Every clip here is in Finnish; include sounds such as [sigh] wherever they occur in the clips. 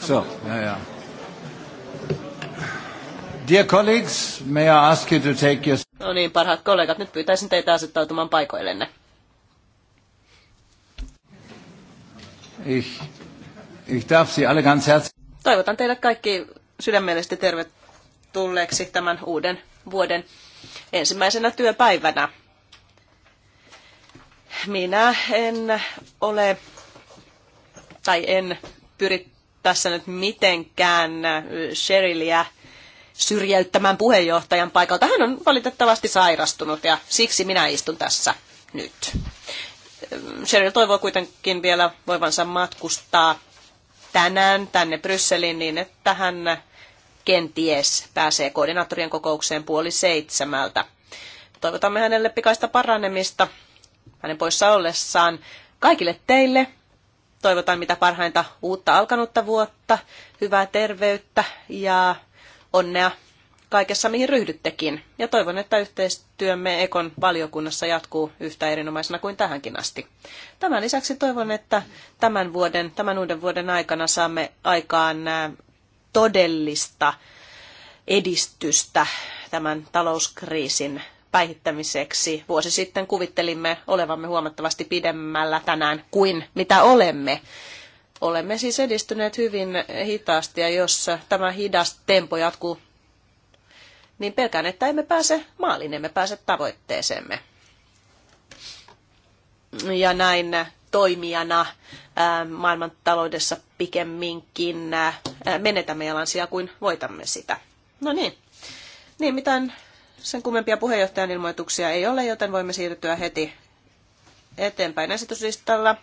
So, ja, ja. Dear colleagues, may I ask you to take your... No niin, parhaat kollegat, nyt pyytäisin teitä asettautumaan paikoillenne. Ich, ich darf Sie alle ganz herzlich... Toivotan teille kaikki sydämellisesti tervetulleeksi tämän uuden vuoden ensimmäisenä työpäivänä. Minä en ole tai en pyri tässä nyt mitenkään äh, Sheriliä syrjäyttämään puheenjohtajan paikalta. Hän on valitettavasti sairastunut ja siksi minä istun tässä nyt. Ähm, Sheryl toivoo kuitenkin vielä voivansa matkustaa tänään tänne Brysseliin niin, että hän kenties pääsee koordinaattorien kokoukseen puoli seitsemältä. Toivotamme hänelle pikaista parannemista hänen poissa ollessaan kaikille teille toivotan mitä parhainta uutta alkanutta vuotta, hyvää terveyttä ja onnea kaikessa, mihin ryhdyttekin. Ja toivon, että yhteistyömme Ekon valiokunnassa jatkuu yhtä erinomaisena kuin tähänkin asti. Tämän lisäksi toivon, että tämän, vuoden, tämän uuden vuoden aikana saamme aikaan todellista edistystä tämän talouskriisin päihittämiseksi. Vuosi sitten kuvittelimme olevamme huomattavasti pidemmällä tänään kuin mitä olemme. Olemme siis edistyneet hyvin hitaasti ja jos tämä hidas tempo jatkuu, niin pelkään, että emme pääse maaliin, emme pääse tavoitteeseemme. Ja näin toimijana maailmantaloudessa pikemminkin menetämme jalansia kuin voitamme sitä. No niin, niin mitään sen kummempia puheenjohtajan ilmoituksia ei ole, joten voimme siirtyä heti eteenpäin esityslistalla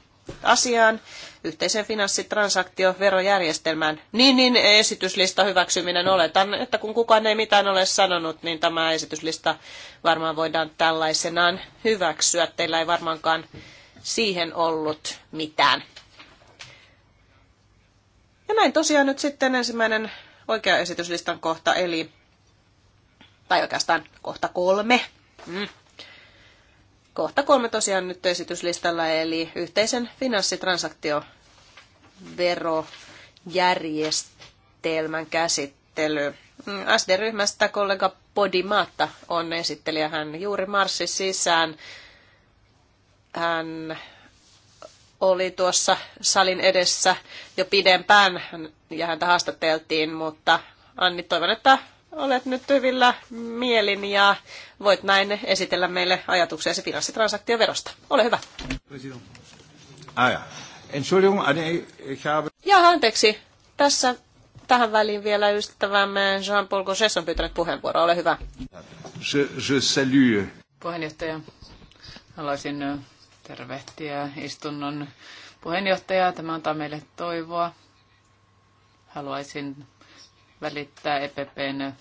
asiaan, yhteiseen finanssitransaktioverojärjestelmään. Niin, niin, esityslista hyväksyminen oletan, että kun kukaan ei mitään ole sanonut, niin tämä esityslista varmaan voidaan tällaisenaan hyväksyä. Teillä ei varmaankaan siihen ollut mitään. Ja näin tosiaan nyt sitten ensimmäinen oikea esityslistan kohta, eli tai oikeastaan kohta kolme. Mm. Kohta kolme tosiaan nyt esityslistalla, eli yhteisen finanssitransaktioverojärjestelmän käsittely. Mm, SD-ryhmästä kollega Podimaatta on esittelijä. Hän juuri marssi sisään. Hän oli tuossa salin edessä jo pidempään ja häntä haastateltiin, mutta Anni, toivon, että olet nyt hyvillä mielin ja voit näin esitellä meille ajatuksesi finanssitransaktioverosta. Ole hyvä. Ah, ja. anteeksi. Tässä tähän väliin vielä ystävämme Jean-Paul Gosses on pyytänyt puheenvuoroa. Ole hyvä. Je, je salue. Puheenjohtaja, haluaisin tervehtiä istunnon puheenjohtajaa. Tämä antaa meille toivoa. Haluaisin välittää EPPn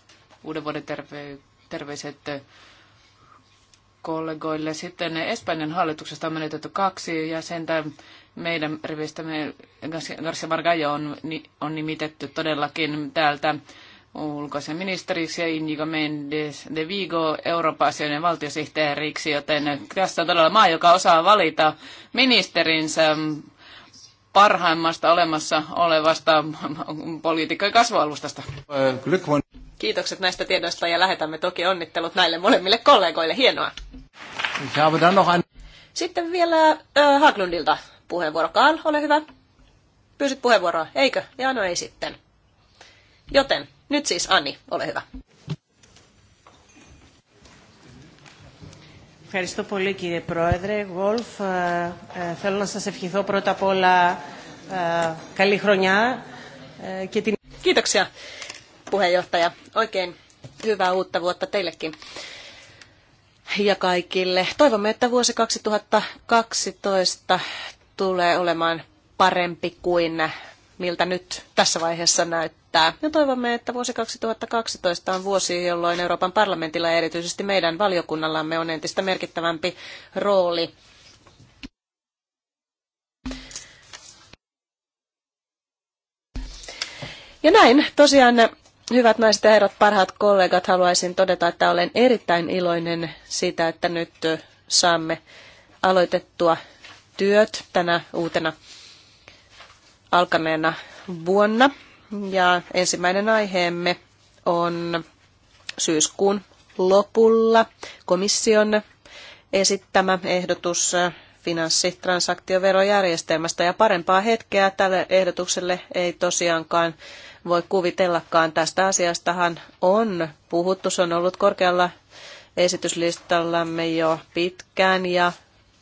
uuden vuoden terve- terveiset kollegoille. Sitten Espanjan hallituksesta on menetetty kaksi jäsentä. Meidän rivistämme Garcia Margallo on, on nimitetty todellakin täältä ulkoisen ministeriksi ja Inigo Mendes de Vigo Euroopan asioiden valtiosihteeriksi, joten tässä on todella maa, joka osaa valita ministerinsä parhaimmasta olemassa olevasta poliitikko- ja kasvualustasta. Äh, Kiitokset näistä tiedoista ja lähetämme toki onnittelut näille molemmille kollegoille. Hienoa. Sitten vielä äh, Haglundilta puheenvuoro. Karl, ole hyvä. Pyysit puheenvuoroa, eikö? Ja no ei sitten. Joten nyt siis Anni, ole hyvä. Ευχαριστώ πολύ κύριε Πρόεδρε. Γολφ, ε, ε, θέλω να σας ευχηθώ πρώτα απ' όλα ε, καλή χρονιά ε, και την... Κοίταξια puheenjohtaja. Oikein hyvää uutta vuotta teillekin ja kaikille. Toivomme, että vuosi 2012 tulee olemaan parempi kuin miltä nyt tässä vaiheessa näyttää. Ja toivomme, että vuosi 2012 on vuosi, jolloin Euroopan parlamentilla ja erityisesti meidän valiokunnallamme on entistä merkittävämpi rooli. Ja näin tosiaan Hyvät naiset ja herrat, parhaat kollegat, haluaisin todeta, että olen erittäin iloinen siitä, että nyt saamme aloitettua työt tänä uutena alkaneena vuonna. Ja ensimmäinen aiheemme on syyskuun lopulla komission esittämä ehdotus finanssitransaktioverojärjestelmästä ja parempaa hetkeä tälle ehdotukselle ei tosiaankaan voi kuvitellakaan. Tästä asiastahan on puhuttu, se on ollut korkealla esityslistallamme jo pitkään ja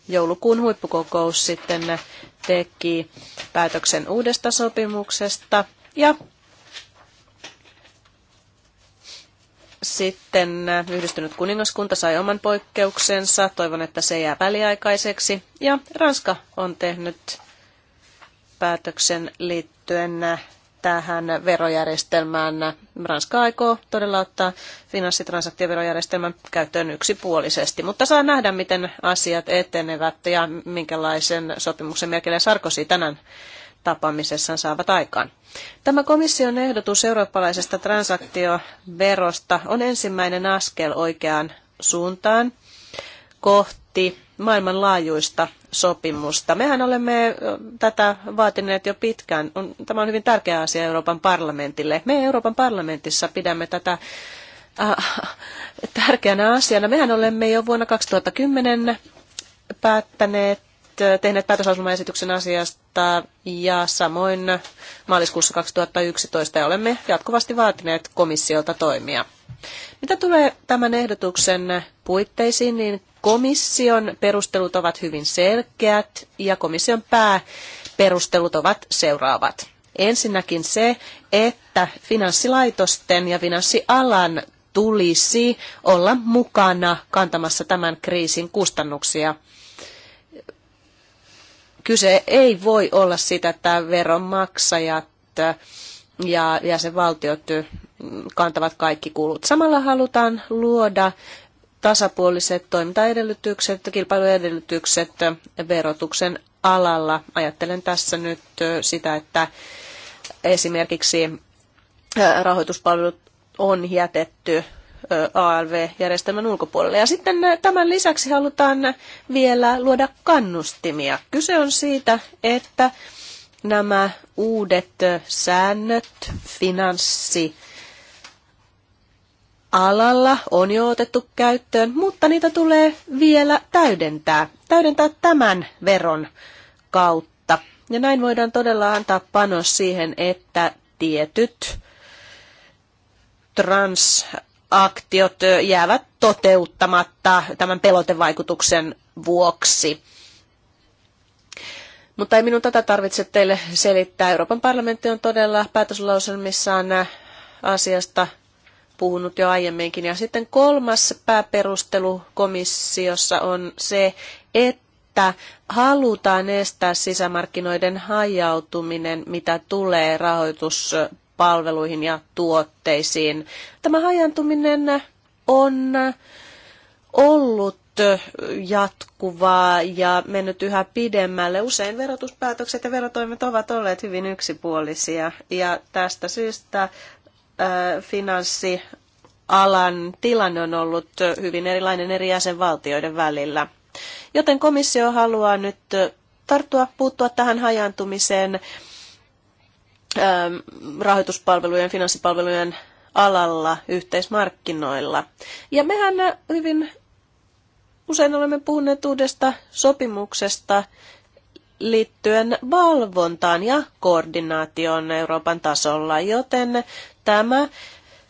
joulukuun huippukokous sitten teki päätöksen uudesta sopimuksesta ja sitten yhdistynyt kuningaskunta sai oman poikkeuksensa. Toivon, että se jää väliaikaiseksi. Ja Ranska on tehnyt päätöksen liittyen tähän verojärjestelmään. Ranska aikoo todella ottaa finanssitransaktioverojärjestelmän käyttöön yksipuolisesti, mutta saa nähdä, miten asiat etenevät ja minkälaisen sopimuksen Merkel ja Sarkozy tänään tapaamisessaan saavat aikaan. Tämä komission ehdotus eurooppalaisesta transaktioverosta on ensimmäinen askel oikeaan suuntaan kohti maailmanlaajuista sopimusta. Mehän olemme tätä vaatineet jo pitkään. Tämä on hyvin tärkeä asia Euroopan parlamentille. Me Euroopan parlamentissa pidämme tätä äh, tärkeänä asiana. Mehän olemme jo vuonna 2010 päättäneet, tehneet päätöslauselmaesityksen asiasta ja samoin maaliskuussa 2011 ja olemme jatkuvasti vaatineet komissiolta toimia. Mitä tulee tämän ehdotuksen puitteisiin, niin Komission perustelut ovat hyvin selkeät ja komission pääperustelut ovat seuraavat. Ensinnäkin se, että finanssilaitosten ja finanssialan tulisi olla mukana kantamassa tämän kriisin kustannuksia. Kyse ei voi olla sitä, että veronmaksajat ja jäsenvaltiot kantavat kaikki kulut. Samalla halutaan luoda tasapuoliset toimintaedellytykset, kilpailuedellytykset verotuksen alalla. Ajattelen tässä nyt sitä, että esimerkiksi rahoituspalvelut on jätetty ALV-järjestelmän ulkopuolelle. Ja sitten tämän lisäksi halutaan vielä luoda kannustimia. Kyse on siitä, että nämä uudet säännöt finanssi alalla on jo otettu käyttöön, mutta niitä tulee vielä täydentää, täydentää tämän veron kautta. Ja näin voidaan todella antaa panos siihen, että tietyt transaktiot jäävät toteuttamatta tämän pelotevaikutuksen vuoksi. Mutta ei minun tätä tarvitse teille selittää. Euroopan parlamentti on todella päätöslauselmissaan asiasta puhunut jo aiemminkin. Ja sitten kolmas pääperustelu komissiossa on se, että halutaan estää sisämarkkinoiden hajautuminen, mitä tulee rahoituspalveluihin ja tuotteisiin. Tämä hajantuminen on ollut jatkuvaa ja mennyt yhä pidemmälle. Usein verotuspäätökset ja verotoimet ovat olleet hyvin yksipuolisia ja tästä syystä finanssialan tilanne on ollut hyvin erilainen eri jäsenvaltioiden välillä. Joten komissio haluaa nyt tarttua, puuttua tähän hajaantumiseen rahoituspalvelujen, finanssipalvelujen alalla, yhteismarkkinoilla. Ja mehän hyvin usein olemme puhuneet uudesta sopimuksesta liittyen valvontaan ja koordinaatioon Euroopan tasolla, joten tämä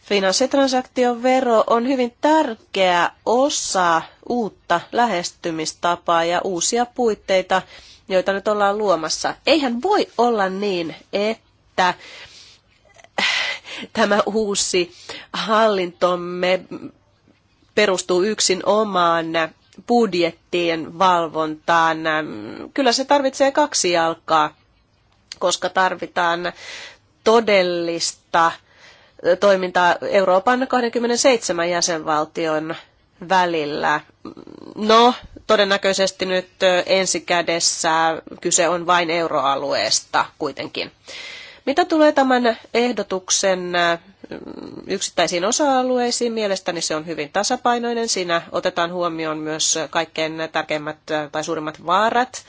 finanssitransaktiovero on hyvin tärkeä osa uutta lähestymistapaa ja uusia puitteita, joita nyt ollaan luomassa. Eihän voi olla niin, että tämä uusi hallintomme perustuu yksin omaan budjettien valvontaan. Kyllä se tarvitsee kaksi jalkaa, koska tarvitaan todellista toimintaa Euroopan 27 jäsenvaltion välillä. No, todennäköisesti nyt kädessä kyse on vain euroalueesta kuitenkin. Mitä tulee tämän ehdotuksen yksittäisiin osa-alueisiin, mielestäni se on hyvin tasapainoinen. Siinä otetaan huomioon myös kaikkein tärkeimmät tai suurimmat vaarat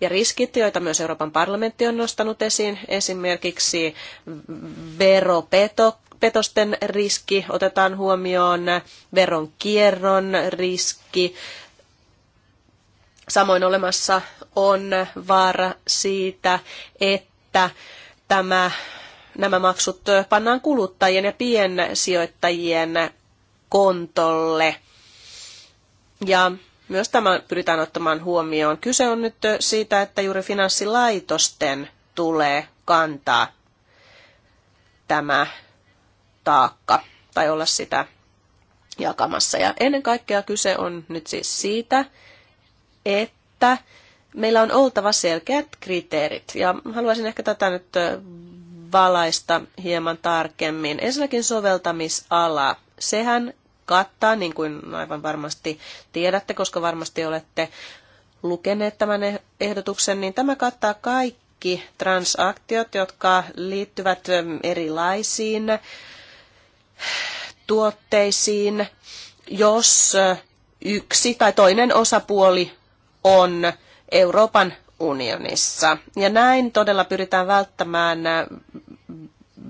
ja riskit, joita myös Euroopan parlamentti on nostanut esiin, esimerkiksi veropeto, petosten riski otetaan huomioon, veronkierron riski. Samoin olemassa on vaara siitä, että tämä, nämä maksut pannaan kuluttajien ja piensijoittajien kontolle. Ja myös tämä pyritään ottamaan huomioon. Kyse on nyt siitä, että juuri finanssilaitosten tulee kantaa tämä taakka tai olla sitä jakamassa. Ja ennen kaikkea kyse on nyt siis siitä, että meillä on oltava selkeät kriteerit. Ja haluaisin ehkä tätä nyt valaista hieman tarkemmin. Ensinnäkin soveltamisala. Sehän kattaa, niin kuin aivan varmasti tiedätte, koska varmasti olette lukeneet tämän eh- ehdotuksen, niin tämä kattaa kaikki transaktiot, jotka liittyvät eh, erilaisiin tuotteisiin, jos eh, yksi tai toinen osapuoli on Euroopan unionissa. Ja näin todella pyritään välttämään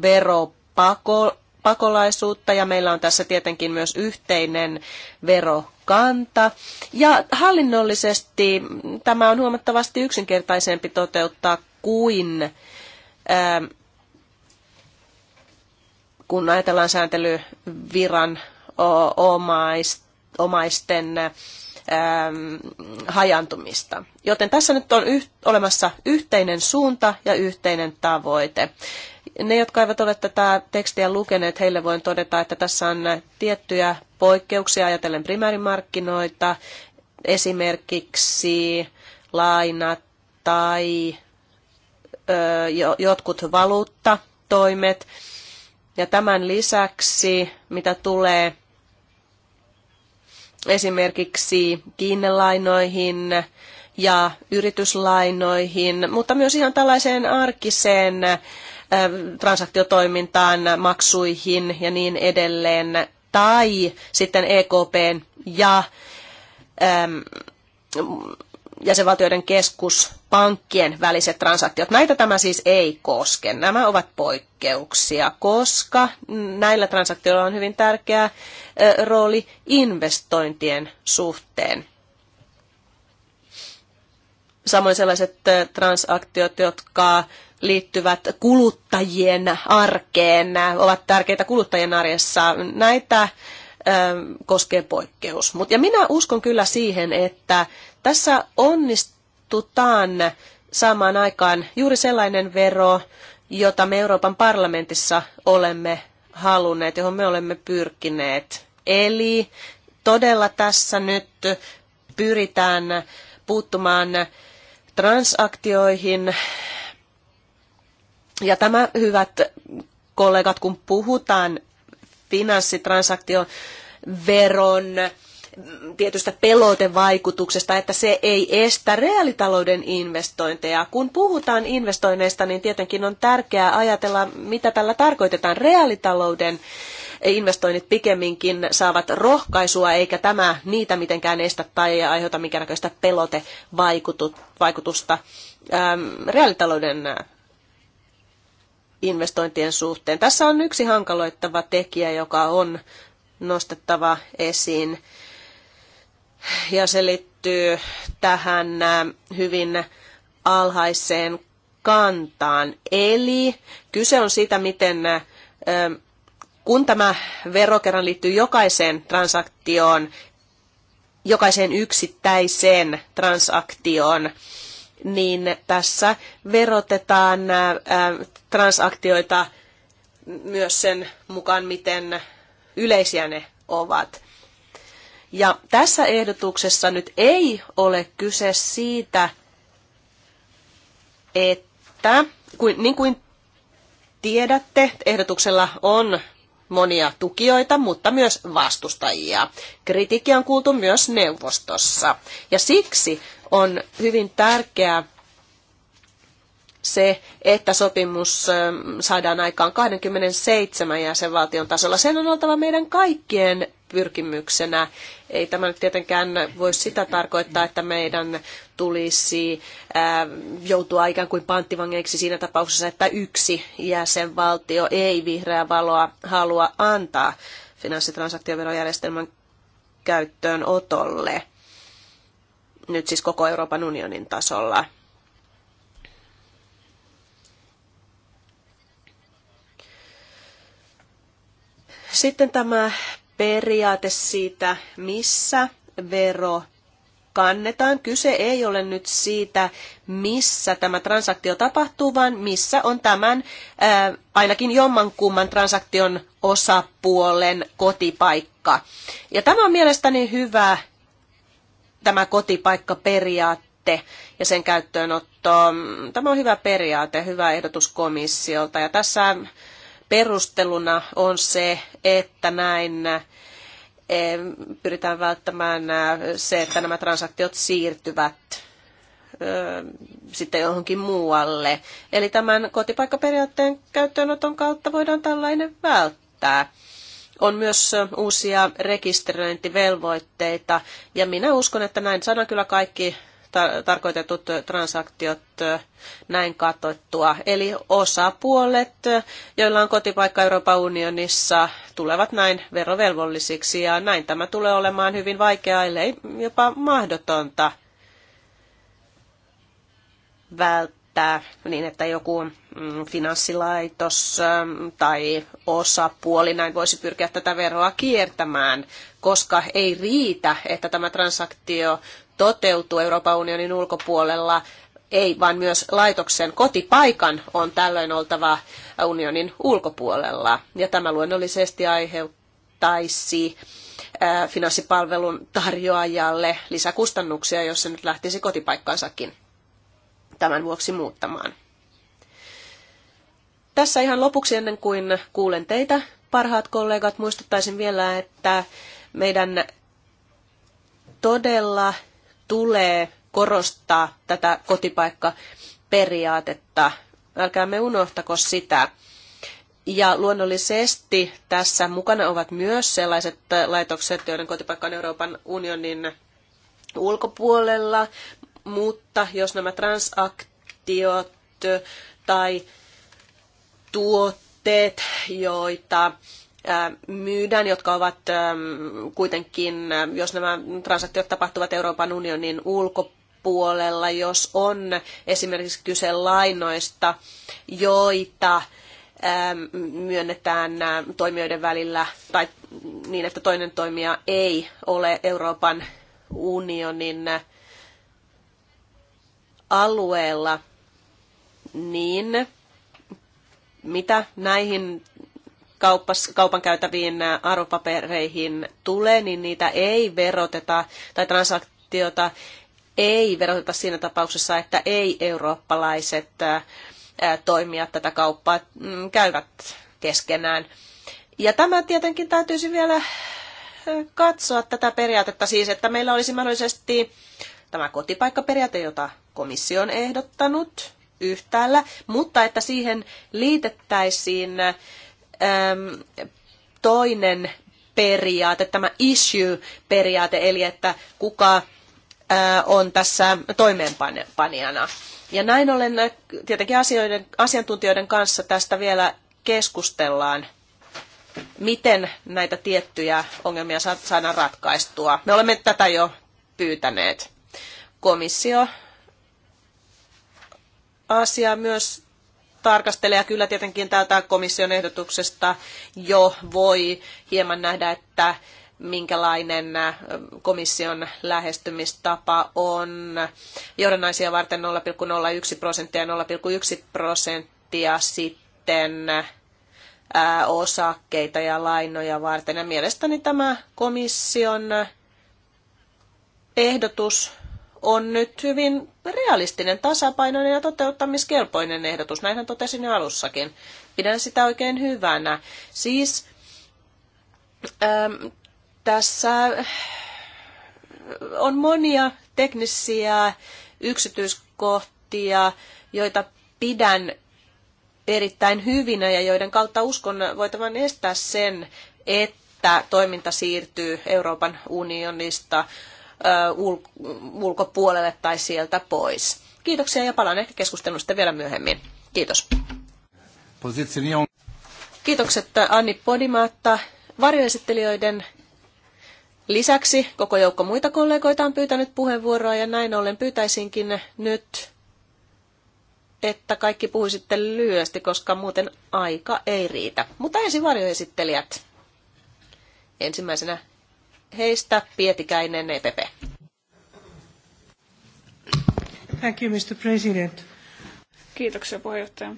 veropako, pakolaisuutta ja meillä on tässä tietenkin myös yhteinen verokanta. Ja hallinnollisesti tämä on huomattavasti yksinkertaisempi toteuttaa kuin ää, ähm, kun ajatellaan sääntelyviran omaisten ähm, hajantumista. Joten tässä nyt on yh, olemassa yhteinen suunta ja yhteinen tavoite ne, jotka eivät ole tätä tekstiä lukeneet, heille voin todeta, että tässä on tiettyjä poikkeuksia ajatellen primäärimarkkinoita, esimerkiksi lainat tai ö, jotkut valuuttatoimet. Ja tämän lisäksi, mitä tulee esimerkiksi kiinnelainoihin ja yrityslainoihin, mutta myös ihan tällaiseen arkiseen Ähm, transaktiotoimintaan, maksuihin ja niin edelleen, tai sitten EKPn ja äm, jäsenvaltioiden keskuspankkien väliset transaktiot. Näitä tämä siis ei koske. Nämä ovat poikkeuksia, koska näillä transaktioilla on hyvin tärkeä rooli investointien suhteen. Samoin sellaiset transaktiot, jotka liittyvät kuluttajien arkeen, ovat tärkeitä kuluttajien arjessa. Näitä koskee poikkeus. Mut, ja minä uskon kyllä siihen, että tässä onnistutaan saamaan aikaan juuri sellainen vero, jota me Euroopan parlamentissa olemme halunneet, johon me olemme pyrkineet. Eli todella tässä nyt pyritään puuttumaan transaktioihin ja tämä, hyvät kollegat, kun puhutaan finanssitransaktioveron tietystä pelotevaikutuksesta, että se ei estä reaalitalouden investointeja. Kun puhutaan investoinneista, niin tietenkin on tärkeää ajatella, mitä tällä tarkoitetaan. Reaalitalouden investoinnit pikemminkin saavat rohkaisua, eikä tämä niitä mitenkään estä tai aiheuta minkäännäköistä pelotevaikutusta. Reaalitalouden investointien suhteen. Tässä on yksi hankaloittava tekijä, joka on nostettava esiin. Ja se liittyy tähän hyvin alhaiseen kantaan. Eli kyse on siitä, miten kun tämä verokerran liittyy jokaiseen transaktioon, jokaiseen yksittäiseen transaktioon, niin tässä verotetaan äh, äh, transaktioita myös sen mukaan, miten yleisiä ne ovat. Ja tässä ehdotuksessa nyt ei ole kyse siitä, että niin kuin tiedätte, ehdotuksella on monia tukijoita, mutta myös vastustajia. Kritiikki on kuultu myös neuvostossa. Ja siksi on hyvin tärkeää se, että sopimus ähm, saadaan aikaan 27 jäsenvaltion tasolla. Sen on oltava meidän kaikkien pyrkimyksenä. Ei tämä nyt tietenkään voi sitä tarkoittaa, että meidän tulisi ähm, joutua ikään kuin panttivangeiksi siinä tapauksessa, että yksi jäsenvaltio ei vihreää valoa halua antaa finanssitransaktioverojärjestelmän käyttöönotolle. otolle nyt siis koko Euroopan unionin tasolla. Sitten tämä periaate siitä, missä vero kannetaan. Kyse ei ole nyt siitä, missä tämä transaktio tapahtuu, vaan missä on tämän äh, ainakin jommankumman transaktion osapuolen kotipaikka. Ja tämä on mielestäni hyvä tämä kotipaikkaperiaatte ja sen käyttöönotto. Tämä on hyvä periaate, hyvä ehdotus komissiolta. Ja tässä perusteluna on se, että näin eh, pyritään välttämään eh, se, että nämä transaktiot siirtyvät eh, sitten johonkin muualle. Eli tämän kotipaikkaperiaatteen käyttöönoton kautta voidaan tällainen välttää on myös uusia rekisteröintivelvoitteita. Ja minä uskon, että näin saadaan kyllä kaikki tarkoitetut transaktiot näin katoittua. Eli osapuolet, joilla on kotipaikka Euroopan unionissa, tulevat näin verovelvollisiksi. Ja näin tämä tulee olemaan hyvin vaikeaa, ellei jopa mahdotonta välttää että niin, että joku mm, finanssilaitos mm, tai osapuoli näin voisi pyrkiä tätä veroa kiertämään, koska ei riitä, että tämä transaktio toteutuu Euroopan unionin ulkopuolella, ei, vaan myös laitoksen kotipaikan on tällöin oltava unionin ulkopuolella. Ja tämä luonnollisesti aiheuttaisi finanssipalvelun tarjoajalle lisäkustannuksia, jos se nyt lähtisi kotipaikkaansakin tämän vuoksi muuttamaan. Tässä ihan lopuksi ennen kuin kuulen teitä, parhaat kollegat, muistuttaisin vielä, että meidän todella tulee korostaa tätä kotipaikkaperiaatetta. me unohtako sitä. Ja luonnollisesti tässä mukana ovat myös sellaiset laitokset, joiden kotipaikka on Euroopan unionin ulkopuolella, mutta jos nämä transaktiot tai tuotteet, joita myydään, jotka ovat kuitenkin, jos nämä transaktiot tapahtuvat Euroopan unionin ulkopuolella, jos on esimerkiksi kyse lainoista, joita myönnetään toimijoiden välillä tai niin, että toinen toimija ei ole Euroopan unionin alueella, niin mitä näihin kauppas, kaupan käytäviin äh, arvopapereihin tulee, niin niitä ei veroteta tai transaktiota ei veroteta siinä tapauksessa, että ei-eurooppalaiset äh, äh, toimijat tätä kauppaa mm, käyvät keskenään. Ja tämä tietenkin täytyisi vielä katsoa tätä periaatetta siis, että meillä olisi mahdollisesti tämä kotipaikkaperiaate, jota komissio on ehdottanut yhtäällä, mutta että siihen liitettäisiin äm, toinen periaate, tämä issue-periaate, eli että kuka äh, on tässä toimeenpanijana. Ja näin ollen äh, tietenkin asioiden, asiantuntijoiden kanssa tästä vielä keskustellaan, miten näitä tiettyjä ongelmia saadaan ratkaistua. Me olemme tätä jo pyytäneet komissio asiaa myös tarkastelee ja kyllä tietenkin tätä komission ehdotuksesta jo voi hieman nähdä, että minkälainen äh, komission lähestymistapa on. Johdannaisia varten 0,01 prosenttia ja 0,1 prosenttia sitten äh, osakkeita ja lainoja varten. Ja mielestäni tämä komission ehdotus on nyt hyvin realistinen, tasapainoinen ja toteuttamiskelpoinen ehdotus. Näinhän totesin jo alussakin. Pidän sitä oikein hyvänä. Siis äm, tässä äh, on monia teknisiä yksityiskohtia, joita pidän erittäin hyvinä ja joiden kautta uskon voitavan estää sen, että toiminta siirtyy Euroopan unionista ulkopuolelle tai sieltä pois. Kiitoksia ja palaan ehkä keskustelusta vielä myöhemmin. Kiitos. Kiitokset äh, Anni Podimaatta. Varjoesittelijöiden lisäksi koko joukko muita kollegoita on pyytänyt puheenvuoroa ja näin ollen pyytäisinkin nyt, että kaikki puhuisitte lyhyesti, koska muuten aika ei riitä. Mutta ensin varjoesittelijät. Ensimmäisenä heistä Pietikäinen EPP. Thank you, Mr. President. Kiitoksia puheenjohtaja.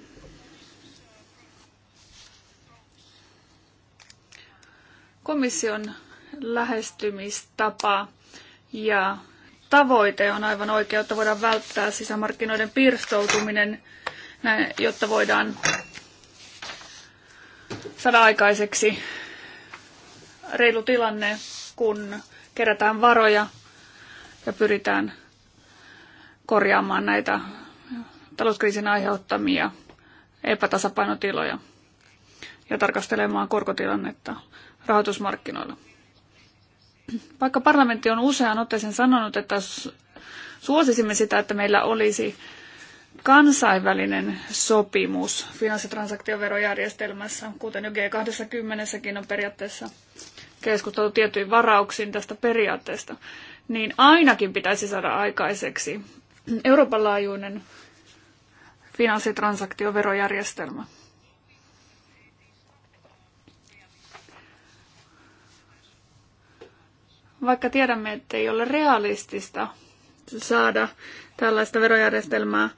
Komission lähestymistapa ja tavoite on aivan oikea, että voidaan välttää sisämarkkinoiden pirstoutuminen, jotta voidaan saada aikaiseksi reilu tilanne kun kerätään varoja ja pyritään korjaamaan näitä talouskriisin aiheuttamia epätasapainotiloja ja tarkastelemaan korkotilannetta rahoitusmarkkinoilla. Vaikka parlamentti on usean otteeseen sanonut, että suosisimme sitä, että meillä olisi kansainvälinen sopimus finanssitransaktioverojärjestelmässä, kuten jo G20kin on periaatteessa keskusteltu tietyin varauksin tästä periaatteesta, niin ainakin pitäisi saada aikaiseksi Euroopan laajuinen finanssitransaktioverojärjestelmä. Vaikka tiedämme, että ei ole realistista saada tällaista verojärjestelmää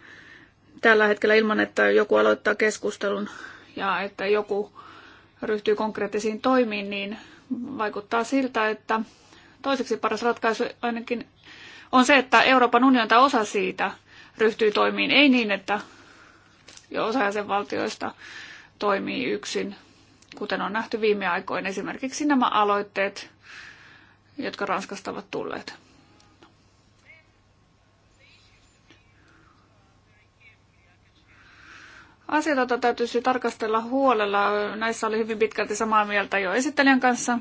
tällä hetkellä ilman, että joku aloittaa keskustelun ja että joku ryhtyy konkreettisiin toimiin, niin vaikuttaa siltä, että toiseksi paras ratkaisu ainakin on se, että Euroopan unioni tai osa siitä ryhtyy toimiin. Ei niin, että jo osa jäsenvaltioista toimii yksin, kuten on nähty viime aikoina esimerkiksi nämä aloitteet, jotka Ranskasta ovat tulleet. Asioita, joita täytyisi tarkastella huolella. Näissä oli hyvin pitkälti samaa mieltä jo esittelijän kanssa.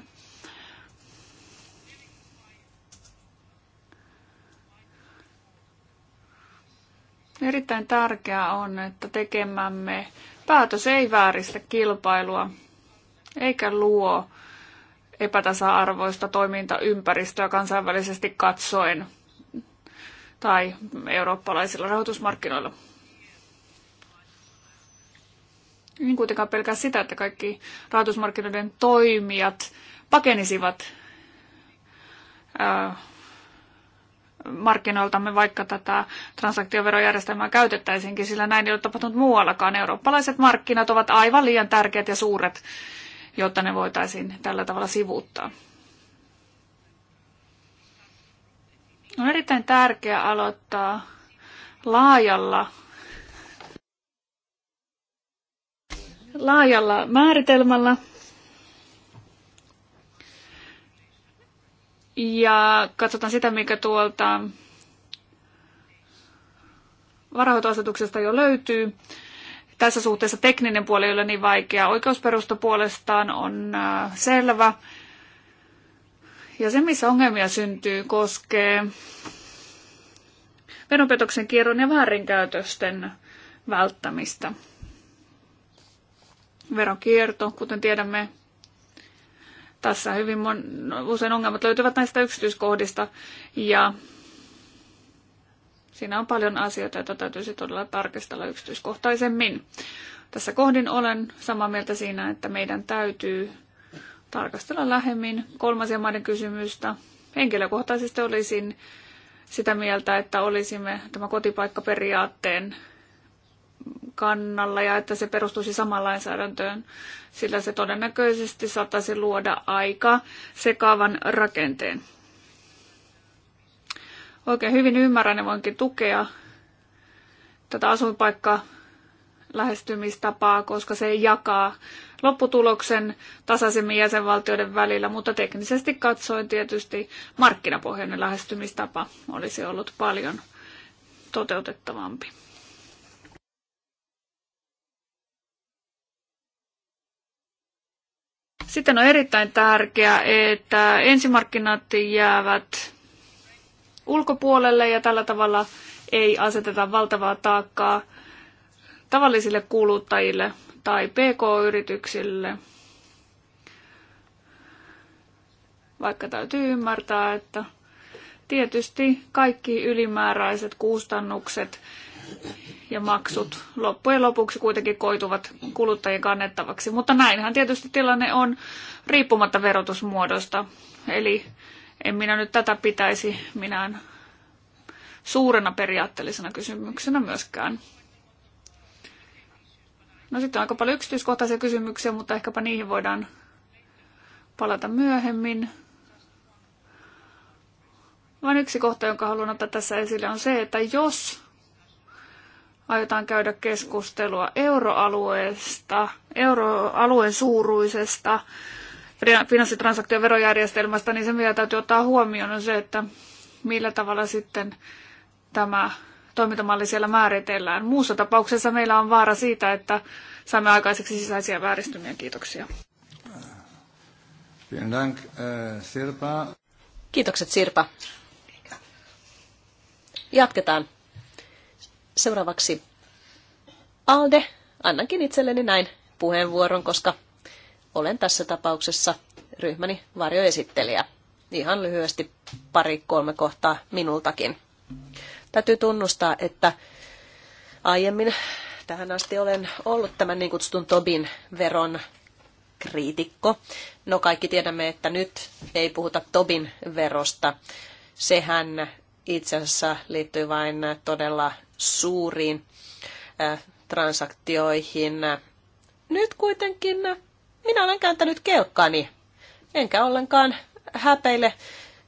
Erittäin tärkeää on, että tekemämme päätös ei vääristä kilpailua eikä luo epätasa-arvoista toimintaympäristöä kansainvälisesti katsoen tai eurooppalaisilla rahoitusmarkkinoilla. en kuitenkaan pelkää sitä, että kaikki rahoitusmarkkinoiden toimijat pakenisivat markkinoiltamme, vaikka tätä transaktioverojärjestelmää käytettäisiinkin, sillä näin ei ole tapahtunut muuallakaan. Eurooppalaiset markkinat ovat aivan liian tärkeät ja suuret, jotta ne voitaisiin tällä tavalla sivuuttaa. On erittäin tärkeää aloittaa laajalla laajalla määritelmällä. Ja katsotaan sitä, mikä tuolta varahoitoasetuksesta jo löytyy. Tässä suhteessa tekninen puoli ei ole niin vaikea. Oikeusperusta puolestaan on äh, selvä. Ja se, missä ongelmia syntyy, koskee veronpetoksen kierron ja väärinkäytösten välttämistä veronkierto, kuten tiedämme. Tässä hyvin mon- usein ongelmat löytyvät näistä yksityiskohdista ja siinä on paljon asioita, joita täytyisi todella tarkistella yksityiskohtaisemmin. Tässä kohdin olen samaa mieltä siinä, että meidän täytyy tarkastella lähemmin kolmansien maiden kysymystä. Henkilökohtaisesti olisin sitä mieltä, että olisimme tämä kotipaikkaperiaatteen kannalla ja että se perustuisi samaan lainsäädäntöön, sillä se todennäköisesti saattaisi luoda aika sekaavan rakenteen. Oikein hyvin ymmärrän ja voinkin tukea tätä asuinpaikkaa lähestymistapaa, koska se jakaa lopputuloksen tasaisemmin jäsenvaltioiden välillä, mutta teknisesti katsoen tietysti markkinapohjainen lähestymistapa olisi ollut paljon toteutettavampi. Sitten on erittäin tärkeää, että ensimarkkinat jäävät ulkopuolelle ja tällä tavalla ei aseteta valtavaa taakkaa tavallisille kuluttajille tai pk-yrityksille. Vaikka täytyy ymmärtää, että tietysti kaikki ylimääräiset kustannukset, ja maksut loppujen lopuksi kuitenkin koituvat kuluttajien kannettavaksi. Mutta näinhän tietysti tilanne on riippumatta verotusmuodosta. Eli en minä nyt tätä pitäisi minään suurena periaatteellisena kysymyksenä myöskään. No sitten on aika paljon yksityiskohtaisia kysymyksiä, mutta ehkäpä niihin voidaan palata myöhemmin. Vain yksi kohta, jonka haluan ottaa tässä esille, on se, että jos aiotaan käydä keskustelua euroalueesta, euroalueen suuruisesta finanssitransaktioverojärjestelmästä, niin se mitä täytyy ottaa huomioon on se, että millä tavalla sitten tämä toimintamalli siellä määritellään. Muussa tapauksessa meillä on vaara siitä, että saamme aikaiseksi sisäisiä vääristymiä. Kiitoksia. Äh, Kiitokset Sirpa. Jatketaan. Seuraavaksi Alde. Annankin itselleni näin puheenvuoron, koska olen tässä tapauksessa ryhmäni varjoesittelijä. Ihan lyhyesti pari-kolme kohtaa minultakin. Täytyy tunnustaa, että aiemmin tähän asti olen ollut tämän niin kutsutun Tobin veron kriitikko. No kaikki tiedämme, että nyt ei puhuta Tobin verosta. Sehän itse asiassa liittyy vain todella suuriin äh, transaktioihin. Nyt kuitenkin äh, minä olen kääntänyt kelkkani, enkä ollenkaan häpeile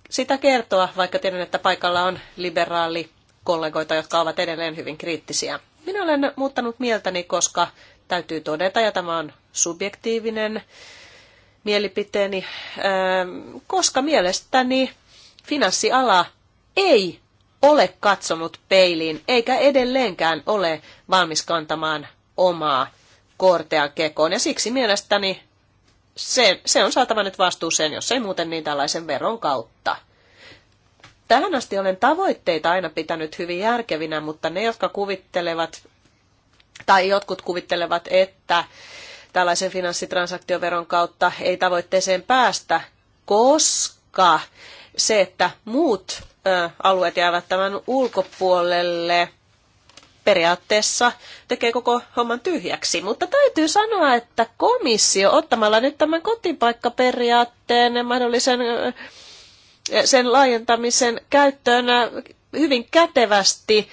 sitä kertoa, vaikka tiedän, että paikalla on liberaali kollegoita, jotka ovat edelleen hyvin kriittisiä. Minä olen muuttanut mieltäni, koska täytyy todeta, ja tämä on subjektiivinen mielipiteeni, äh, koska mielestäni finanssiala ei ole katsonut peiliin eikä edelleenkään ole valmis kantamaan omaa kortea kekoon. Ja siksi mielestäni se, se on saatava nyt vastuuseen, jos ei muuten niin tällaisen veron kautta. Tähän asti olen tavoitteita aina pitänyt hyvin järkevinä, mutta ne, jotka kuvittelevat, tai jotkut kuvittelevat, että tällaisen finanssitransaktioveron kautta ei tavoitteeseen päästä, koska se, että muut alueet jäävät tämän ulkopuolelle, periaatteessa tekee koko homman tyhjäksi. Mutta täytyy sanoa, että komissio ottamalla nyt tämän kotipaikkaperiaatteen ja mahdollisen sen laajentamisen käyttöön hyvin kätevästi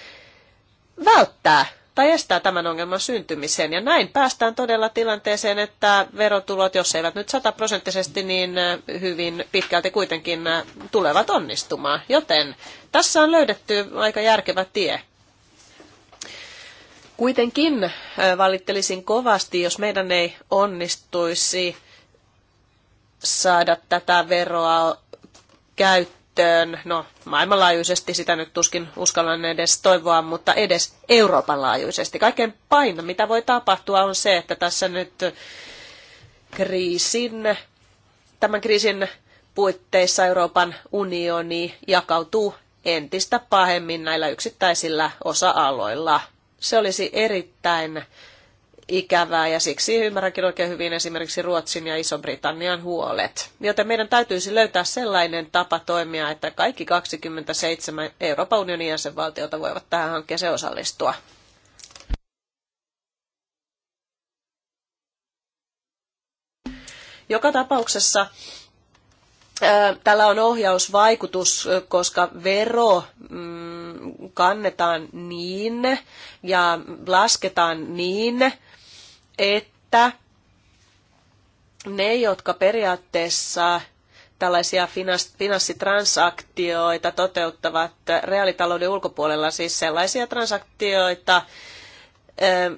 välttää tai estää tämän ongelman syntymisen. Ja näin päästään todella tilanteeseen, että verotulot, jos eivät nyt sataprosenttisesti, niin hyvin pitkälti kuitenkin tulevat onnistumaan. Joten tässä on löydetty aika järkevä tie. Kuitenkin valittelisin kovasti, jos meidän ei onnistuisi saada tätä veroa käyttöön käyttöön, no maailmanlaajuisesti sitä nyt tuskin uskallan edes toivoa, mutta edes Euroopan laajuisesti. Kaiken paino, mitä voi tapahtua, on se, että tässä nyt kriisin, tämän kriisin puitteissa Euroopan unioni jakautuu entistä pahemmin näillä yksittäisillä osa-aloilla. Se olisi erittäin ikävää ja siksi ymmärränkin oikein hyvin esimerkiksi Ruotsin ja Iso-Britannian huolet. Joten meidän täytyisi löytää sellainen tapa toimia, että kaikki 27 Euroopan unionin jäsenvaltiota voivat tähän hankkeeseen osallistua. Joka tapauksessa Tällä on ohjausvaikutus, koska vero mm, kannetaan niin ja lasketaan niin, että ne, jotka periaatteessa tällaisia finanssitransaktioita toteuttavat reaalitalouden ulkopuolella, siis sellaisia transaktioita, ähm,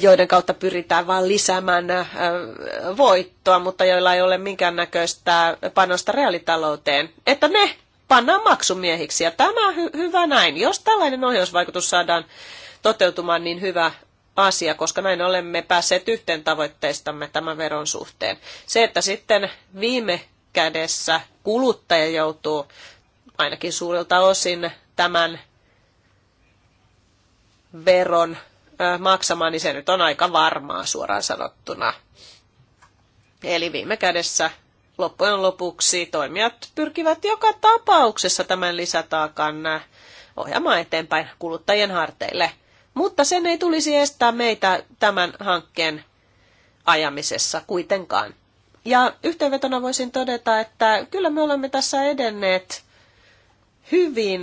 joiden kautta pyritään vain lisäämään äh, voittoa, mutta joilla ei ole minkäännäköistä panosta reaalitalouteen, että ne pannaan maksumiehiksi. Ja tämä hy- hyvä näin. Jos tällainen ohjausvaikutus saadaan toteutumaan, niin hyvä asia, koska näin olemme päässeet yhteen tavoitteistamme tämän veron suhteen. Se, että sitten viime kädessä kuluttaja joutuu ainakin suurilta osin tämän veron maksamaan, niin se nyt on aika varmaa suoraan sanottuna. Eli viime kädessä loppujen lopuksi toimijat pyrkivät joka tapauksessa tämän lisätaakan ohjaamaan eteenpäin kuluttajien harteille – mutta sen ei tulisi estää meitä tämän hankkeen ajamisessa kuitenkaan. Ja yhteenvetona voisin todeta, että kyllä me olemme tässä edenneet hyvin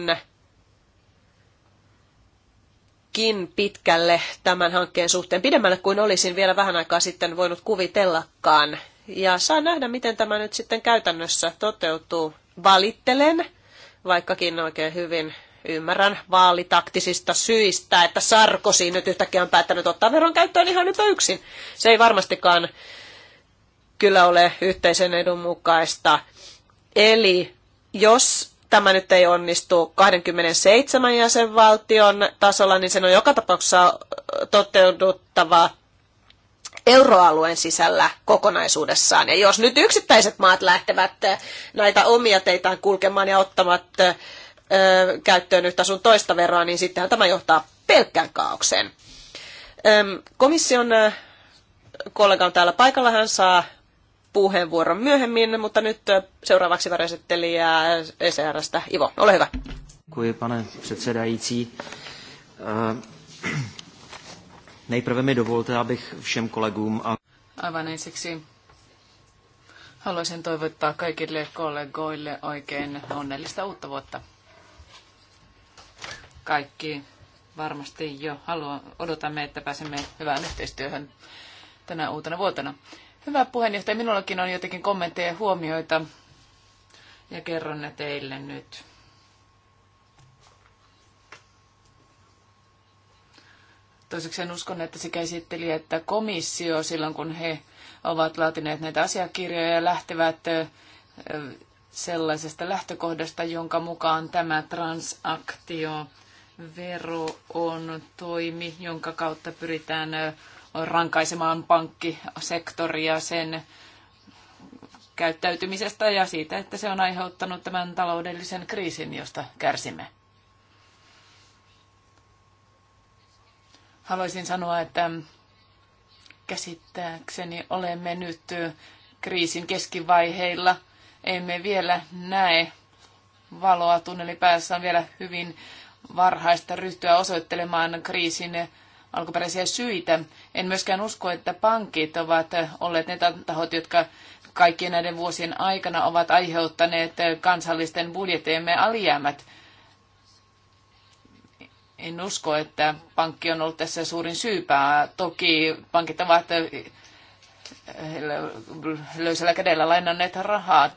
hyvinkin pitkälle tämän hankkeen suhteen, pidemmälle kuin olisin vielä vähän aikaa sitten voinut kuvitellakaan. Ja saa nähdä, miten tämä nyt sitten käytännössä toteutuu. Valittelen, vaikkakin oikein hyvin Ymmärrän vaalitaktisista syistä, että Sarkosi nyt yhtäkkiä on päättänyt ottaa veron käyttöön ihan nyt yksin. Se ei varmastikaan kyllä ole yhteisen edun mukaista. Eli jos tämä nyt ei onnistu 27 jäsenvaltion tasolla, niin sen on joka tapauksessa toteuduttava euroalueen sisällä kokonaisuudessaan. Ja jos nyt yksittäiset maat lähtevät näitä omia teitään kulkemaan ja ottavat käyttöön yhtä sun toista veroa, niin sittenhän tämä johtaa pelkkään kaaukseen. Komission kollega on täällä paikalla, hän saa puheenvuoron myöhemmin, mutta nyt seuraavaksi varjoesittelijä ECRstä Ivo, ole hyvä. Kui pane předsedající. Nejprve mi dovolte, abych všem kolegům a... Aivan ensiksi haluaisin toivottaa kaikille kollegoille oikein onnellista uutta vuotta kaikki varmasti jo halua, odotamme, että pääsemme hyvään yhteistyöhön tänä uutena vuotena. Hyvä puheenjohtaja, minullakin on joitakin kommentteja ja huomioita ja kerron ne teille nyt. Toiseksi uskon, että sekä esittelijä että komissio silloin, kun he ovat laatineet näitä asiakirjoja ja lähtevät sellaisesta lähtökohdasta, jonka mukaan tämä transaktio vero on toimi, jonka kautta pyritään rankaisemaan pankkisektoria sen käyttäytymisestä ja siitä, että se on aiheuttanut tämän taloudellisen kriisin, josta kärsimme. Haluaisin sanoa, että käsittääkseni olemme nyt kriisin keskivaiheilla. Emme vielä näe valoa tunnelipäässä on vielä hyvin varhaista ryhtyä osoittelemaan kriisin alkuperäisiä syitä. En myöskään usko, että pankit ovat olleet ne tahot, jotka kaikkien näiden vuosien aikana ovat aiheuttaneet kansallisten budjeteemme alijäämät. En usko, että pankki on ollut tässä suurin syypää. Toki pankit ovat löysällä kädellä lainanneet rahaa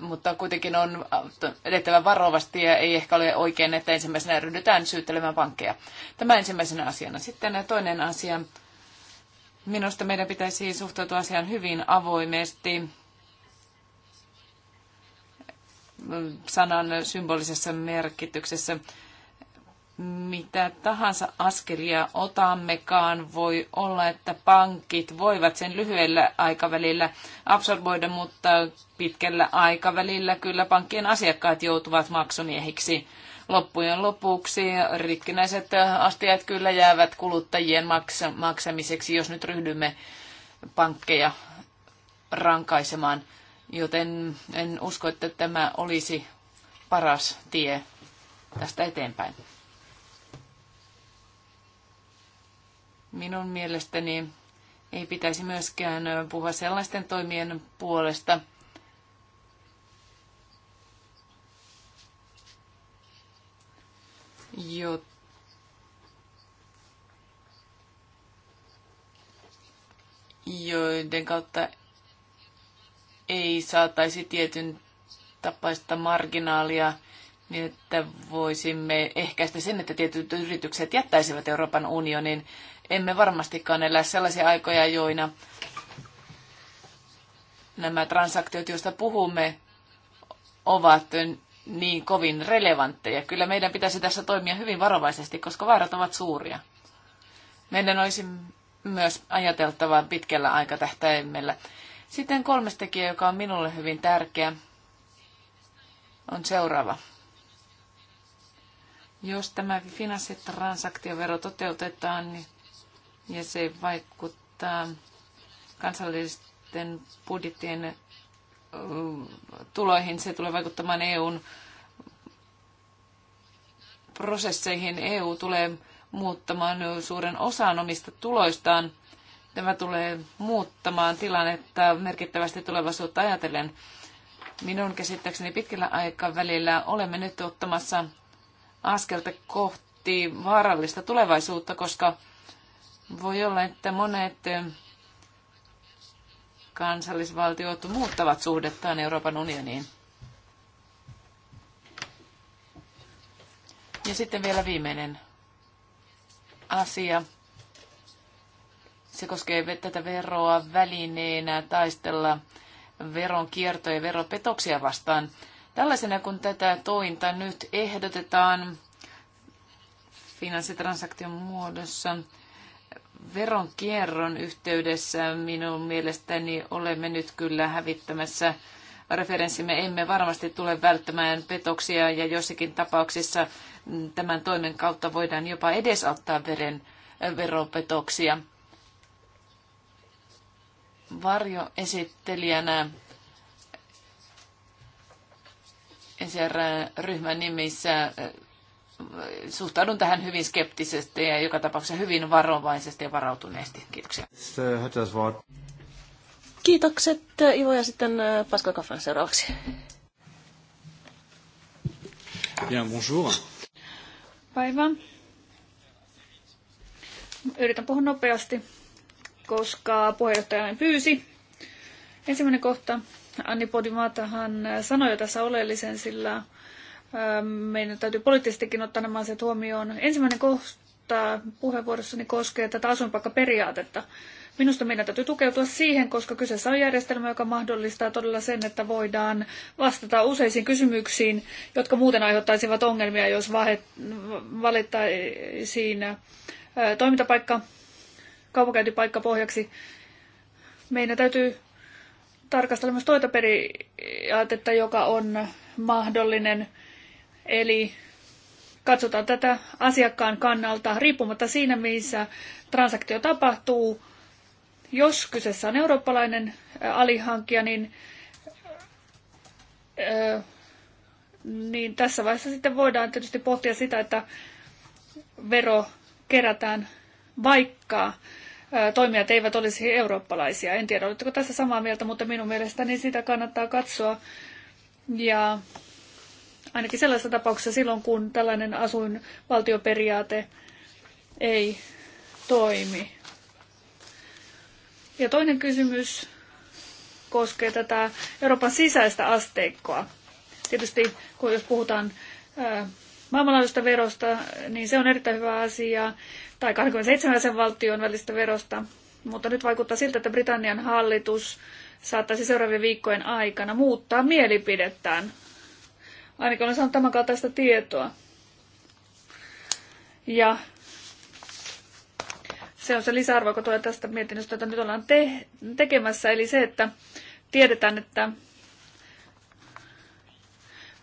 mutta kuitenkin on äh, edettävä varovasti ja ei ehkä ole oikein, että ensimmäisenä ryhdytään syyttelemään pankkeja. Tämä ensimmäisenä asiana. Sitten toinen asia. Minusta meidän pitäisi suhtautua asiaan hyvin avoimesti sanan symbolisessa merkityksessä mitä tahansa askelia otammekaan, voi olla, että pankit voivat sen lyhyellä aikavälillä absorboida, mutta pitkällä aikavälillä kyllä pankkien asiakkaat joutuvat maksumiehiksi. Loppujen lopuksi rikkinäiset astiat kyllä jäävät kuluttajien maksamiseksi, jos nyt ryhdymme pankkeja rankaisemaan. Joten en usko, että tämä olisi paras tie tästä eteenpäin. Minun mielestäni ei pitäisi myöskään puhua sellaisten toimien puolesta, jo, joiden kautta ei saataisi tietyn tapaista marginaalia, niin että voisimme ehkäistä sen, että tietyt yritykset jättäisivät Euroopan unionin emme varmastikaan elä sellaisia aikoja, joina nämä transaktiot, joista puhumme, ovat niin kovin relevantteja. Kyllä meidän pitäisi tässä toimia hyvin varovaisesti, koska vaarat ovat suuria. Meidän olisi myös ajateltava pitkällä aikatahtäimellä. Sitten kolmas tekijä, joka on minulle hyvin tärkeä, on seuraava. Jos tämä finanssitransaktiovero toteutetaan, niin ja se vaikuttaa kansallisten budjettien tuloihin. Se tulee vaikuttamaan EUn prosesseihin. EU tulee muuttamaan suuren osan omista tuloistaan. Tämä tulee muuttamaan tilannetta merkittävästi tulevaisuutta ajatellen. Minun käsittääkseni pitkällä aikavälillä olemme nyt ottamassa askelta kohti vaarallista tulevaisuutta, koska voi olla, että monet kansallisvaltiot muuttavat suhdettaan Euroopan unioniin. Ja sitten vielä viimeinen asia. Se koskee tätä veroa välineenä taistella veron kierto ja veropetoksia vastaan. Tällaisena kun tätä tointa nyt ehdotetaan finanssitransaktion muodossa, veronkierron yhteydessä minun mielestäni olemme nyt kyllä hävittämässä referenssimme. Emme varmasti tule välttämään petoksia ja joissakin tapauksissa tämän toimen kautta voidaan jopa edesauttaa veren, veropetoksia. Varjoesittelijänä ryhmän nimissä suhtaudun tähän hyvin skeptisesti ja joka tapauksessa hyvin varovaisesti ja varautuneesti. Kiitoksia. Kiitokset Ivo ja sitten äh, Pasko Kaffan seuraavaksi. Bien, bonjour. Päivä. Yritän puhua nopeasti, koska puheenjohtaja pyysi. Ensimmäinen kohta. Anni Podimatahan sanoi jo tässä oleellisen, sillä Ähm, meidän täytyy poliittisestikin ottaa nämä asiat huomioon. Ensimmäinen kohta puheenvuorossani koskee tätä asuinpaikkaperiaatetta. Minusta meidän täytyy tukeutua siihen, koska kyseessä on järjestelmä, joka mahdollistaa todella sen, että voidaan vastata useisiin kysymyksiin, jotka muuten aiheuttaisivat ongelmia, jos valittaisiin äh, toimintapaikka, kaupankäyntipaikka pohjaksi. Meidän täytyy tarkastella myös toita periaatetta, joka on mahdollinen Eli katsotaan tätä asiakkaan kannalta riippumatta siinä, missä transaktio tapahtuu. Jos kyseessä on eurooppalainen alihankkija, niin, niin tässä vaiheessa sitten voidaan tietysti pohtia sitä, että vero kerätään vaikka toimijat eivät olisi eurooppalaisia. En tiedä, oletteko tässä samaa mieltä, mutta minun mielestäni sitä kannattaa katsoa. Ja Ainakin sellaisessa tapauksessa silloin, kun tällainen asuinvaltioperiaate ei toimi. Ja toinen kysymys koskee tätä Euroopan sisäistä asteikkoa. Tietysti kun jos puhutaan maailmanlaajuisesta verosta, niin se on erittäin hyvä asia, tai 27 valtion välistä verosta. Mutta nyt vaikuttaa siltä, että Britannian hallitus saattaisi seuraavien viikkojen aikana muuttaa mielipidettään Ainakin olen saanut tämän kaltaista tietoa. Ja se on se lisäarvo, kun tulee tästä mietinnöstä, jota nyt ollaan te- tekemässä. Eli se, että tiedetään, että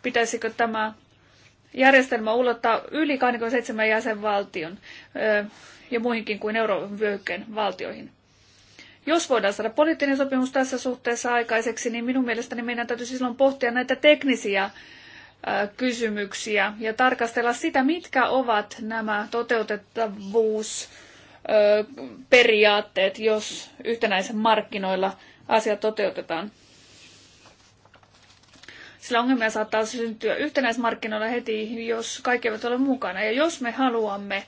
pitäisikö tämä järjestelmä ulottaa yli 27 jäsenvaltion ja muihinkin kuin eurovyöhykkeen valtioihin. Jos voidaan saada poliittinen sopimus tässä suhteessa aikaiseksi, niin minun mielestäni meidän täytyy silloin pohtia näitä teknisiä kysymyksiä ja tarkastella sitä, mitkä ovat nämä toteutettavuusperiaatteet, jos yhtenäisen markkinoilla asia toteutetaan. Sillä ongelmia saattaa syntyä yhtenäismarkkinoilla heti, jos kaikki eivät ole mukana. Ja jos me haluamme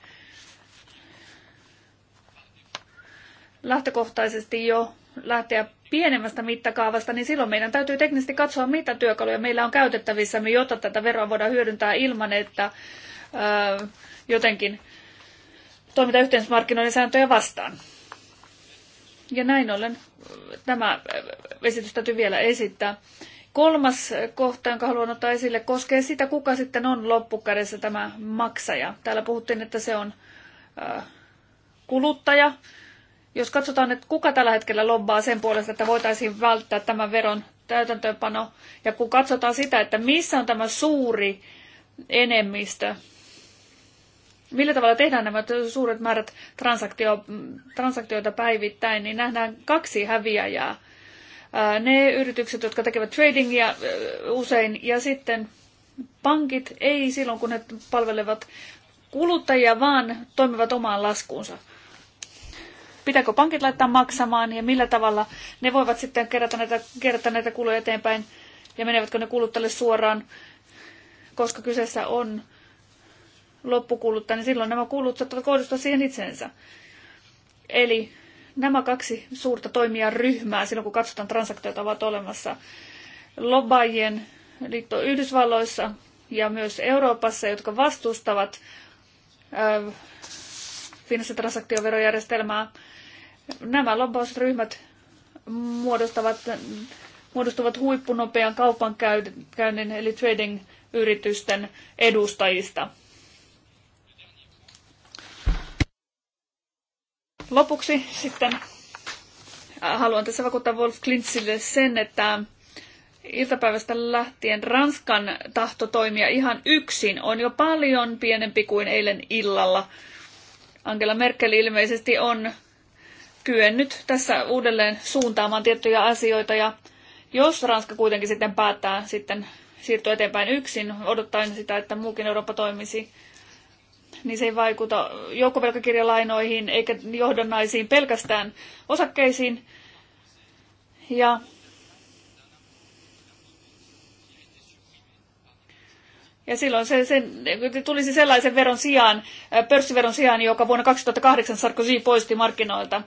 lähtökohtaisesti jo lähteä pienemmästä mittakaavasta, niin silloin meidän täytyy teknisesti katsoa, mitä työkaluja meillä on käytettävissämme, jotta tätä veroa voidaan hyödyntää ilman, että jotenkin toimita yhteismarkkinoiden sääntöjä vastaan. Ja näin ollen tämä esitys täytyy vielä esittää. Kolmas kohta, jonka haluan ottaa esille, koskee sitä, kuka sitten on loppukädessä tämä maksaja. Täällä puhuttiin, että se on kuluttaja. Jos katsotaan, että kuka tällä hetkellä lobbaa sen puolesta, että voitaisiin välttää tämän veron täytäntöönpano, ja kun katsotaan sitä, että missä on tämä suuri enemmistö, millä tavalla tehdään nämä suuret määrät transaktio, transaktioita päivittäin, niin nähdään kaksi häviäjää. Ne yritykset, jotka tekevät tradingia usein, ja sitten pankit ei silloin, kun ne palvelevat kuluttajia, vaan toimivat omaan laskuunsa pitääkö pankit laittaa maksamaan ja millä tavalla ne voivat sitten kerätä näitä, kerätä näitä kuluja eteenpäin ja menevätkö ne kuluttajalle suoraan, koska kyseessä on loppukuluttaja, niin silloin nämä kulut saattavat kohdistua siihen itsensä. Eli nämä kaksi suurta toimijaryhmää, silloin kun katsotaan transaktioita, ovat olemassa lobbyien liitto Yhdysvalloissa ja myös Euroopassa, jotka vastustavat finanssitransaktioverojärjestelmää. Nämä lobbausryhmät muodostavat, muodostuvat huippunopean kaupankäynnin eli trading-yritysten edustajista. Lopuksi sitten äh, haluan tässä vakuuttaa Wolf Klintzille sen, että iltapäivästä lähtien Ranskan tahto toimia ihan yksin on jo paljon pienempi kuin eilen illalla. Angela Merkel ilmeisesti on kyennyt tässä uudelleen suuntaamaan tiettyjä asioita ja jos Ranska kuitenkin sitten päättää sitten siirtyä eteenpäin yksin, odottaen sitä, että muukin Eurooppa toimisi, niin se ei vaikuta joukkovelkakirjalainoihin eikä johdonnaisiin pelkästään osakkeisiin. Ja Ja silloin se, se tulisi sellaisen veron sijaan, pörssiveron sijaan, joka vuonna 2008 Sarkozy poisti markkinoilta.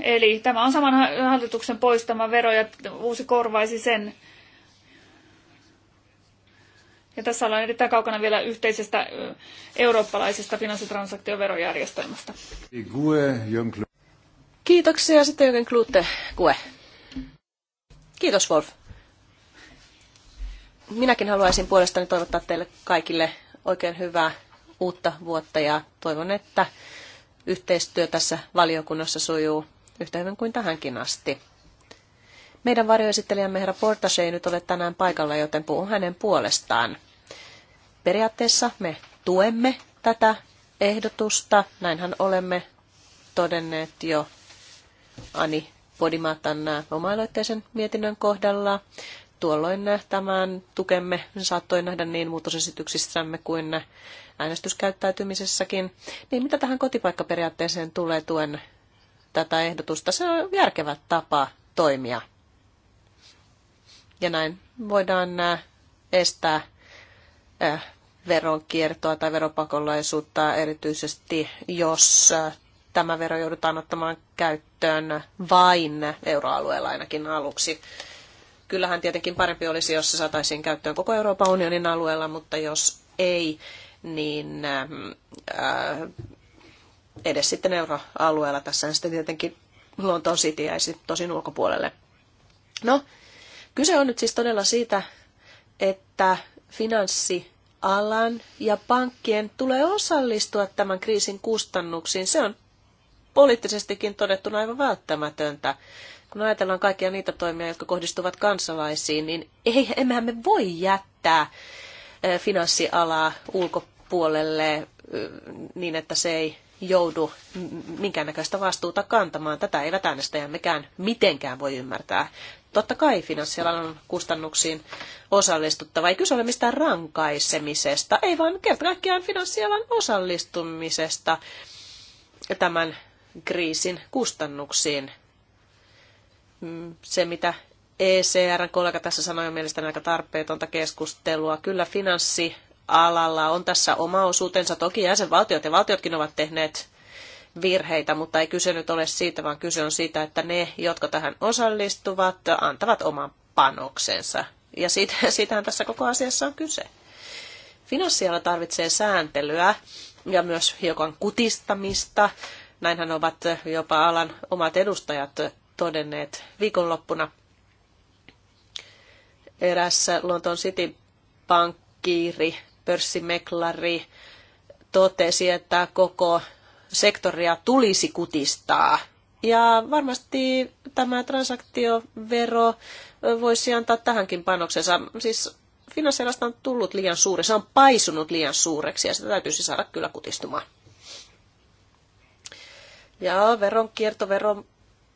Eli tämä on saman hallituksen poistama vero ja uusi korvaisi sen. Ja tässä ollaan erittäin kaukana vielä yhteisestä eurooppalaisesta finanssitransaktioverojärjestelmästä. Kiitoksia sitten Jürgen Klute. Kue. Kiitos Wolf. Minäkin haluaisin puolestani toivottaa teille kaikille oikein hyvää uutta vuotta ja toivon, että yhteistyö tässä valiokunnassa sujuu yhtä hyvin kuin tähänkin asti. Meidän varjoesittelijämme herra Portas ei nyt ole tänään paikalla, joten puhun hänen puolestaan. Periaatteessa me tuemme tätä ehdotusta. Näinhän olemme todenneet jo Ani Podimatan oma mietinnön kohdalla tuolloin tämän tukemme saattoi nähdä niin muutosesityksissämme kuin äänestyskäyttäytymisessäkin. Niin mitä tähän kotipaikkaperiaatteeseen tulee tuen tätä ehdotusta? Se on järkevä tapa toimia. Ja näin voidaan äh, estää äh, veronkiertoa tai veropakolaisuutta erityisesti, jos äh, tämä vero joudutaan ottamaan käyttöön vain euroalueella ainakin aluksi kyllähän tietenkin parempi olisi, jos se saataisiin käyttöön koko Euroopan unionin alueella, mutta jos ei, niin ähm, äh, edes sitten euroalueella. Tässä sitten tietenkin Lontoon City jäisi tosin ulkopuolelle. No, kyse on nyt siis todella siitä, että finanssialan ja pankkien tulee osallistua tämän kriisin kustannuksiin. Se on poliittisestikin todettuna aivan välttämätöntä kun ajatellaan kaikkia niitä toimia, jotka kohdistuvat kansalaisiin, niin ei, emmehän me voi jättää finanssialaa ulkopuolelle niin, että se ei joudu minkäännäköistä vastuuta kantamaan. Tätä eivät äänestäjämmekään mitenkään voi ymmärtää. Totta kai finanssialan kustannuksiin osallistuttava. Ei kyse ole mistään rankaisemisesta, ei vaan kerta kaikkiaan finanssialan osallistumisesta tämän kriisin kustannuksiin se, mitä ECR-kollega tässä sanoi, on mielestäni aika tarpeetonta keskustelua. Kyllä finanssialalla on tässä oma osuutensa. Toki jäsenvaltiot ja valtiotkin ovat tehneet virheitä, mutta ei kyse nyt ole siitä, vaan kyse on siitä, että ne, jotka tähän osallistuvat, antavat oman panoksensa. Ja siitä, [laughs] siitähän tässä koko asiassa on kyse. Finanssiala tarvitsee sääntelyä ja myös hiukan kutistamista. Näinhän ovat jopa alan omat edustajat todenneet viikonloppuna. Erässä Lontoon City pankkiiri, pörssimeklari totesi, että koko sektoria tulisi kutistaa. Ja varmasti tämä transaktiovero voisi antaa tähänkin panoksensa. Siis finanssialasta on tullut liian suuri, se on paisunut liian suureksi ja sitä täytyisi saada kyllä kutistumaan. Ja veronkierto, veron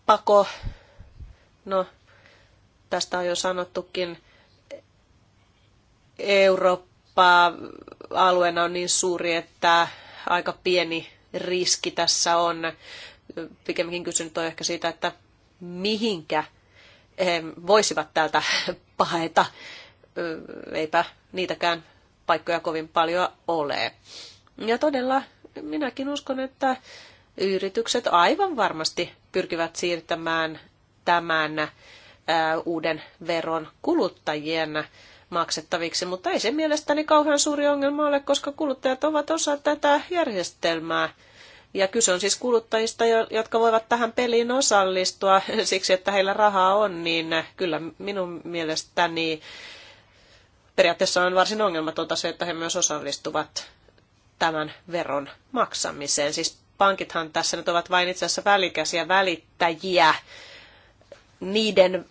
pako, no tästä on jo sanottukin, Eurooppa alueena on niin suuri, että aika pieni riski tässä on. Pikemminkin kysynyt on ehkä siitä, että mihinkä he voisivat täältä [laughs] paeta. Eipä niitäkään paikkoja kovin paljon ole. Ja todella minäkin uskon, että yritykset aivan varmasti pyrkivät siirtämään tämän äh, uuden veron kuluttajien maksettaviksi, mutta ei se mielestäni kauhean suuri ongelma ole, koska kuluttajat ovat osa tätä järjestelmää. Ja kyse on siis kuluttajista, jotka voivat tähän peliin osallistua [laughs] siksi, että heillä rahaa on, niin kyllä minun mielestäni periaatteessa on varsin ongelmatonta se, että he myös osallistuvat tämän veron maksamiseen. Siis pankithan tässä nyt ovat vain itse asiassa välikäsiä välittäjiä niiden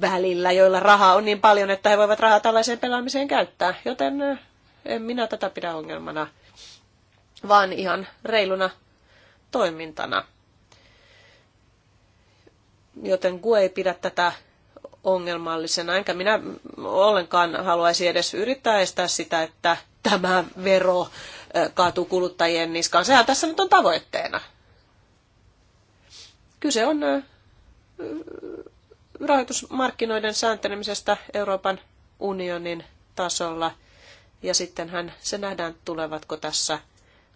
välillä, joilla rahaa on niin paljon, että he voivat rahaa tällaiseen pelaamiseen käyttää. Joten eh, en minä tätä pidä ongelmana, vaan ihan reiluna toimintana. Joten Gue ei pidä tätä ongelmallisena, enkä minä ollenkaan haluaisi edes yrittää estää sitä, että tämä vero kaatuu kuluttajien niskaan. Sehän tässä nyt on tavoitteena. Kyse on rahoitusmarkkinoiden sääntelemisestä Euroopan unionin tasolla. Ja sittenhän se nähdään, tulevatko tässä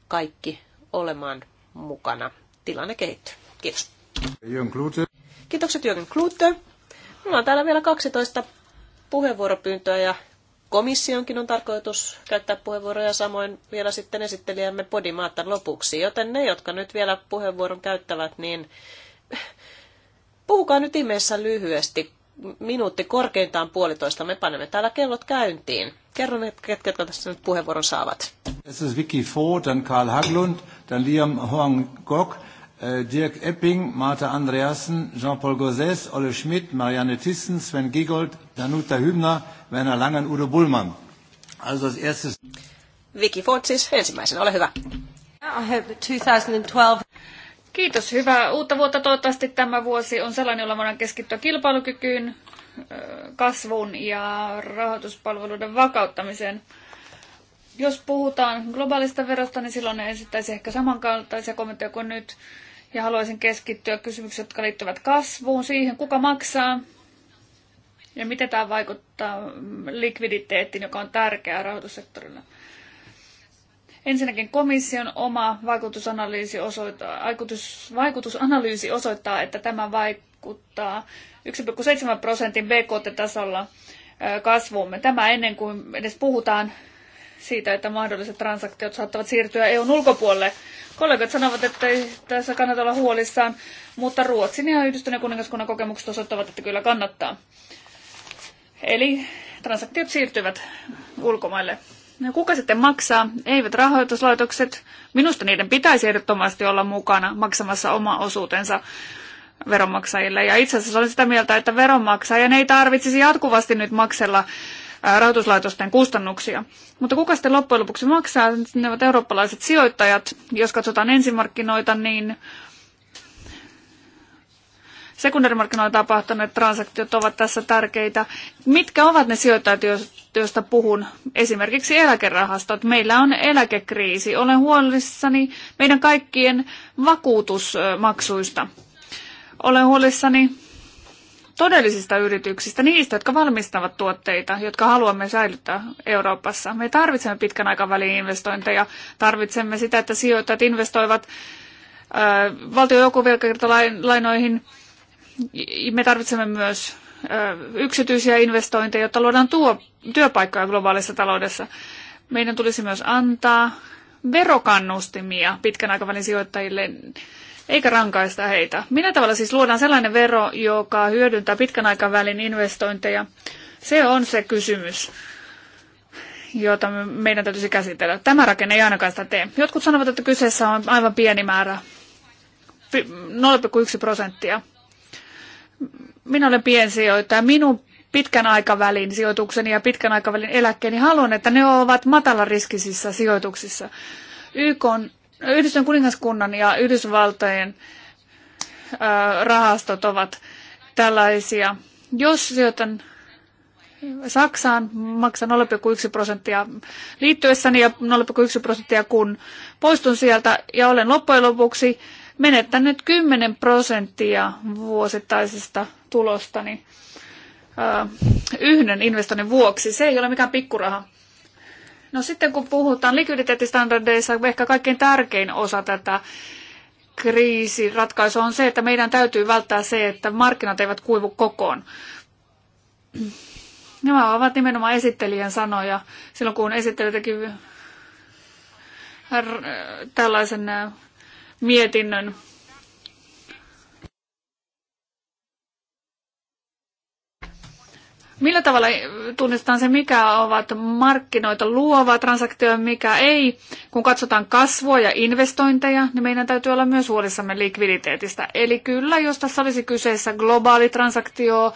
kaikki olemaan mukana. Tilanne kehittyy. Kiitos. Jön Klute. Kiitokset Jürgen Klute. Minulla on täällä vielä 12 puheenvuoropyyntöä ja Komissionkin on tarkoitus käyttää puheenvuoroja samoin vielä sitten esittelijämme Podimaatan lopuksi. Joten ne, jotka nyt vielä puheenvuoron käyttävät, niin puhukaa nyt ihmeessä lyhyesti. Minuutti korkeintaan puolitoista. Me panemme täällä kellot käyntiin. Kerron, ketkä tässä nyt puheenvuoron saavat. This is Vicky Ford, then Karl Haglund, then Liam Hong Gok, Äh, Dirk Epping, Marta Andreassen, Jean-Paul Gauzès, Olle Schmidt, Marianne Thyssen, Sven Giegold, Danuta Hübner, Werner Langen, Udo Bullmann. Also das erste... Vicky Fortis, siis ensimmäisenä, ole hyvä. I hope 2012... Kiitos, hyvää uutta vuotta. Toivottavasti tämä vuosi on sellainen, jolla voidaan keskittyä kilpailukykyyn, äh, kasvun ja rahoituspalveluiden vakauttamiseen. Jos puhutaan globaalista verosta, niin silloin ne esittäisi ehkä samankaltaisia kommentteja kuin nyt ja haluaisin keskittyä kysymyksiin, jotka liittyvät kasvuun, siihen kuka maksaa ja miten tämä vaikuttaa likviditeettiin, joka on tärkeää rahoitussektorilla. Ensinnäkin komission oma vaikutusanalyysi osoittaa, vaikutus, vaikutusanalyysi osoittaa, että tämä vaikuttaa 1,7 prosentin BKT-tasolla kasvuumme. Tämä ennen kuin edes puhutaan siitä, että mahdolliset transaktiot saattavat siirtyä EUn ulkopuolelle. Kollegat sanovat, että ei tässä kannata olla huolissaan, mutta Ruotsin ja Yhdistyneen kuningaskunnan kokemukset osoittavat, että kyllä kannattaa. Eli transaktiot siirtyvät ulkomaille. No, kuka sitten maksaa? Eivät rahoituslaitokset. Minusta niiden pitäisi ehdottomasti olla mukana maksamassa oma osuutensa veronmaksajille. Ja itse asiassa olen sitä mieltä, että veronmaksajien ei tarvitsisi jatkuvasti nyt maksella rahoituslaitosten kustannuksia. Mutta kuka sitten loppujen lopuksi maksaa? Ne ovat eurooppalaiset sijoittajat. Jos katsotaan ensimarkkinoita, niin sekundärimarkkinoilla tapahtuneet transaktiot ovat tässä tärkeitä. Mitkä ovat ne sijoittajat, joista puhun? Esimerkiksi eläkerahastot. Meillä on eläkekriisi. Olen huolissani meidän kaikkien vakuutusmaksuista. Olen huolissani todellisista yrityksistä, niistä, jotka valmistavat tuotteita, jotka haluamme säilyttää Euroopassa. Me tarvitsemme pitkän aikavälin investointeja, tarvitsemme sitä, että sijoittajat investoivat valtion lainoihin Me tarvitsemme myös yksityisiä investointeja, jotta luodaan tuo, työpaikkoja globaalissa taloudessa. Meidän tulisi myös antaa verokannustimia pitkän aikavälin sijoittajille eikä rankaista heitä. Minä tavalla siis luodaan sellainen vero, joka hyödyntää pitkän aikavälin investointeja. Se on se kysymys, jota meidän täytyisi käsitellä. Tämä rakenne ei ainakaan sitä tee. Jotkut sanovat, että kyseessä on aivan pieni määrä, 0,1 prosenttia. Minä olen piensijoittaja. Minun pitkän aikavälin sijoitukseni ja pitkän aikavälin eläkkeeni haluan, että ne ovat matalariskisissä sijoituksissa. YK on Yhdistön kuningaskunnan ja Yhdysvaltojen rahastot ovat tällaisia. Jos sijoitan Saksaan, maksan 0,1 prosenttia liittyessäni ja 0,1 prosenttia kun poistun sieltä ja olen loppujen lopuksi menettänyt 10 prosenttia vuosittaisesta tulostani yhden investoinnin vuoksi. Se ei ole mikään pikkuraha. No sitten kun puhutaan likviditeettistandardeissa, ehkä kaikkein tärkein osa tätä kriisiratkaisua on se, että meidän täytyy välttää se, että markkinat eivät kuivu kokoon. Nämä ovat nimenomaan esittelijän sanoja silloin, kun esittelijä teki tällaisen mietinnön. Millä tavalla tunnistetaan se, mikä ovat markkinoita luova transaktio ja mikä ei? Kun katsotaan kasvua ja investointeja, niin meidän täytyy olla myös huolissamme likviditeetistä. Eli kyllä, jos tässä olisi kyseessä globaali transaktio,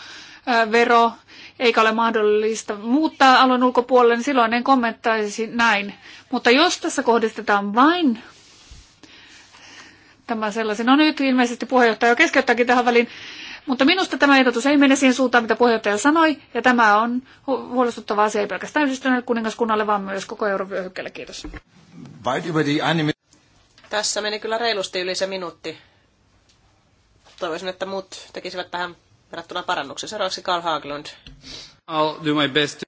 vero, eikä ole mahdollista muuttaa alueen ulkopuolelle, niin silloin en kommenttaisi näin. Mutta jos tässä kohdistetaan vain tämä sellaisen, no nyt ilmeisesti puheenjohtaja keskeyttääkin tähän väliin, mutta minusta tämä ehdotus ei mene siihen suuntaan, mitä puheenjohtaja sanoi, ja tämä on huolestuttava asia ei pelkästään yhdistyneelle kuningaskunnalle, vaan myös koko eurovyöhykkeelle. Kiitos. Tässä meni kyllä reilusti yli se minuutti. Toivoisin, että muut tekisivät tähän verrattuna parannuksen. Seuraavaksi Carl Haglund. I'll do my best.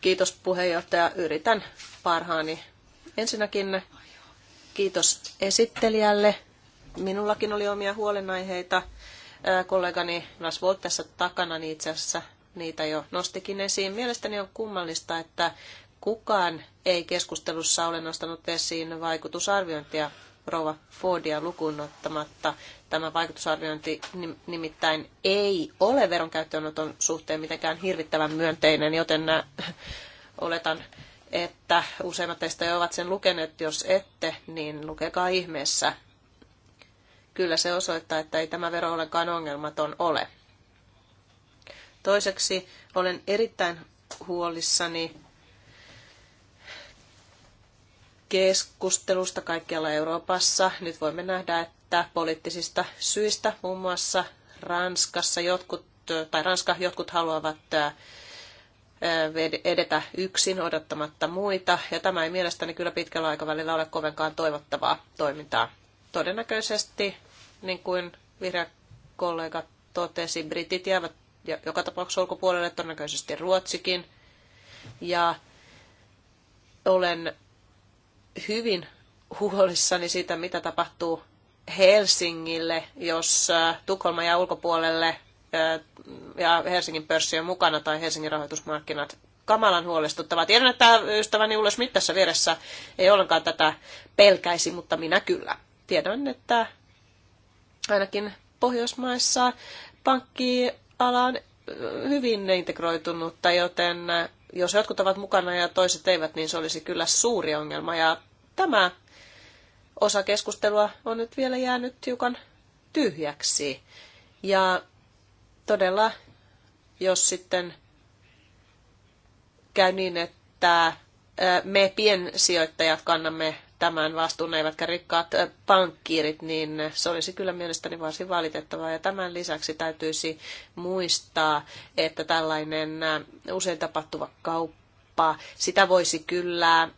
Kiitos puheenjohtaja. Yritän parhaani. Ensinnäkin kiitos esittelijälle. Minullakin oli omia huolenaiheita kollegani Volt tässä takana niin itse asiassa niitä jo nostikin esiin. Mielestäni on kummallista, että kukaan ei keskustelussa ole nostanut esiin vaikutusarviointia Rova Fordia lukuun ottamatta. Tämä vaikutusarviointi nimittäin ei ole veronkäyttöönoton suhteen mitenkään hirvittävän myönteinen, joten nä, oletan, että useimmat teistä jo ovat sen lukeneet. Jos ette, niin lukekaa ihmeessä kyllä se osoittaa, että ei tämä vero olekaan ongelmaton ole. Toiseksi olen erittäin huolissani keskustelusta kaikkialla Euroopassa. Nyt voimme nähdä, että poliittisista syistä muun muassa Ranskassa jotkut, tai Ranska jotkut haluavat edetä yksin odottamatta muita, ja tämä ei mielestäni kyllä pitkällä aikavälillä ole kovinkaan toivottavaa toimintaa. Todennäköisesti niin kuin vihreä kollega totesi, britit jäävät joka tapauksessa ulkopuolelle, todennäköisesti Ruotsikin. Ja olen hyvin huolissani siitä, mitä tapahtuu Helsingille, jos äh, Tukholma jää ulkopuolelle äh, ja Helsingin pörssi on mukana tai Helsingin rahoitusmarkkinat kamalan huolestuttavaa. Tiedän, että ystäväni Ulla Smith tässä vieressä ei ollenkaan tätä pelkäisi, mutta minä kyllä. Tiedän, että ainakin Pohjoismaissa pankkiala on hyvin integroitunutta, joten jos jotkut ovat mukana ja toiset eivät, niin se olisi kyllä suuri ongelma. Ja tämä osa keskustelua on nyt vielä jäänyt hiukan tyhjäksi. Ja todella, jos sitten käy niin, että me piensijoittajat kannamme tämän vastuun, eivätkä rikkaat pankkiirit, niin se olisi kyllä mielestäni varsin valitettavaa. Ja tämän lisäksi täytyisi muistaa, että tällainen usein tapahtuva kauppa, sitä voisi kyllä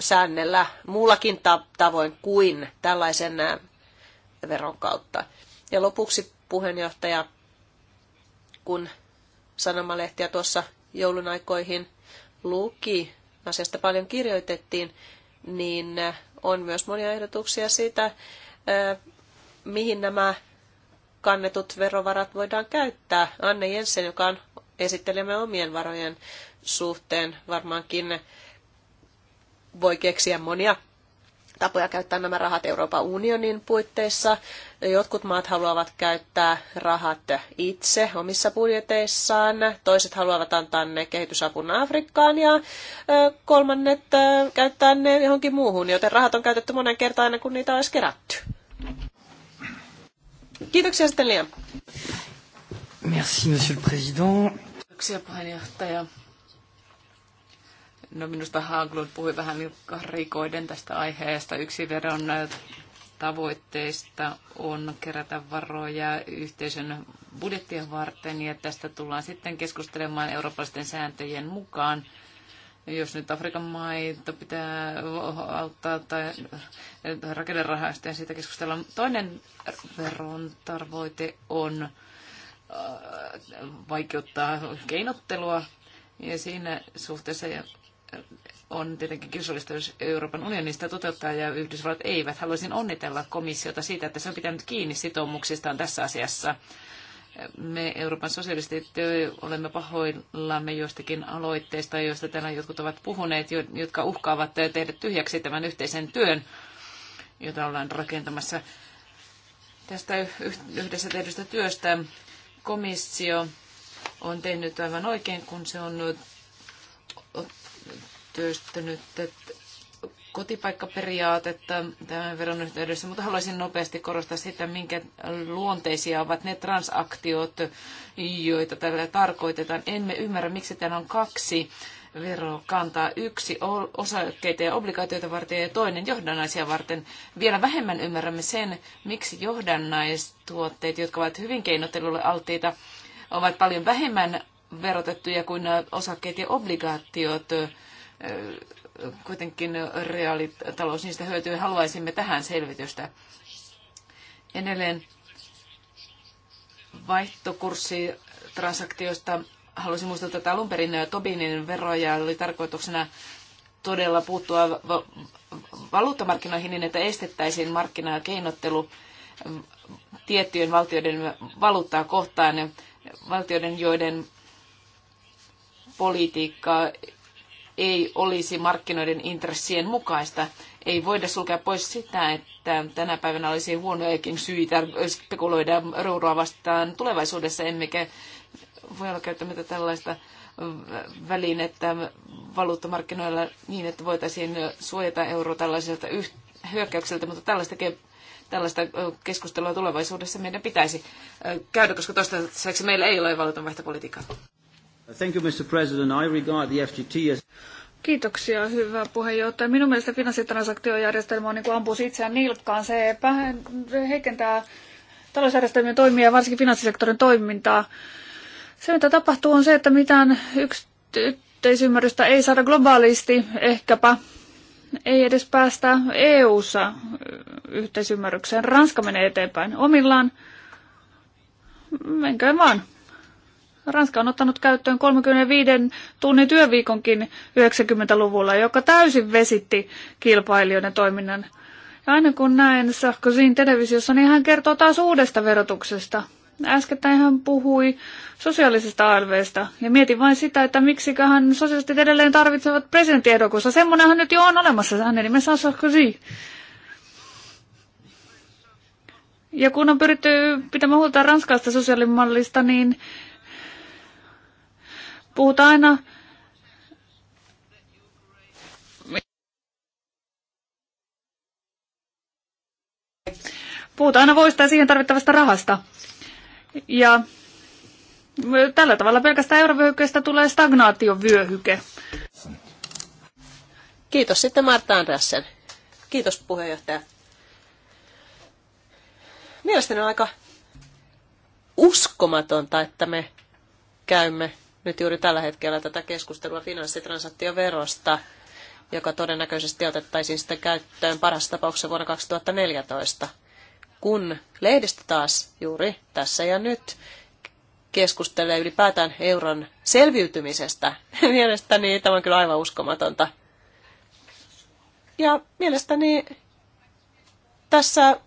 säännellä muullakin tavoin kuin tällaisen veron kautta. Ja lopuksi puheenjohtaja, kun sanomalehtiä tuossa joulun aikoihin luki, asiasta paljon kirjoitettiin, niin äh, on myös monia ehdotuksia siitä, äh, mihin nämä kannetut verovarat voidaan käyttää. Anne Jensen, joka on esittelemme omien varojen suhteen, varmaankin voi keksiä monia tapoja käyttää nämä rahat Euroopan unionin puitteissa. Jotkut maat haluavat käyttää rahat itse omissa budjeteissaan, toiset haluavat antaa ne kehitysapun Afrikkaan ja kolmannet käyttää ne johonkin muuhun, joten rahat on käytetty monen kertaan aina kun niitä olisi kerätty. Kiitoksia sitten liian. Merci, monsieur le président. Kiitoksia puheenjohtaja. No minusta Haglund puhui vähän karikoiden tästä aiheesta. Yksi veron äh, tavoitteista on kerätä varoja yhteisön budjettien varten ja tästä tullaan sitten keskustelemaan eurooppalaisten sääntöjen mukaan. Jos nyt Afrikan maita pitää auttaa tai äh, rakennerahaista ja niin siitä keskustellaan. Toinen veron tavoite on äh, vaikeuttaa keinottelua ja siinä suhteessa on tietenkin kiusallista, jos Euroopan unionista toteuttaa ja Yhdysvallat eivät. Haluaisin onnitella komissiota siitä, että se on pitänyt kiinni sitoumuksistaan tässä asiassa. Me Euroopan sosialistit olemme pahoillamme joistakin aloitteista, joista täällä jotkut ovat puhuneet, jotka uhkaavat tehdä tyhjäksi tämän yhteisen työn, jota ollaan rakentamassa. Tästä yhdessä tehdystä työstä komissio on tehnyt aivan oikein, kun se on työstänyt kotipaikkaperiaatetta tämän veron yhteydessä, mutta haluaisin nopeasti korostaa sitä, minkä luonteisia ovat ne transaktiot, joita tällä tarkoitetaan. Emme ymmärrä, miksi täällä on kaksi verokantaa. Yksi osakkeita ja obligaatioita varten ja toinen johdannaisia varten. Vielä vähemmän ymmärrämme sen, miksi johdannaistuotteet, jotka ovat hyvin keinottelulle alttiita, ovat paljon vähemmän verotettuja kuin osakkeet ja obligaatiot kuitenkin reaalitalous niistä hyötyy. Haluaisimme tähän selvitystä. Edelleen transaktioista halusin muistuttaa, että alun perin Tobinin veroja oli tarkoituksena todella puuttua va- valuuttamarkkinoihin niin, että estettäisiin markkina- ja keinottelu tiettyjen valtioiden valuuttaa kohtaan, valtioiden, joiden politiikkaa ei olisi markkinoiden intressien mukaista. Ei voida sulkea pois sitä, että tänä päivänä olisi huonojakin syitä spekuloida euroa vastaan tulevaisuudessa, emmekä voi olla käyttämättä tällaista välinettä valuuttamarkkinoilla niin, että voitaisiin suojata euro tällaiselta hyökkäykseltä, mutta tällaista, tällaista keskustelua tulevaisuudessa meidän pitäisi käydä, koska toistaiseksi meillä ei ole valuutanvaihtopolitiikkaa. Thank you, Mr. President. I regard the FGT as... Kiitoksia, hyvä puheenjohtaja. Minun mielestä finanssitransaktiojärjestelmä on niin kuin ampuisi itseään nilkkaan. Se heikentää talousjärjestelmien toimia ja varsinkin finanssisektorin toimintaa. Se, mitä tapahtuu, on se, että mitään yhteisymmärrystä ei saada globaalisti, ehkäpä ei edes päästä EU-ssa yhteisymmärrykseen. Ranska menee eteenpäin omillaan. Menkää vaan. Ranska on ottanut käyttöön 35 tunnin työviikonkin 90-luvulla, joka täysin vesitti kilpailijoiden toiminnan. Ja aina kun näen Sarkozyn televisiossa, niin hän kertoo taas uudesta verotuksesta. Äskettäin hän puhui sosiaalisesta alveesta ja mietin vain sitä, että miksiköhän sosiaalistit edelleen tarvitsevat presidenttiehdokkuussa. Semmoinenhan nyt jo on olemassa, hänen nimensä on Sarkozy. Ja kun on pyritty pitämään huolta Ranskasta sosiaalimallista, niin Puhutaan aina Puhutaan aina voista ja siihen tarvittavasta rahasta. Ja tällä tavalla pelkästään eurovyöhykkeestä tulee stagnaatiovyöhyke. Kiitos sitten Martta Andreasen. Kiitos puheenjohtaja. Mielestäni on aika uskomatonta, että me käymme nyt juuri tällä hetkellä tätä keskustelua finanssitransaktioverosta, joka todennäköisesti otettaisiin sitten käyttöön parhaassa tapauksessa vuonna 2014, kun lehdistö taas juuri tässä ja nyt keskustelee ylipäätään euron selviytymisestä. [laughs] Mielestäni tämä on kyllä aivan uskomatonta. Ja mielestäni tässä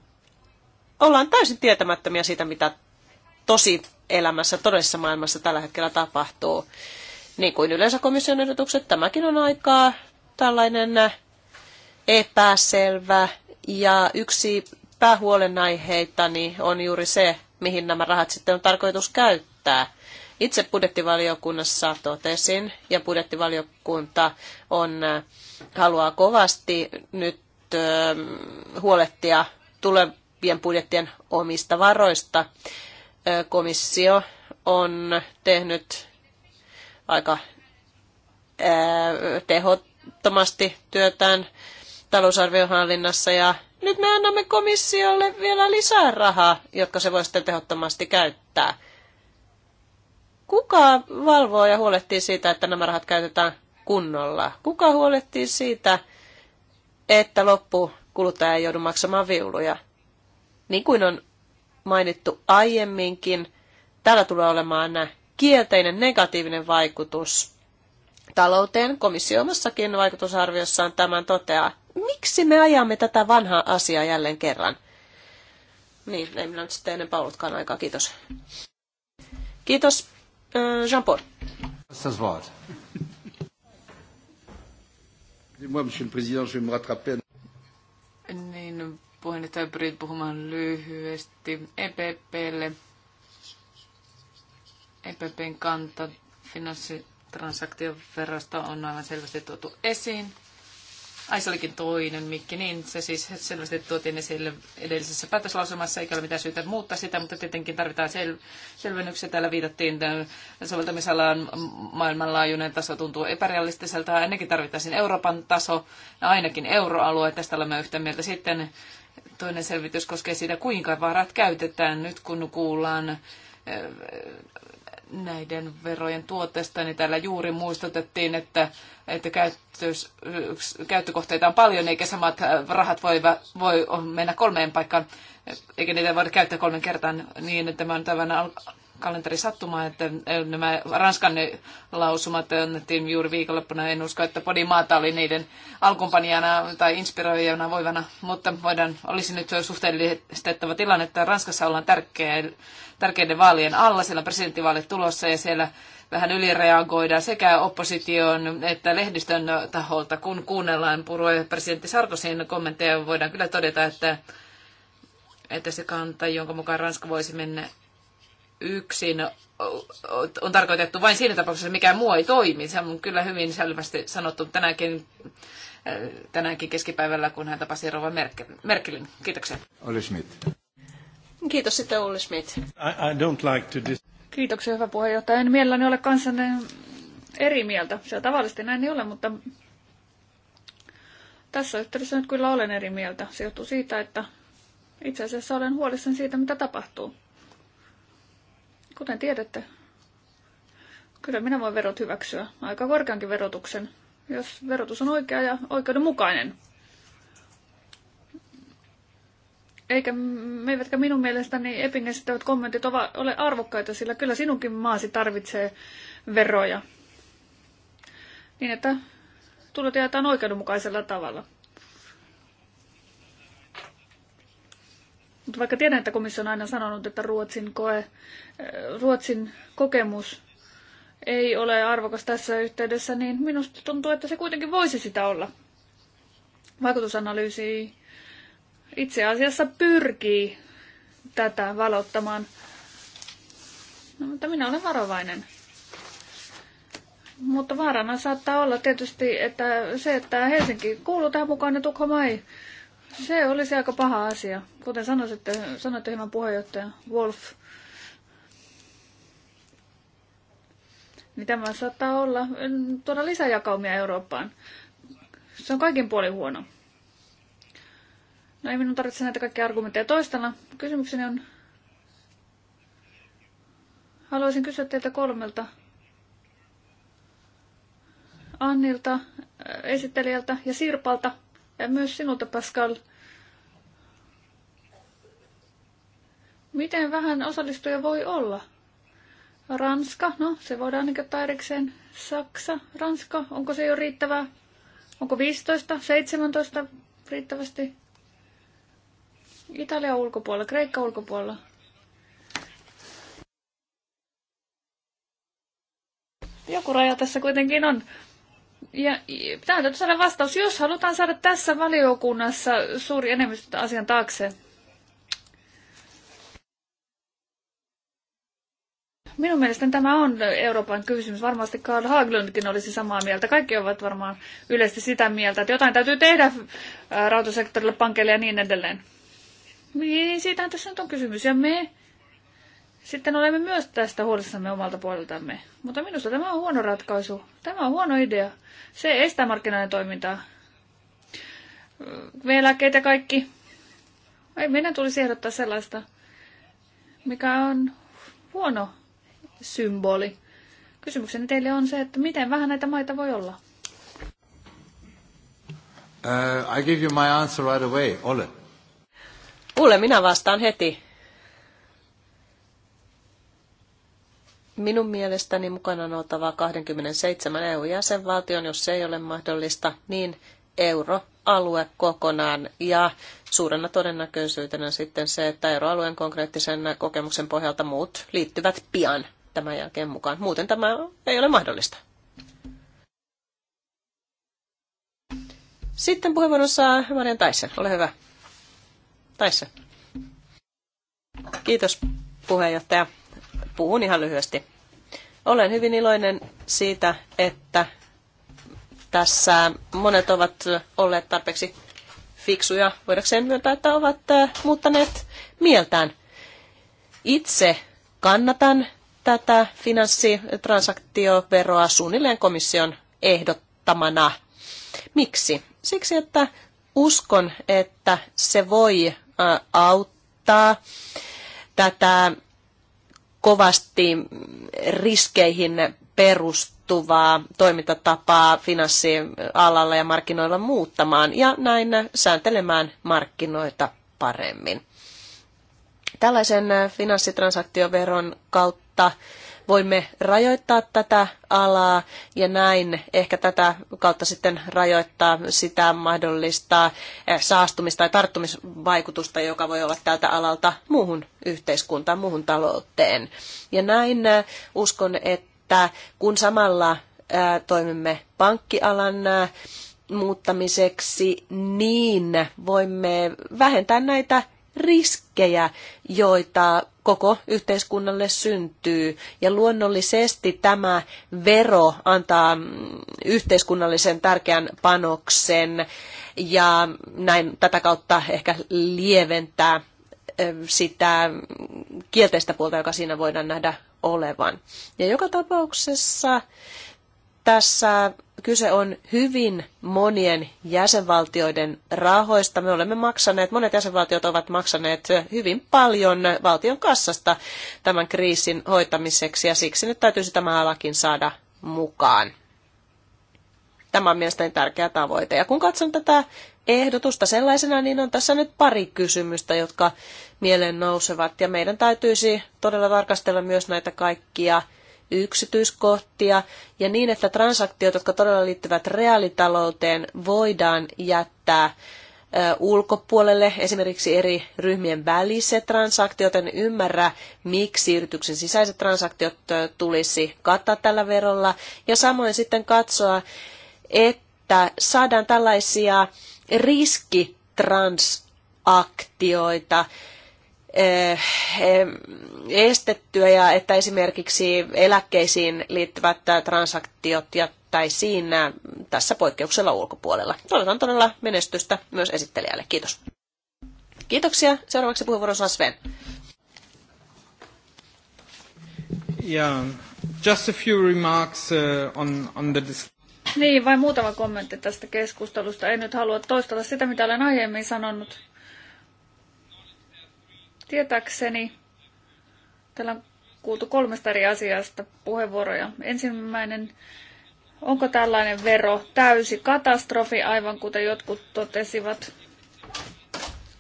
ollaan täysin tietämättömiä siitä, mitä tosi elämässä, todellisessa maailmassa tällä hetkellä tapahtuu. Niin kuin yleensä komission ehdotukset, tämäkin on aikaa tällainen epäselvä. Ja yksi päähuolenaiheita niin on juuri se, mihin nämä rahat sitten on tarkoitus käyttää. Itse budjettivaliokunnassa totesin, ja budjettivaliokunta on, haluaa kovasti nyt huolehtia tulevien budjettien omista varoista komissio on tehnyt aika tehottomasti työtään talousarviohallinnassa ja nyt me annamme komissiolle vielä lisää rahaa, jotka se voi sitten tehottomasti käyttää. Kuka valvoo ja huolehtii siitä, että nämä rahat käytetään kunnolla? Kuka huolehtii siitä, että loppu kuluttaja ei joudu maksamaan viuluja? Niin kuin on mainittu aiemminkin, tällä tulee olemaan kielteinen negatiivinen vaikutus talouteen. Komissio omassakin vaikutusarviossaan tämän toteaa. Miksi me ajamme tätä vanhaa asiaa jälleen kerran? Niin, ei minä nyt sitten enempää ollutkaan aikaa. Kiitos. Kiitos, Jean-Paul. Niin, tämä pyrit puhumaan lyhyesti EPPlle. EPPn kanta finanssitransaktioverosta on aivan selvästi tuotu esiin. Ai se olikin toinen mikki, niin se siis selvästi tuotiin esille edellisessä päätöslausumassa, eikä ole mitään syytä muuttaa sitä, mutta tietenkin tarvitaan sel- selvennyksiä. Täällä viitattiin soveltamisalan maailmanlaajuinen taso tuntuu epärealistiselta, ainakin tarvittaisiin Euroopan taso ainakin euroalue, tästä olemme yhtä mieltä sitten Toinen selvitys koskee siitä, kuinka varat käytetään nyt, kun kuullaan eh, näiden verojen tuotteesta, niin täällä juuri muistutettiin, että, että käyttöys, käyttökohteita on paljon, eikä samat eh, rahat voi, voi mennä kolmeen paikkaan, eh, eikä niitä voida käyttää kolmen kertaan niin, että tämä on tämän kalenterisattumaa, että eh, nämä Ranskan lausumat annettiin juuri viikonloppuna. En usko, että Podimaata oli niiden alkumpanijana tai inspiroijana voivana, mutta voidaan, olisi nyt suhteellistettava tilanne, että Ranskassa ollaan tärkeä, tärkeiden vaalien alla, siellä on presidenttivaalit tulossa ja siellä vähän ylireagoidaan sekä opposition että lehdistön taholta, kun kuunnellaan purue presidentti Sarkosin kommentteja, voidaan kyllä todeta, että, että se kanta, jonka mukaan Ranska voisi mennä yksin on tarkoitettu vain siinä tapauksessa, mikä muu ei toimi. Se on kyllä hyvin selvästi sanottu tänäänkin, tänäänkin keskipäivällä, kun hän tapasi Rova Merkelin. Kiitoksia. Olli Schmidt. Kiitos sitten Olli Schmidt. I, I don't like to dis- Kiitoksia hyvä puheenjohtaja. En mielelläni ole kanssanne eri mieltä. Se on tavallisesti näin ei ole, mutta tässä yhteydessä nyt kyllä olen eri mieltä. Se johtuu siitä, että itse asiassa olen huolissani siitä, mitä tapahtuu. Kuten tiedätte, kyllä minä voin verot hyväksyä, aika korkeankin verotuksen, jos verotus on oikea ja oikeudenmukainen. Eikä, eivätkä minun mielestäni Epin esittävät kommentit ole arvokkaita, sillä kyllä sinunkin maasi tarvitsee veroja. Niin, että tulot jaetaan oikeudenmukaisella tavalla. Mutta vaikka tiedän, että komissio on aina sanonut, että Ruotsin, koe, eh, Ruotsin kokemus ei ole arvokas tässä yhteydessä, niin minusta tuntuu, että se kuitenkin voisi sitä olla. Vaikutusanalyysi itse asiassa pyrkii tätä valottamaan. No, mutta minä olen varovainen. Mutta vaarana saattaa olla tietysti, että se, että Helsinki kuuluu tähän mukaan ja niin Tukholma ei, se olisi aika paha asia. Kuten sanoitte, sanoitte hyvän puheenjohtajan Wolf, niin tämä saattaa olla mm, tuoda lisäjakaumia Eurooppaan. Se on kaikin puolin huono. No ei minun tarvitse näitä kaikkia argumentteja toistella. Kysymykseni on... Haluaisin kysyä teiltä kolmelta. Annilta, esittelijältä ja Sirpalta. Ja myös sinulta, Pascal. Miten vähän osallistuja voi olla? Ranska, no se voidaan ainakin ottaa erikseen. Saksa, Ranska, onko se jo riittävää? Onko 15, 17 riittävästi? Italia ulkopuolella, Kreikka ulkopuolella. Joku raja tässä kuitenkin on. Ja tähän täytyy saada vastaus, jos halutaan saada tässä valiokunnassa suuri enemmistö asian taakse. Minun mielestäni tämä on Euroopan kysymys. Varmasti Karl Haglundkin olisi samaa mieltä. Kaikki ovat varmaan yleisesti sitä mieltä, että jotain täytyy tehdä äh, rautasektorille, pankeille ja niin edelleen. Niin, siitä tässä nyt on kysymys. Ja me sitten olemme myös tästä huolissamme omalta puoleltamme. Mutta minusta tämä on huono ratkaisu. Tämä on huono idea. Se estää markkinoiden toimintaa. V-lääkkeitä kaikki. Ei meidän tulisi ehdottaa sellaista, mikä on huono symboli. Kysymykseni teille on se, että miten vähän näitä maita voi olla? Uh, I give you my answer right away, Ole. Ole, minä vastaan heti. Minun mielestäni mukana on oltava 27 EU-jäsenvaltion, jos se ei ole mahdollista, niin euroalue kokonaan ja suurena todennäköisyytenä sitten se, että euroalueen konkreettisen kokemuksen pohjalta muut liittyvät pian tämän jälkeen mukaan. Muuten tämä ei ole mahdollista. Sitten puheenvuoron saa Marian Taisen. Ole hyvä. Taisen. Kiitos puheenjohtaja. Puhun ihan lyhyesti. Olen hyvin iloinen siitä, että tässä monet ovat olleet tarpeeksi fiksuja, voidakseen myöntää, että ovat muuttaneet mieltään. Itse kannatan tätä finanssitransaktioveroa suunnilleen komission ehdottamana. Miksi? Siksi, että uskon, että se voi auttaa tätä kovasti riskeihin perustuvaa toimintatapaa finanssialalla ja markkinoilla muuttamaan ja näin sääntelemään markkinoita paremmin. Tällaisen finanssitransaktioveron kautta voimme rajoittaa tätä alaa ja näin ehkä tätä kautta sitten rajoittaa sitä mahdollista eh, saastumista tai tarttumisvaikutusta, joka voi olla tältä alalta muuhun yhteiskuntaan, muuhun talouteen. Ja näin eh, uskon, että kun samalla eh, toimimme pankkialan muuttamiseksi, niin voimme vähentää näitä riskejä, joita koko yhteiskunnalle syntyy. Ja luonnollisesti tämä vero antaa yhteiskunnallisen tärkeän panoksen ja näin tätä kautta ehkä lieventää sitä kielteistä puolta, joka siinä voidaan nähdä olevan. Ja joka tapauksessa tässä kyse on hyvin monien jäsenvaltioiden rahoista. Me olemme maksaneet, monet jäsenvaltiot ovat maksaneet hyvin paljon valtion kassasta tämän kriisin hoitamiseksi ja siksi nyt täytyisi tämä alakin saada mukaan. Tämä on mielestäni tärkeä tavoite. Ja kun katson tätä ehdotusta sellaisena, niin on tässä nyt pari kysymystä, jotka mieleen nousevat. Ja meidän täytyisi todella tarkastella myös näitä kaikkia yksityiskohtia ja niin, että transaktiot, jotka todella liittyvät reaalitalouteen, voidaan jättää ulkopuolelle, esimerkiksi eri ryhmien väliset transaktiot. En ymmärrä, miksi yrityksen sisäiset transaktiot tulisi kattaa tällä verolla. Ja samoin sitten katsoa, että saadaan tällaisia riskitransaktioita Eh, eh, estettyä ja että esimerkiksi eläkkeisiin liittyvät transaktiot jättäisiin eh, tässä poikkeuksella ulkopuolella. Toivotan todella menestystä myös esittelijälle. Kiitos. Kiitoksia. Seuraavaksi puheenvuoron saa Sven. Yeah, just a few remarks uh, on, on the Niin, vain muutama kommentti tästä keskustelusta. En nyt halua toistella sitä, mitä olen aiemmin sanonut Tietääkseni täällä on kuultu kolmesta eri asiasta puheenvuoroja. Ensimmäinen, onko tällainen vero täysi katastrofi, aivan kuten jotkut totesivat,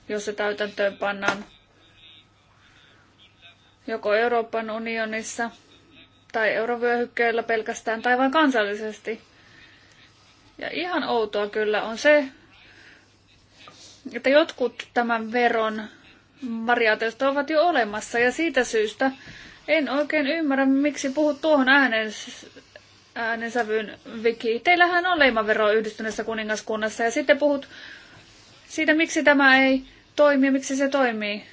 jos se täytäntöön pannaan joko Euroopan unionissa tai eurovyöhykkeellä pelkästään tai vain kansallisesti. Ja ihan outoa kyllä on se, että jotkut tämän veron variaatiot ovat jo olemassa ja siitä syystä en oikein ymmärrä, miksi puhut tuohon äänen, äänensävyyn, Viki. Teillähän on leimavero yhdistyneessä kuningaskunnassa ja sitten puhut siitä, miksi tämä ei toimi ja miksi se toimii.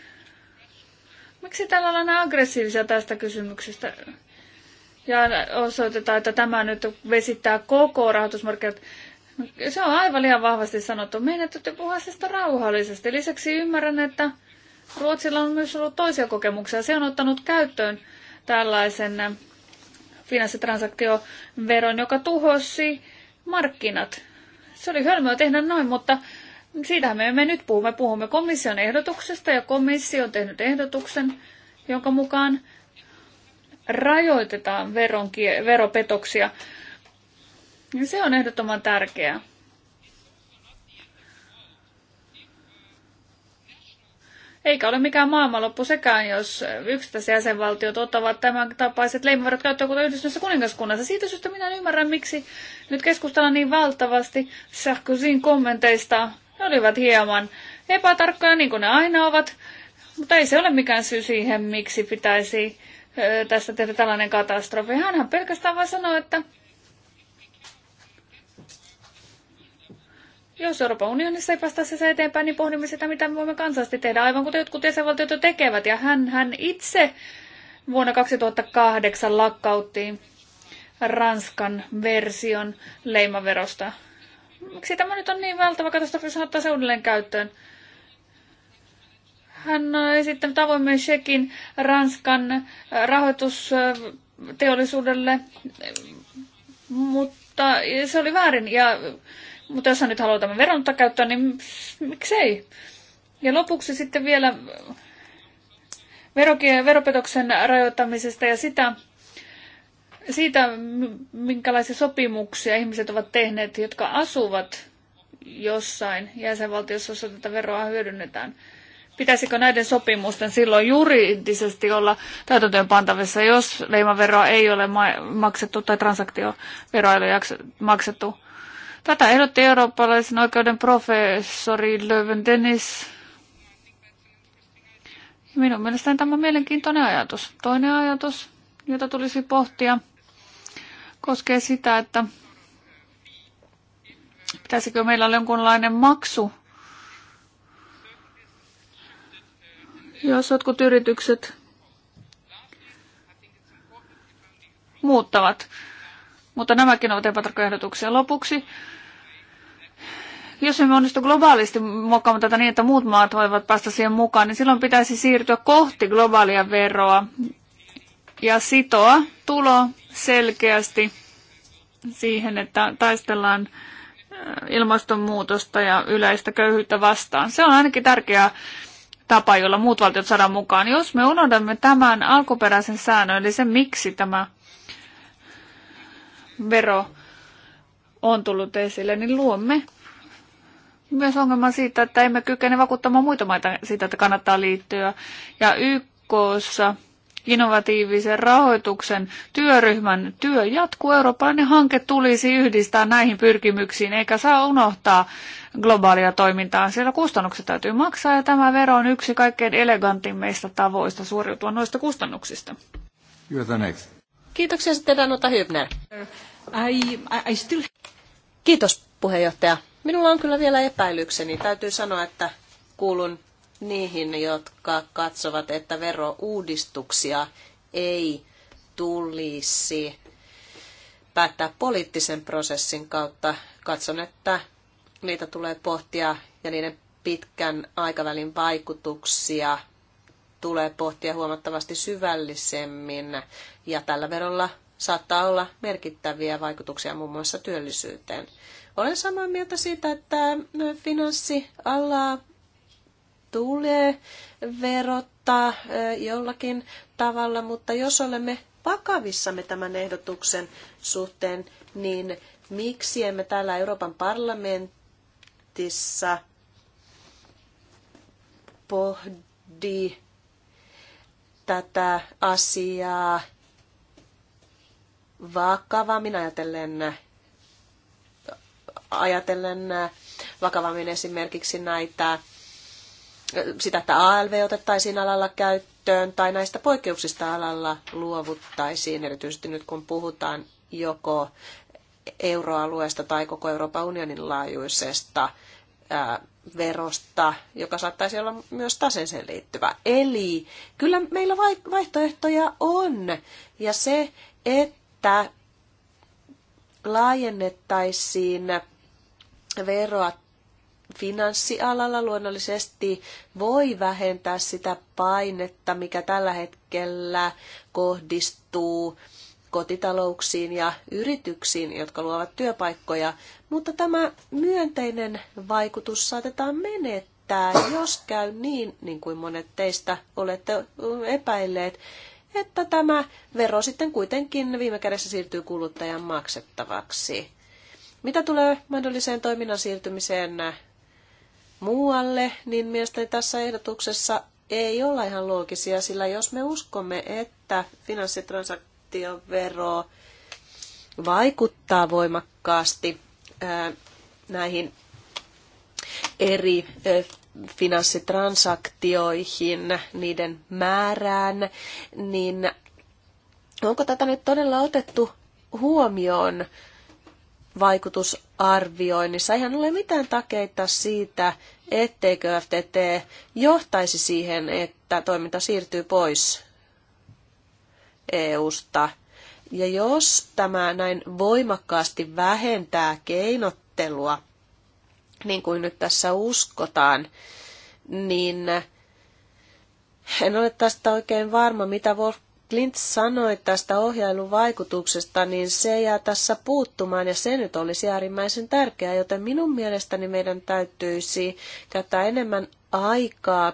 Miksi täällä ollaan aggressiivisia tästä kysymyksestä? Ja osoitetaan, että tämä nyt vesittää koko rahoitusmarkkinat. Se on aivan liian vahvasti sanottu. Meidän täytyy puhua sitä rauhallisesti. Lisäksi ymmärrän, että Ruotsilla on myös ollut toisia kokemuksia. Se on ottanut käyttöön tällaisen finanssitransaktioveron, joka tuhosi markkinat. Se oli hölmöä tehdä noin, mutta siitähän me emme nyt puhu. Me puhumme komission ehdotuksesta ja komissio on tehnyt ehdotuksen, jonka mukaan rajoitetaan veronki veropetoksia. Ja se on ehdottoman tärkeää. Eikä ole mikään maailmanloppu sekään, jos yksittäiset jäsenvaltiot ottavat tämän tapaiset leimavarat käyttöön kuten yhdistyneessä kuningaskunnassa. Siitä syystä minä en ymmärrä, miksi nyt keskustellaan niin valtavasti Sarkozyn kommenteista. Ne olivat hieman epätarkkoja, niin kuin ne aina ovat. Mutta ei se ole mikään syy siihen, miksi pitäisi tästä tehdä tällainen katastrofi. Hänhän pelkästään vaan sanoa, että Jos Euroopan unionissa ei päästä se eteenpäin, niin pohdimme sitä, mitä me voimme kansallisesti tehdä, aivan kuten jotkut jäsenvaltiot jo tekevät. Ja hän, hän itse vuonna 2008 lakkautti Ranskan version leimaverosta. Miksi tämä nyt on niin valtava katastrofi, jos hän ottaa se uudelleen käyttöön? Hän on esittänyt avoimen shekin Ranskan äh, rahoitusteollisuudelle, mutta se oli väärin. Ja mutta jos hän nyt haluaa tämän veron käyttää, niin miksei? Ja lopuksi sitten vielä veropetoksen rajoittamisesta ja sitä, siitä, minkälaisia sopimuksia ihmiset ovat tehneet, jotka asuvat jossain jäsenvaltiossa, jossa tätä veroa hyödynnetään. Pitäisikö näiden sopimusten silloin juridisesti olla täytäntöön pantavissa, jos leimaveroa ei ole maksettu tai transaktioveroa ei ole maksettu? Tätä ehdotti eurooppalaisen oikeuden professori Löwen Dennis. Minun mielestäni tämä on mielenkiintoinen ajatus. Toinen ajatus, jota tulisi pohtia, koskee sitä, että pitäisikö meillä olla jonkunlainen maksu, jos jotkut yritykset muuttavat mutta nämäkin ovat epätarkkoja ehdotuksia. Lopuksi, jos emme onnistu globaalisti muokkaamaan tätä niin, että muut maat voivat päästä siihen mukaan, niin silloin pitäisi siirtyä kohti globaalia veroa ja sitoa tulo selkeästi siihen, että taistellaan äh, ilmastonmuutosta ja yleistä köyhyyttä vastaan. Se on ainakin tärkeää tapa, jolla muut valtiot saadaan mukaan. Jos me unohdamme tämän alkuperäisen säännön, eli sen miksi tämä vero on tullut esille, niin luomme myös ongelma siitä, että emme kykene vakuuttamaan muita maita siitä, että kannattaa liittyä. Ja YKssa innovatiivisen rahoituksen työryhmän työ jatkuu. Eurooppalainen hanke tulisi yhdistää näihin pyrkimyksiin, eikä saa unohtaa globaalia toimintaa. Siellä kustannukset täytyy maksaa ja tämä vero on yksi kaikkein elegantimmista tavoista suoriutua noista kustannuksista. You're the next. Kiitoksia sitten Danuta Hybner. I, I still... Kiitos puheenjohtaja. Minulla on kyllä vielä epäilykseni. Täytyy sanoa, että kuulun niihin, jotka katsovat, että verouudistuksia ei tulisi päättää poliittisen prosessin kautta. Katson, että niitä tulee pohtia ja niiden pitkän aikavälin vaikutuksia tulee pohtia huomattavasti syvällisemmin. Ja tällä verolla saattaa olla merkittäviä vaikutuksia muun muassa työllisyyteen. Olen samaa mieltä siitä, että finanssialaa tulee verottaa jollakin tavalla, mutta jos olemme vakavissamme tämän ehdotuksen suhteen, niin miksi emme täällä Euroopan parlamentissa pohdi tätä asiaa vakavammin ajatellen, ajatellen vakavammin esimerkiksi näitä sitä, että ALV otettaisiin alalla käyttöön tai näistä poikkeuksista alalla luovuttaisiin, erityisesti nyt kun puhutaan joko euroalueesta tai koko Euroopan unionin laajuisesta verosta, joka saattaisi olla myös taseeseen liittyvä. Eli kyllä meillä vaihtoehtoja on. Ja se, että että laajennettaisiin veroa finanssialalla luonnollisesti voi vähentää sitä painetta, mikä tällä hetkellä kohdistuu kotitalouksiin ja yrityksiin, jotka luovat työpaikkoja, mutta tämä myönteinen vaikutus saatetaan menettää, jos käy niin, niin kuin monet teistä olette epäilleet, että tämä vero sitten kuitenkin viime kädessä siirtyy kuluttajan maksettavaksi. Mitä tulee mahdolliseen toiminnan siirtymiseen muualle, niin mielestäni tässä ehdotuksessa ei olla ihan loogisia, sillä jos me uskomme, että finanssitransaktiovero vaikuttaa voimakkaasti näihin eri finanssitransaktioihin, niiden määrään, niin onko tätä nyt todella otettu huomioon vaikutusarvioinnissa? Eihän ole mitään takeita siitä, etteikö FTT johtaisi siihen, että toiminta siirtyy pois EUsta. Ja jos tämä näin voimakkaasti vähentää keinottelua, niin kuin nyt tässä uskotaan, niin en ole tästä oikein varma, mitä Wolf Clint sanoi tästä ohjailun vaikutuksesta, niin se jää tässä puuttumaan ja se nyt olisi äärimmäisen tärkeää, joten minun mielestäni meidän täytyisi käyttää enemmän aikaa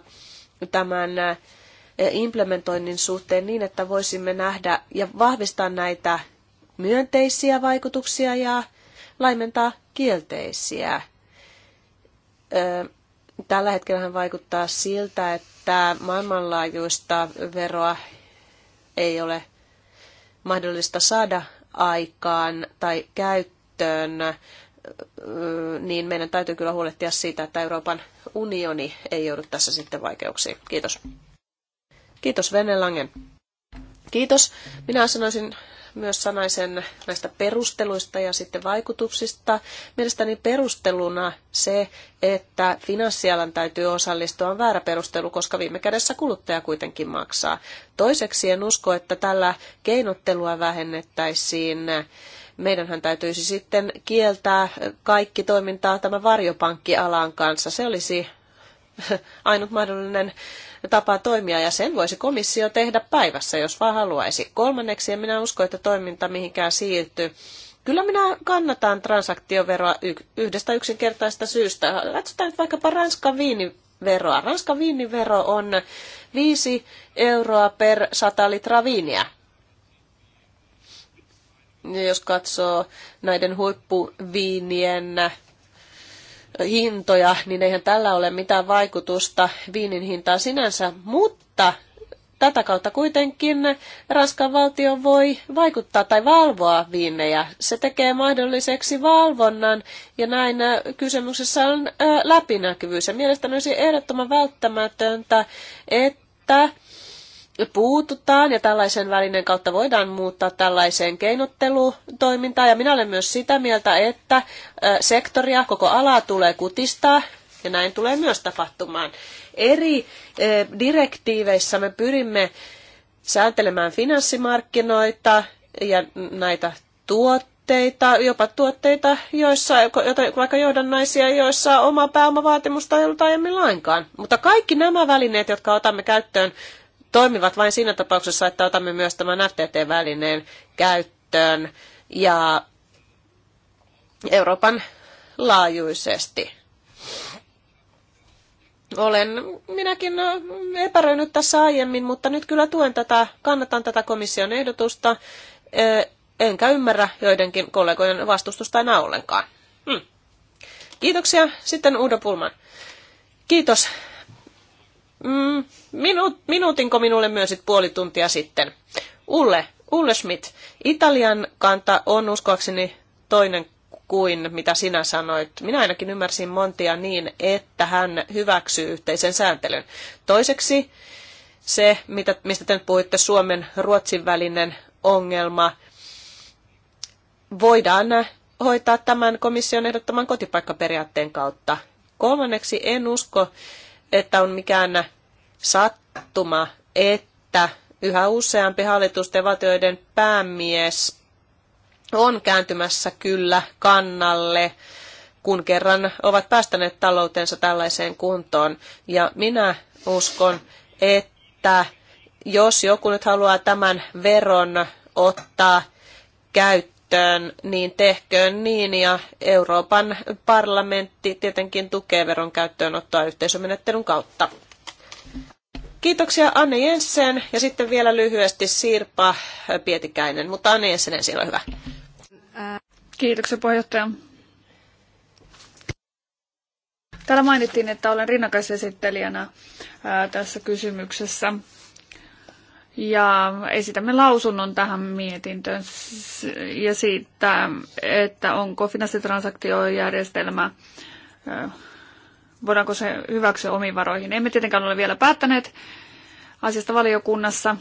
tämän implementoinnin suhteen niin, että voisimme nähdä ja vahvistaa näitä myönteisiä vaikutuksia ja laimentaa kielteisiä tällä hetkellä hän vaikuttaa siltä, että maailmanlaajuista veroa ei ole mahdollista saada aikaan tai käyttöön, niin meidän täytyy kyllä huolehtia siitä, että Euroopan unioni ei joudu tässä sitten vaikeuksiin. Kiitos. Kiitos Venne Langen. Kiitos. Minä sanoisin myös sanaisen näistä perusteluista ja sitten vaikutuksista. Mielestäni perusteluna se, että finanssialan täytyy osallistua, on väärä perustelu, koska viime kädessä kuluttaja kuitenkin maksaa. Toiseksi en usko, että tällä keinottelua vähennettäisiin meidänhän täytyisi sitten kieltää kaikki toimintaa tämän varjopankkialan kanssa. Se olisi [laughs] ainut mahdollinen tapa toimia ja sen voisi komissio tehdä päivässä, jos vaan haluaisi. Kolmanneksi, en minä usko, että toiminta mihinkään siirtyy. Kyllä minä kannatan transaktioveroa yhdestä yksinkertaista syystä. Katsotaan nyt vaikkapa Ranskan viiniveroa. Ranskan viinivero on 5 euroa per 100 litraa viiniä. Ja jos katsoo näiden huippuviinien hintoja, niin eihän tällä ole mitään vaikutusta viinin hintaan sinänsä, mutta tätä kautta kuitenkin Ranskan valtio voi vaikuttaa tai valvoa viinejä. Se tekee mahdolliseksi valvonnan ja näin äh, kysymyksessä on äh, läpinäkyvyys. Ja mielestäni olisi ehdottoman välttämätöntä, että puututaan ja tällaisen välinen kautta voidaan muuttaa tällaiseen keinottelutoimintaan. Ja minä olen myös sitä mieltä, että sektoria, koko alaa tulee kutistaa ja näin tulee myös tapahtumaan. Eri direktiiveissä me pyrimme sääntelemään finanssimarkkinoita ja näitä tuotteita, jopa tuotteita, joissa, vaikka johdannaisia, joissa oma pääomavaatimusta ei ollut aiemmin lainkaan. Mutta kaikki nämä välineet, jotka otamme käyttöön toimivat vain siinä tapauksessa, että otamme myös tämän FTT-välineen käyttöön ja Euroopan laajuisesti. Olen minäkin epäröinyt tässä aiemmin, mutta nyt kyllä tuen tätä, kannatan tätä komission ehdotusta, enkä ymmärrä joidenkin kollegojen vastustusta enää ollenkaan. Hmm. Kiitoksia. Sitten Udo Pulman. Kiitos mm, minu, minuutinko minulle myönsit puoli tuntia sitten? Ulle, Ulle Schmidt, Italian kanta on uskoakseni toinen kuin mitä sinä sanoit. Minä ainakin ymmärsin Montia niin, että hän hyväksyy yhteisen sääntelyn. Toiseksi se, mitä, mistä te nyt puhuitte, Suomen-Ruotsin välinen ongelma, voidaan hoitaa tämän komission ehdottoman kotipaikkaperiaatteen kautta. Kolmanneksi en usko, että on mikään sattuma, että yhä useampi hallitusten päämies on kääntymässä kyllä kannalle, kun kerran ovat päästäneet taloutensa tällaiseen kuntoon. Ja minä uskon, että jos joku nyt haluaa tämän veron ottaa käyttöön, käyttöön, niin tehköön niin. Ja Euroopan parlamentti tietenkin tukee veron käyttöönottoa yhteisömenettelyn kautta. Kiitoksia Anne Jensen ja sitten vielä lyhyesti Sirpa Pietikäinen, mutta Anne Jensen ensin, ole hyvä. Kiitoksia puheenjohtaja. Täällä mainittiin, että olen rinnakkaisesittelijänä tässä kysymyksessä ja esitämme lausunnon tähän mietintöön ja siitä, että onko finanssitransaktiojärjestelmä, voidaanko se hyväksyä omiin varoihin. Emme tietenkään ole vielä päättäneet asiasta valiokunnassa.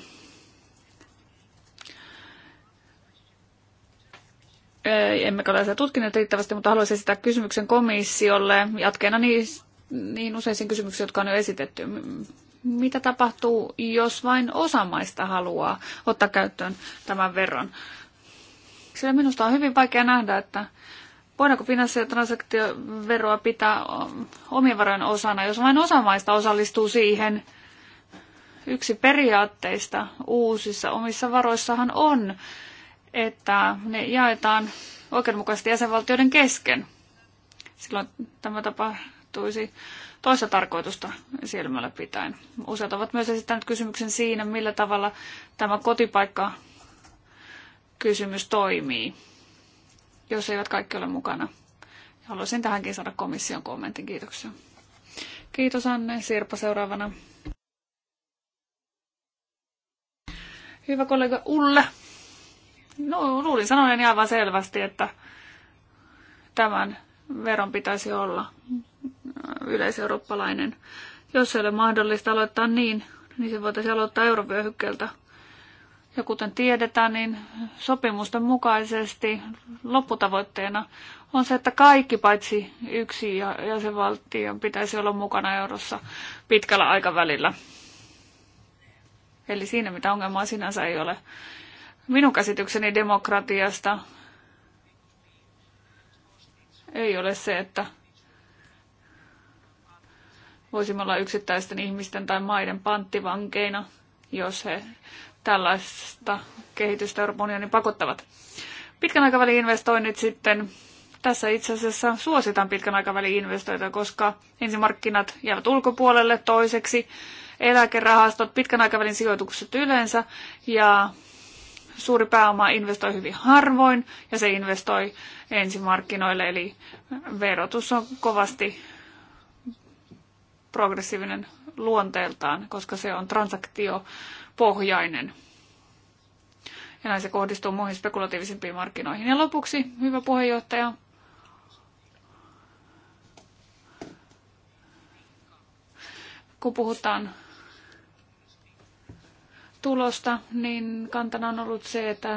Emmekä ole sitä tutkineet riittävästi, mutta haluaisin esittää kysymyksen komissiolle jatkeena niihin niin useisiin kysymyksiin, jotka on jo esitetty mitä tapahtuu, jos vain osa maista haluaa ottaa käyttöön tämän verran? Sillä minusta on hyvin vaikea nähdä, että voidaanko finanssi- ja transaktioveroa pitää omien varojen osana, jos vain osa maista osallistuu siihen. Yksi periaatteista uusissa omissa varoissahan on, että ne jaetaan oikeudenmukaisesti jäsenvaltioiden kesken. Silloin tämä tapahtuisi toista tarkoitusta silmällä pitäen. Useat ovat myös esittäneet kysymyksen siinä, millä tavalla tämä kotipaikka kysymys toimii, jos eivät kaikki ole mukana. Haluaisin tähänkin saada komission kommentin. Kiitoksia. Kiitos Anne. Sirpa seuraavana. Hyvä kollega Ulle. No, luulin sanoneen aivan selvästi, että tämän veron pitäisi olla yleiseurooppalainen. Jos ei ole mahdollista aloittaa niin, niin se voitaisiin aloittaa eurovyöhykkeeltä. Ja kuten tiedetään, niin sopimusten mukaisesti lopputavoitteena on se, että kaikki paitsi yksi jäsenvaltio pitäisi olla mukana eurossa pitkällä aikavälillä. Eli siinä mitä ongelmaa sinänsä ei ole. Minun käsitykseni demokratiasta ei ole se, että voisimme olla yksittäisten ihmisten tai maiden panttivankeina, jos he tällaista kehitystä Euroopan unionin pakottavat. Pitkän aikavälin investoinnit sitten tässä itse asiassa suositaan pitkän aikavälin investointeja, koska ensin markkinat jäävät ulkopuolelle toiseksi, eläkerahastot, pitkän aikavälin sijoitukset yleensä ja suuri pääoma investoi hyvin harvoin ja se investoi ensimarkkinoille, eli verotus on kovasti progressiivinen luonteeltaan, koska se on transaktiopohjainen. Ja näin se kohdistuu muihin spekulatiivisempiin markkinoihin. Ja lopuksi, hyvä puheenjohtaja, kun puhutaan tulosta, niin kantana on ollut se, että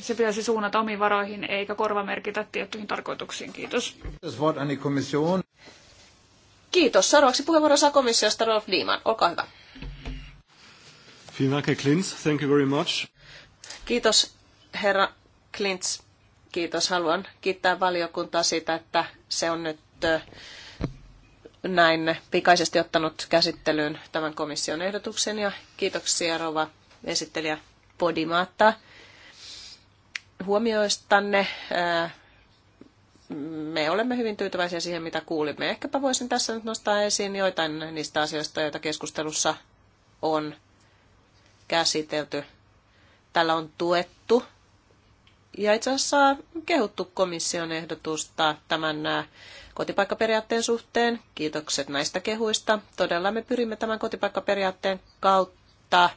se pitäisi suunnata omiin varoihin eikä korvamerkitä tiettyihin tarkoituksiin. Kiitos. Kiitos. Seuraavaksi puheenvuoro saa komissiosta Rolf Diemann. Olkaa hyvä. Thank you very much. Kiitos herra Klintz. Kiitos. Haluan kiittää valiokuntaa siitä, että se on nyt näin pikaisesti ottanut käsittelyyn tämän komission ehdotuksen ja kiitoksia Rova esittelijä Podimaatta huomioistanne. Me olemme hyvin tyytyväisiä siihen, mitä kuulimme. Ehkäpä voisin tässä nyt nostaa esiin joitain niistä asioista, joita keskustelussa on käsitelty. Tällä on tuettu ja itse asiassa kehuttu komission ehdotusta tämän kotipaikkaperiaatteen suhteen. Kiitokset näistä kehuista. Todella me pyrimme tämän kotipaikkaperiaatteen kautta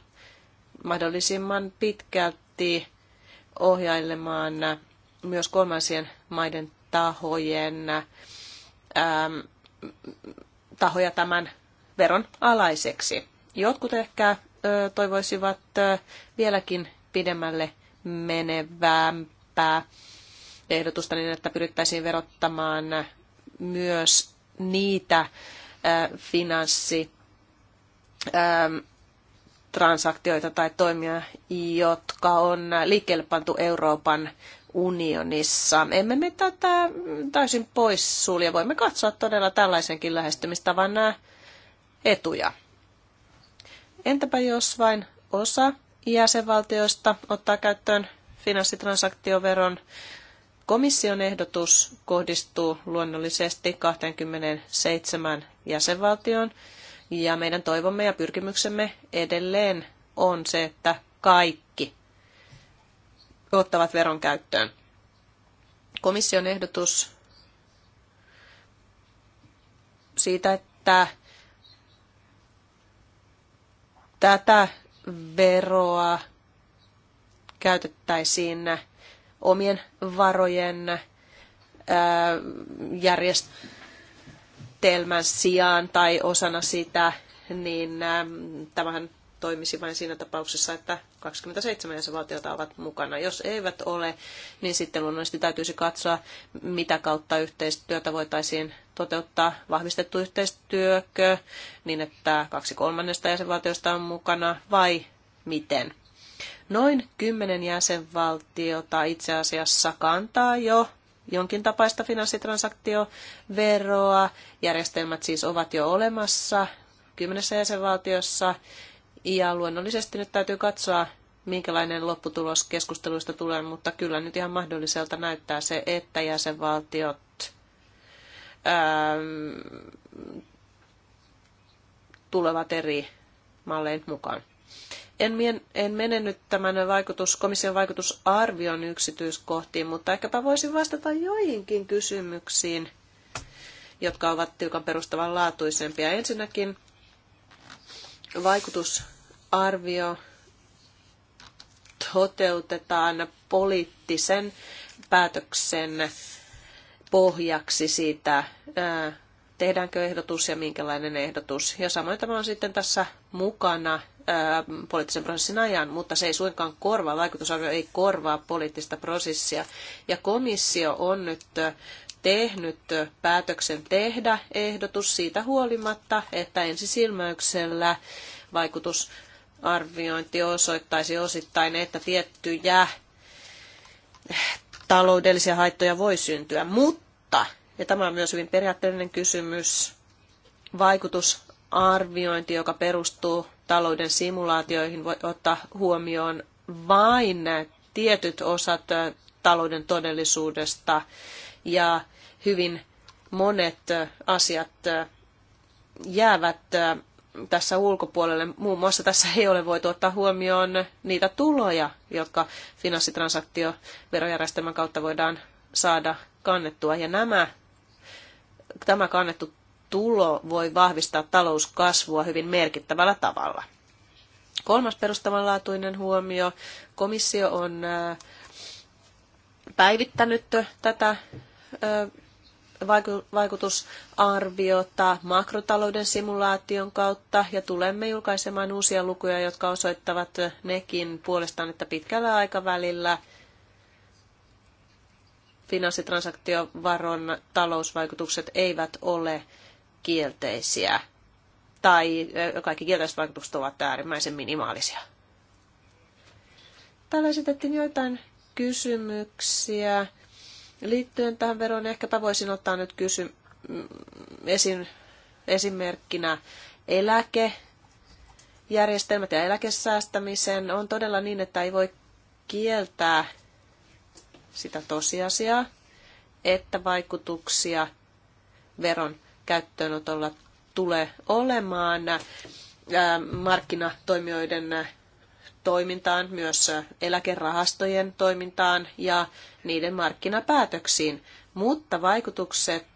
mahdollisimman pitkälti ohjailemaan myös kolmansien maiden tahojen ähm, tahoja tämän veron alaiseksi. Jotkut ehkä ö, toivoisivat ö, vieläkin pidemmälle menevämpää ehdotusta niin, että pyrittäisiin verottamaan myös niitä finanssi transaktioita tai toimia, jotka on liikkeelle pantu Euroopan unionissa. Emme me tätä täysin poissulje. Voimme katsoa todella tällaisenkin lähestymistavan nämä etuja. Entäpä jos vain osa jäsenvaltioista ottaa käyttöön finanssitransaktioveron, Komission ehdotus kohdistuu luonnollisesti 27 jäsenvaltioon ja meidän toivomme ja pyrkimyksemme edelleen on se, että kaikki ottavat veron käyttöön. Komission ehdotus siitä, että tätä veroa käytettäisiin omien varojen järjestelmän sijaan tai osana sitä, niin tämähän toimisi vain siinä tapauksessa, että 27 jäsenvaltiota ovat mukana. Jos eivät ole, niin sitten luonnollisesti täytyisi katsoa, mitä kautta yhteistyötä voitaisiin toteuttaa. Vahvistettu yhteistyökö niin, että kaksi kolmannesta jäsenvaltiosta on mukana vai miten? Noin kymmenen jäsenvaltiota itse asiassa kantaa jo jonkin tapaista finanssitransaktioveroa. Järjestelmät siis ovat jo olemassa kymmenessä jäsenvaltiossa. Ja luonnollisesti nyt täytyy katsoa, minkälainen lopputulos keskusteluista tulee, mutta kyllä nyt ihan mahdolliselta näyttää se, että jäsenvaltiot ää, ähm, tulevat eri mallein mukaan en, en mene nyt tämän vaikutus, komission vaikutusarvion yksityiskohtiin, mutta ehkäpä voisin vastata joihinkin kysymyksiin, jotka ovat tiukan perustavanlaatuisempia. Ensinnäkin vaikutusarvio toteutetaan poliittisen päätöksen pohjaksi siitä, tehdäänkö ehdotus ja minkälainen ehdotus. Ja samoin tämä on sitten tässä mukana Ähm, poliittisen prosessin ajan, mutta se ei suinkaan korvaa, vaikutusarvio ei korvaa poliittista prosessia. Ja komissio on nyt äh, tehnyt äh, päätöksen tehdä ehdotus siitä huolimatta, että ensisilmäyksellä vaikutusarviointi osoittaisi osittain, että tiettyjä äh, taloudellisia haittoja voi syntyä, mutta, ja tämä on myös hyvin periaatteellinen kysymys, vaikutus arviointi, joka perustuu talouden simulaatioihin, voi ottaa huomioon vain tietyt osat talouden todellisuudesta ja hyvin monet asiat jäävät tässä ulkopuolelle. Muun muassa tässä ei ole voitu ottaa huomioon niitä tuloja, jotka finanssitransaktioverojärjestelmän kautta voidaan saada kannettua. Ja nämä, tämä kannettu tulo voi vahvistaa talouskasvua hyvin merkittävällä tavalla. Kolmas perustavanlaatuinen huomio. Komissio on päivittänyt tätä vaikutusarviota makrotalouden simulaation kautta ja tulemme julkaisemaan uusia lukuja, jotka osoittavat nekin puolestaan, että pitkällä aikavälillä finanssitransaktiovaron talousvaikutukset eivät ole kielteisiä tai kaikki kielteiset vaikutukset ovat äärimmäisen minimaalisia. Täällä esitettiin joitain kysymyksiä liittyen tähän veroon. Ehkäpä voisin ottaa nyt kysy- mm, esim esimerkkinä eläkejärjestelmät ja eläkesäästämisen. On todella niin, että ei voi kieltää sitä tosiasiaa, että vaikutuksia veron käyttöönotolla tule olemaan markkinatoimijoiden toimintaan, myös eläkerahastojen toimintaan ja niiden markkinapäätöksiin. Mutta vaikutukset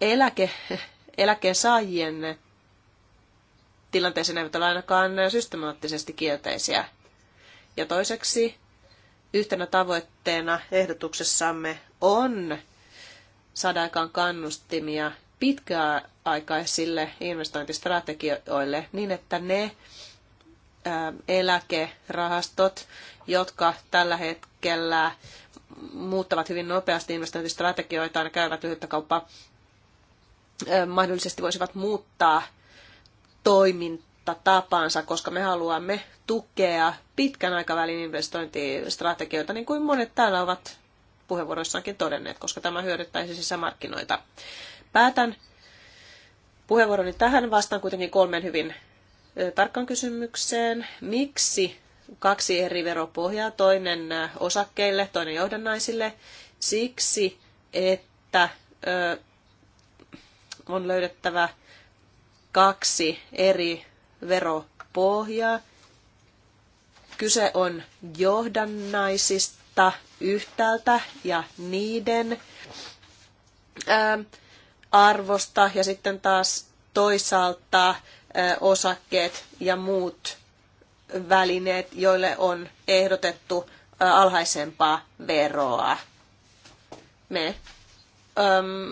eläke, eläkesaajien tilanteeseen eivät ole ainakaan systemaattisesti kielteisiä. Ja toiseksi yhtenä tavoitteena ehdotuksessamme on saada aikaan kannustimia pitkäaikaisille investointistrategioille niin, että ne eläkerahastot, jotka tällä hetkellä muuttavat hyvin nopeasti investointistrategioita ja käyvät lyhyttä kauppaa, mahdollisesti voisivat muuttaa toimintatapansa, koska me haluamme tukea pitkän aikavälin investointistrategioita, niin kuin monet täällä ovat puheenvuoroissaankin todenneet, koska tämä hyödyttäisi sisämarkkinoita. Päätän puheenvuoroni tähän. Vastaan kuitenkin kolmen hyvin tarkkaan kysymykseen. Miksi kaksi eri veropohjaa, toinen osakkeille, toinen johdannaisille? Siksi, että on löydettävä kaksi eri veropohjaa. Kyse on johdannaisista maata yhtäältä ja niiden arvosta ja sitten taas toisaalta osakkeet ja muut välineet, joille on ehdotettu alhaisempaa veroa. Me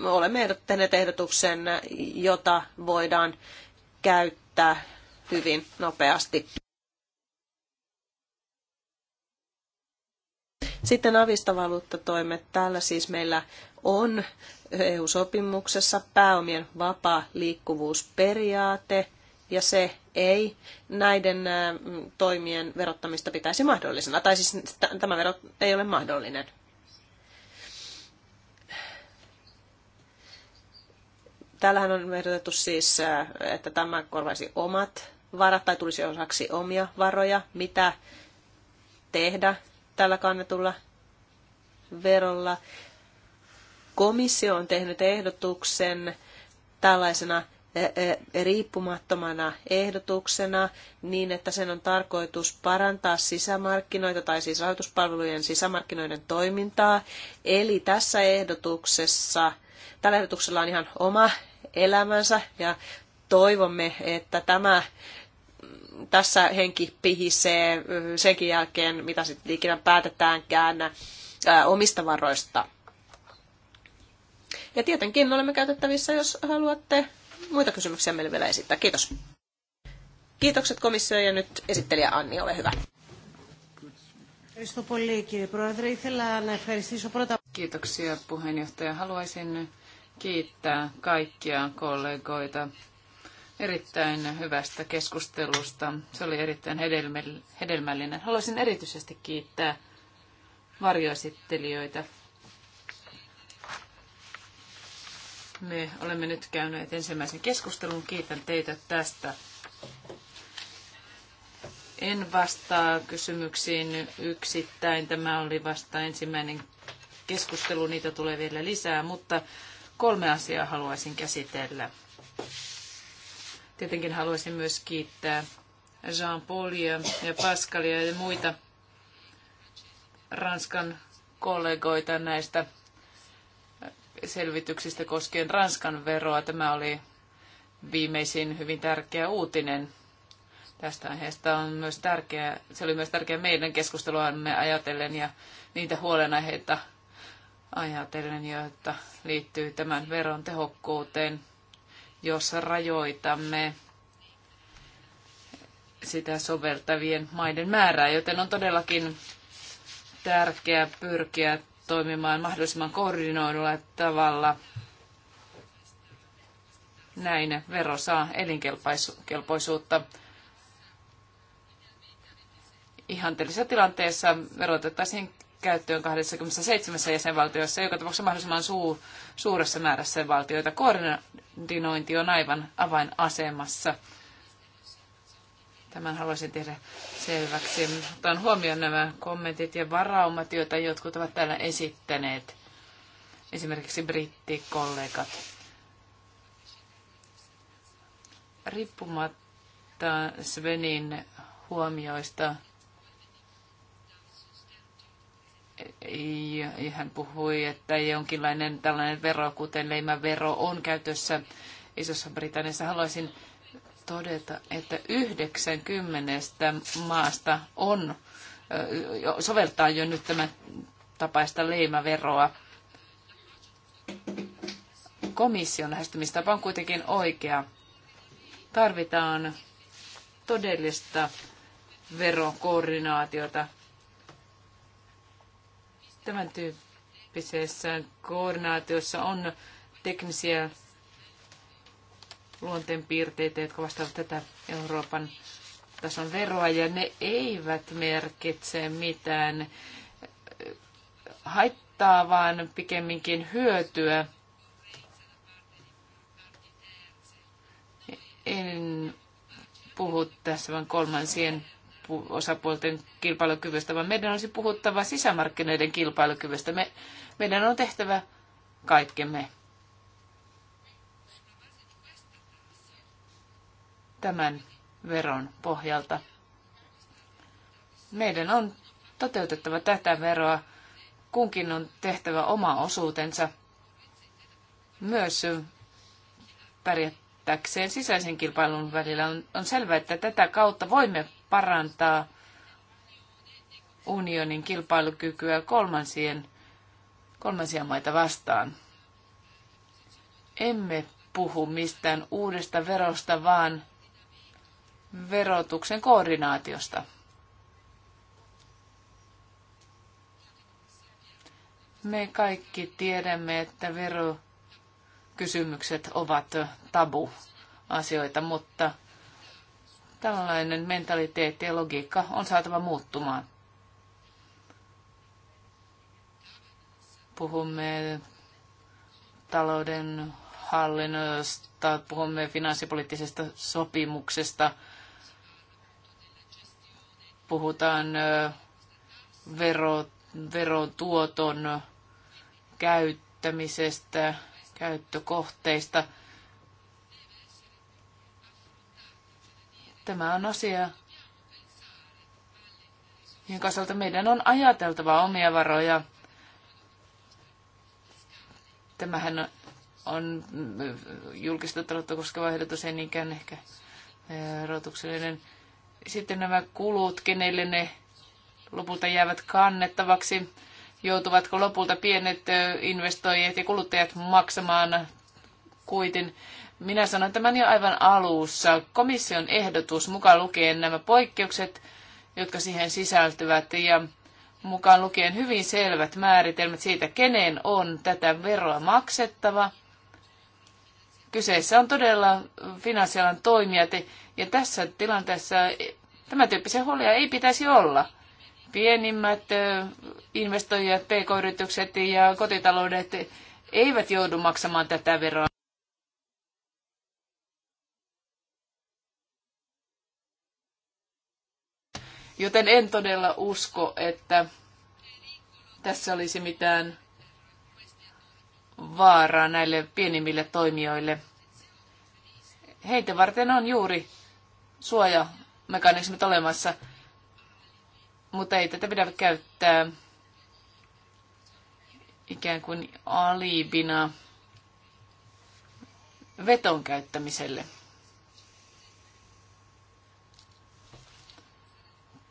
olemme ehdottaneet ehdotuksen, jota voidaan käyttää hyvin nopeasti. Sitten avistavaluuttatoimet. Täällä siis meillä on EU-sopimuksessa pääomien vapaa liikkuvuusperiaate, ja se ei näiden toimien verottamista pitäisi mahdollisena. Tai siis tämä vero ei ole mahdollinen. Täällähän on ehdotettu siis, että tämä korvaisi omat varat tai tulisi osaksi omia varoja. Mitä tehdä tällä kannetulla verolla. Komissio on tehnyt ehdotuksen tällaisena riippumattomana ehdotuksena niin, että sen on tarkoitus parantaa sisämarkkinoita tai siis rahoituspalvelujen sisämarkkinoiden toimintaa. Eli tässä ehdotuksessa, tällä ehdotuksella on ihan oma elämänsä ja toivomme, että tämä tässä henki pihisee senkin jälkeen, mitä sitten ikinä päätetäänkään omista varoista. Ja tietenkin olemme käytettävissä, jos haluatte muita kysymyksiä meille vielä esittää. Kiitos. Kiitokset komissio ja nyt esittelijä Anni, ole hyvä. Kiitoksia puheenjohtaja. Haluaisin kiittää kaikkia kollegoita erittäin hyvästä keskustelusta. Se oli erittäin hedelmällinen. Haluaisin erityisesti kiittää varjoesittelijöitä. Me olemme nyt käyneet ensimmäisen keskustelun. Kiitän teitä tästä. En vastaa kysymyksiin yksittäin. Tämä oli vasta ensimmäinen keskustelu. Niitä tulee vielä lisää, mutta kolme asiaa haluaisin käsitellä. Tietenkin haluaisin myös kiittää Jean-Paulia ja Pascalia ja muita Ranskan kollegoita näistä selvityksistä koskien Ranskan veroa. Tämä oli viimeisin hyvin tärkeä uutinen tästä aiheesta. On myös tärkeä, se oli myös tärkeä meidän keskusteluamme ajatellen ja niitä huolenaiheita ajatellen, joita liittyy tämän veron tehokkuuteen jos rajoitamme sitä soveltavien maiden määrää, joten on todellakin tärkeää pyrkiä toimimaan mahdollisimman koordinoidulla tavalla. Näin vero saa elinkelpoisuutta. Ihanteellisessa tilanteessa verotettaisiin käyttöön 27 jäsenvaltiossa, joka tapauksessa mahdollisimman suur, suuressa määrässä valtioita. Koordinointi on aivan avainasemassa. Tämän haluaisin tehdä selväksi. Otan huomioon nämä kommentit ja varaumat, joita jotkut ovat täällä esittäneet. Esimerkiksi brittikollegat. Riippumatta Svenin huomioista ja hän puhui, että jonkinlainen tällainen vero, kuten leimävero, on käytössä Isossa Britanniassa. Haluaisin todeta, että 90 maasta on, soveltaa jo nyt tämän tapaista leimaveroa. Komission lähestymistapa on kuitenkin oikea. Tarvitaan todellista verokoordinaatiota Tämän tyyppisessä koordinaatiossa on teknisiä luonteenpiirteitä, jotka vastaavat tätä Euroopan tason veroa, ja ne eivät merkitse mitään haittaa, vaan pikemminkin hyötyä. En puhu tässä vain kolmansien osapuolten kilpailukyvystä, vaan meidän olisi puhuttava sisämarkkinoiden kilpailukyvystä. Me, meidän on tehtävä kaikkemme. Tämän veron pohjalta. Meidän on toteutettava tätä veroa. Kunkin on tehtävä oma osuutensa myös pärjättäkseen sisäisen kilpailun välillä. On, on selvää, että tätä kautta voimme parantaa unionin kilpailukykyä kolmansien, kolmansia maita vastaan. Emme puhu mistään uudesta verosta, vaan verotuksen koordinaatiosta. Me kaikki tiedämme, että verokysymykset ovat tabu asioita, mutta Tällainen mentaliteetti ja logiikka on saatava muuttumaan. Puhumme talouden hallinnosta, puhumme finanssipoliittisesta sopimuksesta, puhutaan vero, verotuoton käyttämisestä, käyttökohteista – Tämä on asia, jonka osalta meidän on ajateltava omia varoja. Tämähän on julkista taloutta koskeva ehdotus, ei niinkään ehkä verotuksellinen. Eh, Sitten nämä kulut, kenelle ne lopulta jäävät kannettavaksi. Joutuvatko lopulta pienet eh, investoijat ja kuluttajat maksamaan kuitin? Minä sanoin tämän jo aivan alussa. Komission ehdotus mukaan lukien nämä poikkeukset, jotka siihen sisältyvät ja mukaan lukien hyvin selvät määritelmät siitä, kenen on tätä veroa maksettava. Kyseessä on todella finanssialan toimijat ja tässä tilanteessa tämä tyyppisiä huolia ei pitäisi olla. Pienimmät investoijat, pk-yritykset ja kotitaloudet eivät joudu maksamaan tätä veroa. Joten en todella usko, että tässä olisi mitään vaaraa näille pienimmille toimijoille. Heitä varten on juuri suojamekanismit olemassa, mutta ei tätä pidä käyttää ikään kuin alibina veton käyttämiselle.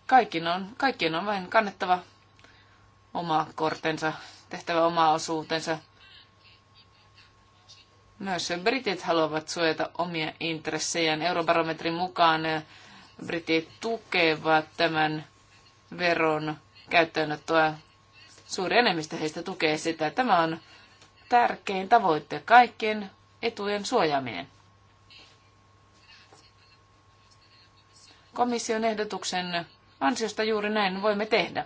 Kaikin on, kaikkien on vain kannettava oma kortensa, tehtävä oma osuutensa. Myös britit haluavat suojata omia intressejään. Eurobarometrin mukaan eh, britit tukevat tämän veron käyttöönottoa. Suuri enemmistö heistä tukee sitä. Tämä on tärkein tavoite kaikkien etujen suojaaminen. Komission ehdotuksen ansiosta juuri näin voimme tehdä.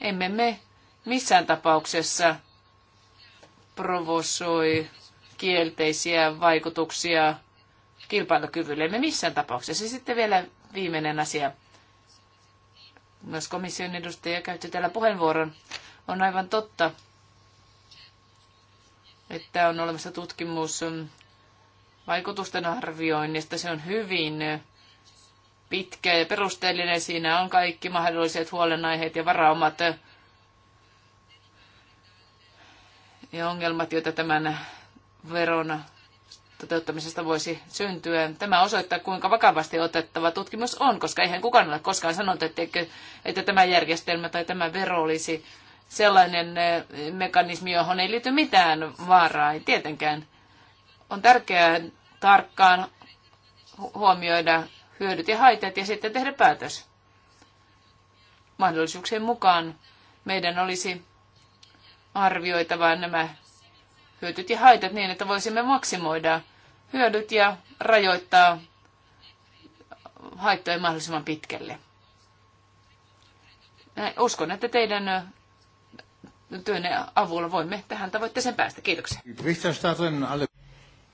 Emme me missään tapauksessa provosoi kielteisiä vaikutuksia kilpailukyvylle. Emme missään tapauksessa. Sitten vielä viimeinen asia. Myös komission edustaja käytti täällä puheenvuoron. On aivan totta, että on olemassa tutkimus vaikutusten arvioinnista. Se on hyvin pitkä ja perusteellinen. Siinä on kaikki mahdolliset huolenaiheet ja varaumat ja ongelmat, joita tämän veron toteuttamisesta voisi syntyä. Tämä osoittaa, kuinka vakavasti otettava tutkimus on, koska eihän kukaan ole koskaan sanonut, etteikö, että tämä järjestelmä tai tämä vero olisi sellainen eh, mekanismi, johon ei liity mitään vaaraa, ei tietenkään. On tärkeää tarkkaan huomioida hyödyt ja haitat ja sitten tehdä päätös. Mahdollisuuksien mukaan meidän olisi arvioitava nämä hyödyt ja haitat niin, että voisimme maksimoida hyödyt ja rajoittaa haittoja mahdollisimman pitkälle. Uskon, että teidän työnne avulla voimme tähän tavoitteeseen päästä. Kiitoksia.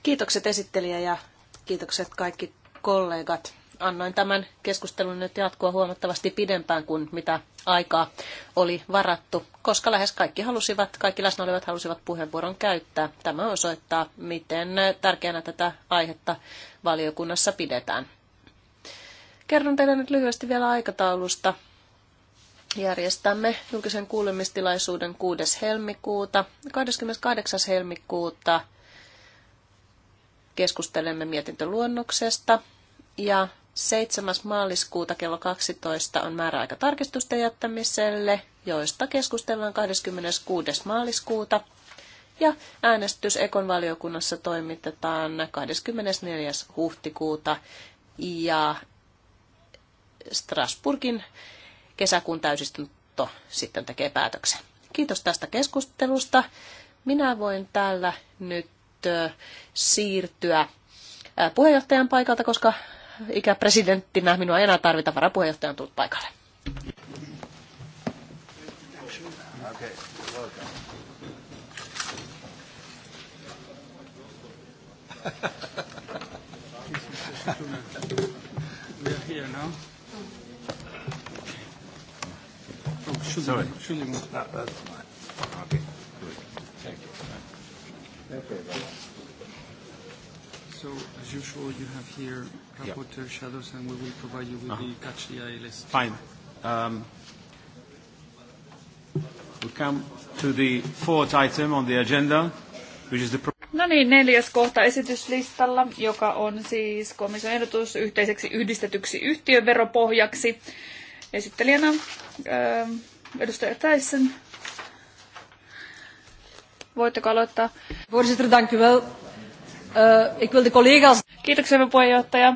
Kiitokset esittelijä ja kiitokset kaikki kollegat annoin tämän keskustelun nyt jatkua huomattavasti pidempään kuin mitä aikaa oli varattu, koska lähes kaikki halusivat, kaikki läsnä olivat halusivat puheenvuoron käyttää. Tämä osoittaa, miten tärkeänä tätä aihetta valiokunnassa pidetään. Kerron teille nyt lyhyesti vielä aikataulusta. Järjestämme julkisen kuulemistilaisuuden 6. helmikuuta. 28. helmikuuta keskustelemme mietintöluonnoksesta ja 7. maaliskuuta kello 12 on määräaika tarkistusten jättämiselle, joista keskustellaan 26. maaliskuuta. Ja äänestys Ekon valiokunnassa toimitetaan 24. huhtikuuta ja Strasburgin kesäkuun täysistunto sitten tekee päätöksen. Kiitos tästä keskustelusta. Minä voin täällä nyt siirtyä puheenjohtajan paikalta, koska ikäpresidenttinä minua ei enää tarvita, varapuheenjohtaja on tullut paikalle. Okay, [laughs] So as usual, you have here rapporteur yeah. shadows, and we will provide you with uh -huh. the catch the eye list. Fine. Um, we come to the fourth item on the agenda, which is the. No niin, neljäs kohta esityslistalla, joka on siis komission ehdotus yhteiseksi yhdistetyksi yhtiöveropohjaksi. Esittelijänä äh, edustaja Tyson. Voitteko aloittaa? Voisitko, dank Eh, ik wil de collega's... Kiitoksia puheenjohtaja.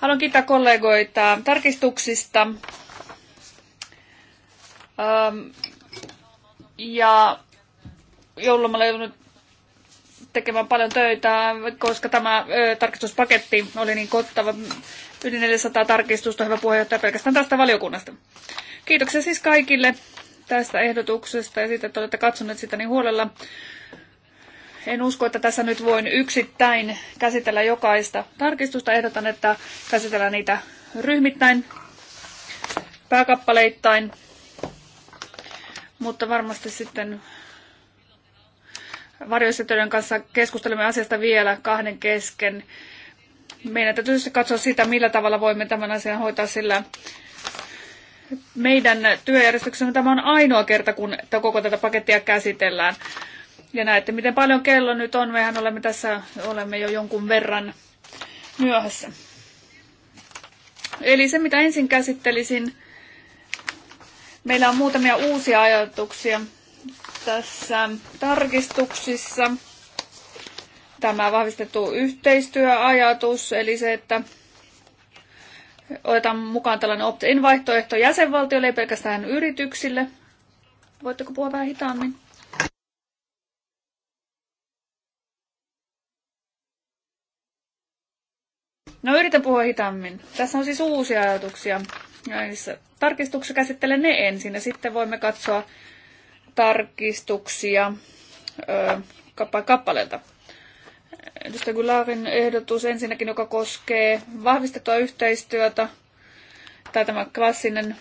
Haluan kiittää kollegoita tarkistuksista. Ähm, ja joululomalla joudun tekemään paljon töitä, koska tämä ö, tarkistuspaketti oli niin kottava. Yli 400 tarkistusta, hyvä puheenjohtaja, pelkästään tästä valiokunnasta. Kiitoksia siis kaikille tästä ehdotuksesta ja siitä, että olette katsoneet sitä niin huolella. En usko, että tässä nyt voin yksittäin käsitellä jokaista tarkistusta. Ehdotan, että käsitellään niitä ryhmittäin, pääkappaleittain, mutta varmasti sitten varjoistetyön kanssa keskustelemme asiasta vielä kahden kesken. Meidän täytyy siis katsoa sitä, millä tavalla voimme tämän asian hoitaa, sillä meidän työjärjestyksemme tämä on ainoa kerta, kun koko tätä pakettia käsitellään. Ja näette, miten paljon kello nyt on. Mehän olemme tässä, olemme jo jonkun verran myöhässä. Eli se, mitä ensin käsittelisin, meillä on muutamia uusia ajatuksia tässä tarkistuksissa. Tämä vahvistettu yhteistyöajatus, eli se, että otetaan mukaan tällainen opt-in-vaihtoehto jäsenvaltiolle, ei pelkästään yrityksille. Voitteko puhua vähän hitaammin? No yritän puhua hitaammin. Tässä on siis uusia ajatuksia. Näissä tarkistuksessa käsittelen ne ensin ja sitten voimme katsoa tarkistuksia ö, kappale kappaleelta. Edustaja Gularin ehdotus ensinnäkin, joka koskee vahvistettua yhteistyötä, tai tämä klassinen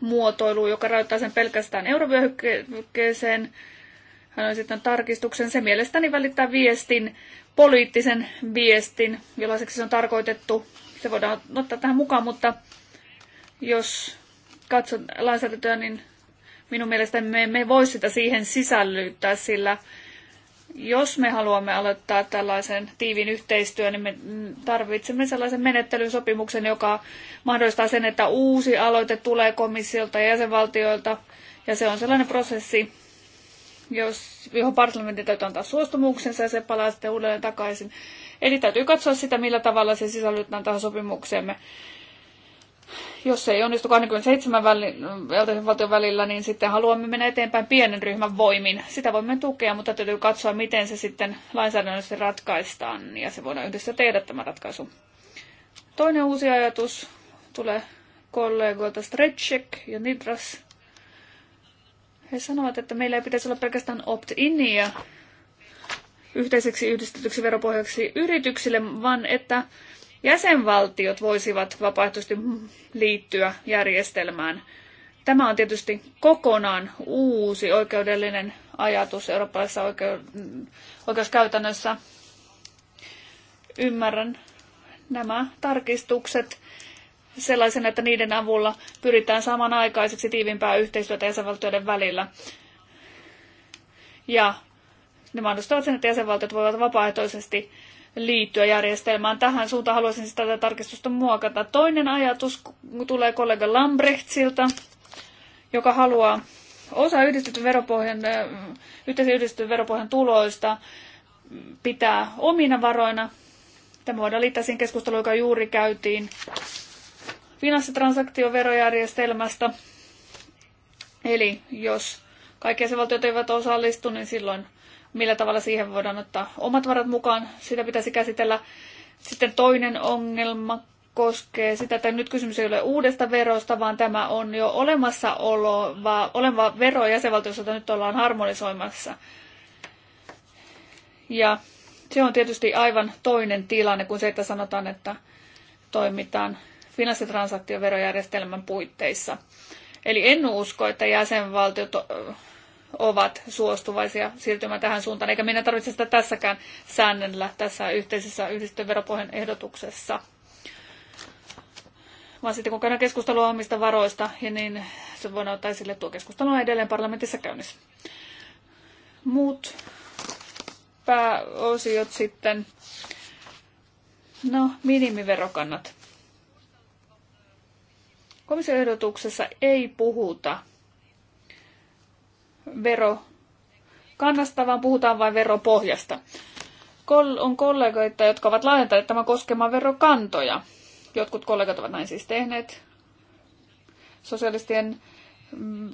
muotoilu, joka rajoittaa sen pelkästään eurovyöhykkeeseen, hän on sitten tarkistuksen. Se mielestäni välittää viestin, poliittisen viestin, jollaiseksi se on tarkoitettu. Se voidaan ottaa tähän mukaan, mutta jos katsot lainsäädäntöä, niin minun mielestäni me emme voi sitä siihen sisällyttää, sillä jos me haluamme aloittaa tällaisen tiivin yhteistyön, niin me tarvitsemme sellaisen menettelysopimuksen, joka mahdollistaa sen, että uusi aloite tulee komissiolta ja jäsenvaltioilta. Ja se on sellainen prosessi, jos, johon parlamentti täytyy antaa suostumuksensa ja se palaa sitten uudelleen takaisin. Eli täytyy katsoa sitä, millä tavalla se sisällytetään tähän sopimukseemme. Jos se ei onnistu 27 väli, valtion välillä, niin sitten haluamme mennä eteenpäin pienen ryhmän voimin. Sitä voimme tukea, mutta täytyy katsoa, miten se sitten lainsäädännössä ratkaistaan, ja se voidaan yhdessä tehdä tämä ratkaisu. Toinen uusi ajatus tulee kollegoilta Stretchek ja Nidras. He sanovat, että meillä ei pitäisi olla pelkästään opt-inia yhteiseksi yhdistetyksi veropohjaksi yrityksille, vaan että jäsenvaltiot voisivat vapaaehtoisesti liittyä järjestelmään. Tämä on tietysti kokonaan uusi oikeudellinen ajatus eurooppalaisessa oikeuskäytännössä. Ymmärrän nämä tarkistukset sellaisena, että niiden avulla pyritään saamaan tiivimpää yhteistyötä jäsenvaltioiden välillä. Ja ne mahdollistavat sen, että jäsenvaltiot voivat vapaaehtoisesti liittyä järjestelmään. Tähän suuntaan haluaisin sitä siis tätä tarkistusta muokata. Toinen ajatus tulee kollega Lambrechtsilta, joka haluaa osa yhdistetyn veropohjan, yhteisen yhdistetyn veropohjan tuloista pitää omina varoina. Tämä voidaan liittää siihen keskusteluun, joka juuri käytiin finanssitransaktioverojärjestelmästä. Eli jos kaikki jäsenvaltiot eivät osallistu, niin silloin millä tavalla siihen voidaan ottaa omat varat mukaan, sitä pitäisi käsitellä. Sitten toinen ongelma koskee sitä, että nyt kysymys ei ole uudesta verosta, vaan tämä on jo olemassa oleva, oleva vero jäsenvaltiossa, jota nyt ollaan harmonisoimassa. Ja se on tietysti aivan toinen tilanne kuin se, että sanotaan, että toimitaan finanssitransaktioverojärjestelmän puitteissa. Eli en usko, että jäsenvaltiot ovat suostuvaisia siirtymään tähän suuntaan, eikä meidän tarvitse sitä tässäkään säännellä tässä yhteisessä yhdistöveropohjan ehdotuksessa. Vaan sitten kun käydään keskustelua omista varoista, ja niin se voidaan ottaa esille tuo keskustelu on edelleen parlamentissa käynnissä. Muut pääosiot sitten. No, minimiverokannat. Komission ehdotuksessa ei puhuta verokannasta, vaan puhutaan vain veropohjasta. on kollegoita, jotka ovat laajentaneet tämän koskemaan verokantoja. Jotkut kollegat ovat näin siis tehneet. Sosialistien mm,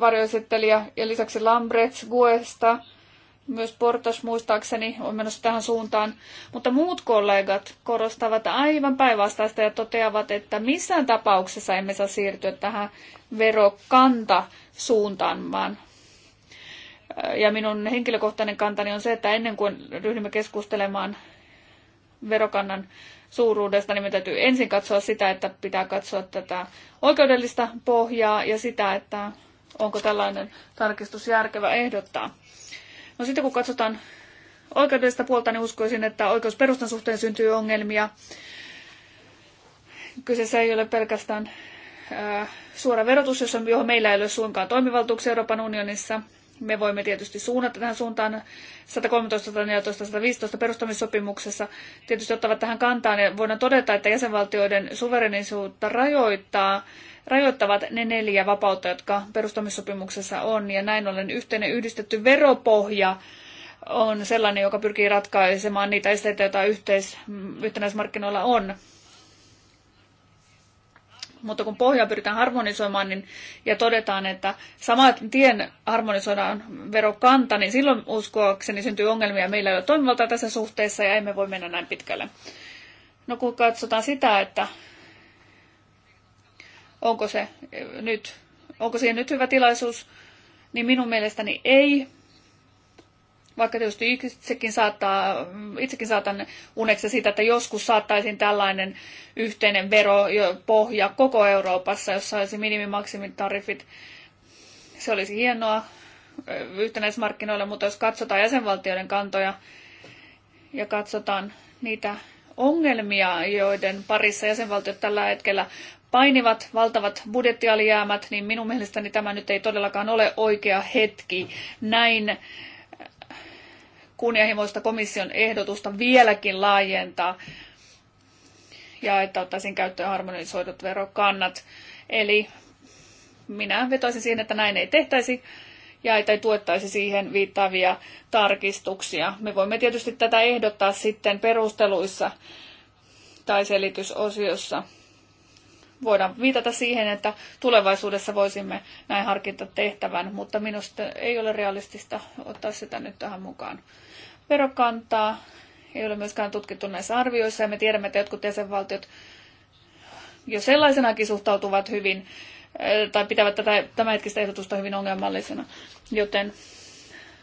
varjoesittelijä ja lisäksi Lambrets Guesta – myös Portos muistaakseni on menossa tähän suuntaan, mutta muut kollegat korostavat aivan päinvastaista ja toteavat, että missään tapauksessa emme saa siirtyä tähän verokanta suuntaan, vaan äh, ja minun henkilökohtainen kantani on se, että ennen kuin ryhdymme keskustelemaan verokannan suuruudesta, niin me täytyy ensin katsoa sitä, että pitää katsoa tätä oikeudellista pohjaa ja sitä, että onko tällainen tarkistus järkevä ehdottaa. No sitten kun katsotaan oikeudellista puolta, niin uskoisin, että oikeusperustan suhteen syntyy ongelmia. Kyseessä ei ole pelkästään suora verotus, johon meillä ei ole suinkaan toimivaltuuksia Euroopan unionissa – me voimme tietysti suunnata tähän suuntaan 113, 114, 115 perustamissopimuksessa. Tietysti ottavat tähän kantaan ja voidaan todeta, että jäsenvaltioiden suverenisuutta rajoittaa, rajoittavat ne neljä vapautta, jotka perustamissopimuksessa on. Ja näin ollen yhteinen yhdistetty veropohja on sellainen, joka pyrkii ratkaisemaan niitä esteitä, joita yhteis, yhtenäismarkkinoilla on mutta kun pohjaa pyritään harmonisoimaan niin, ja todetaan, että samat tien harmonisoidaan verokanta, niin silloin uskoakseni syntyy ongelmia. Meillä ei ole toimivalta tässä suhteessa ja emme voi mennä näin pitkälle. No kun katsotaan sitä, että onko se nyt, onko siihen nyt hyvä tilaisuus, niin minun mielestäni ei, vaikka tietysti itsekin, saattaa, itsekin saatan uneksi siitä, että joskus saattaisin tällainen yhteinen veropohja koko Euroopassa, jossa olisi minimimaksimitariffit. Se olisi hienoa yhtenäismarkkinoille, mutta jos katsotaan jäsenvaltioiden kantoja ja katsotaan niitä ongelmia, joiden parissa jäsenvaltiot tällä hetkellä painivat valtavat budjettialijäämät, niin minun mielestäni tämä nyt ei todellakaan ole oikea hetki näin kunnianhimoista komission ehdotusta vieläkin laajentaa ja että ottaisiin käyttöön harmonisoidut verokannat. Eli minä vetoisin siihen, että näin ei tehtäisi ja että ei tuettaisi siihen viittaavia tarkistuksia. Me voimme tietysti tätä ehdottaa sitten perusteluissa tai selitysosiossa. Voidaan viitata siihen, että tulevaisuudessa voisimme näin harkinta tehtävän, mutta minusta ei ole realistista ottaa sitä nyt tähän mukaan verokantaa. Ei ole myöskään tutkittu näissä arvioissa ja me tiedämme, että jotkut jäsenvaltiot jo sellaisenakin suhtautuvat hyvin eh, tai pitävät tätä hetkistä ehdotusta hyvin ongelmallisena, joten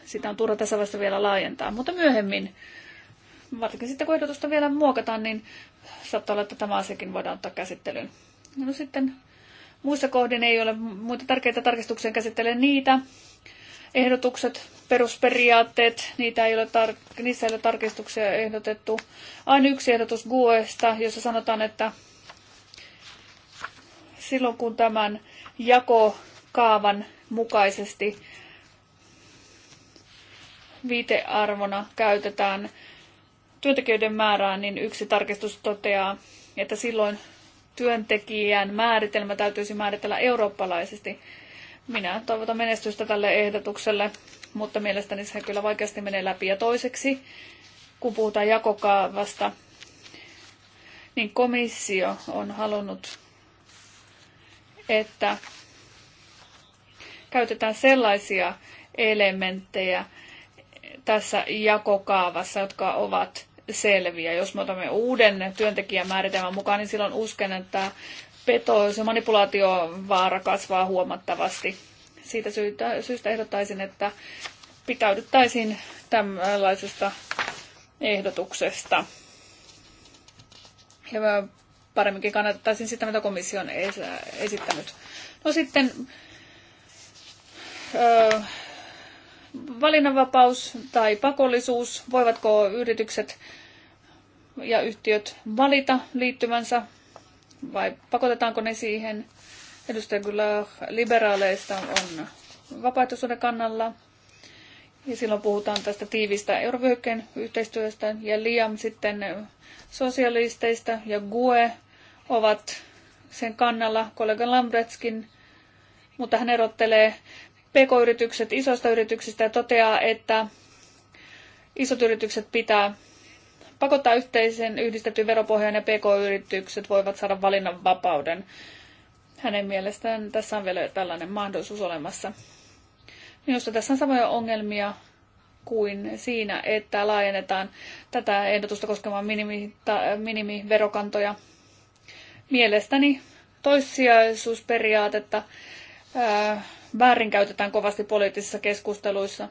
sitä on turha tässä vaiheessa vielä laajentaa. Mutta myöhemmin, varsinkin sitten kun ehdotusta vielä muokataan, niin saattaa olla, että tämä asiakin voidaan ottaa käsittelyyn. No sitten muissa kohdin ei ole muita tärkeitä tarkistuksia käsittelee niitä ehdotukset, perusperiaatteet, niitä ei ole tar- niissä ei ole tarkistuksia ehdotettu. Aina yksi ehdotus GUEsta, jossa sanotaan, että silloin kun tämän jakokaavan mukaisesti viitearvona käytetään työntekijöiden määrää, niin yksi tarkistus toteaa, että silloin työntekijän määritelmä täytyisi määritellä eurooppalaisesti minä toivotan menestystä tälle ehdotukselle, mutta mielestäni se kyllä vaikeasti menee läpi. Ja toiseksi, kun puhutaan jakokaavasta, niin komissio on halunnut, että käytetään sellaisia elementtejä tässä jakokaavassa, jotka ovat selviä. Jos me otamme uuden työntekijämääritelmän mukaan, niin silloin uskon, että petos ja manipulaatiovaara kasvaa huomattavasti. Siitä syystä, syystä ehdottaisin, että pitäydyttäisiin tällaisesta ehdotuksesta. Ja paremminkin kannattaisin sitä, mitä komissio on esittänyt. No sitten öö, valinnanvapaus tai pakollisuus. Voivatko yritykset ja yhtiöt valita liittymänsä vai pakotetaanko ne siihen. Edustaja Gula liberaaleista on vapaaehtoisuuden kannalla. Ja silloin puhutaan tästä tiivistä eurovyöhykkeen yhteistyöstä. Ja Liam sitten sosialisteista ja GUE ovat sen kannalla kollega Lambretskin, mutta hän erottelee pk-yritykset isoista yrityksistä ja toteaa, että isot yritykset pitää pakottaa yhteisen yhdistetyn veropohjan ja pk-yritykset voivat saada valinnan vapauden. Hänen mielestään tässä on vielä tällainen mahdollisuus olemassa. Minusta tässä on samoja ongelmia kuin siinä, että laajennetaan tätä ehdotusta koskemaan minimi, minimiverokantoja. Mielestäni toissijaisuusperiaatetta ää, väärinkäytetään kovasti poliittisissa keskusteluissa.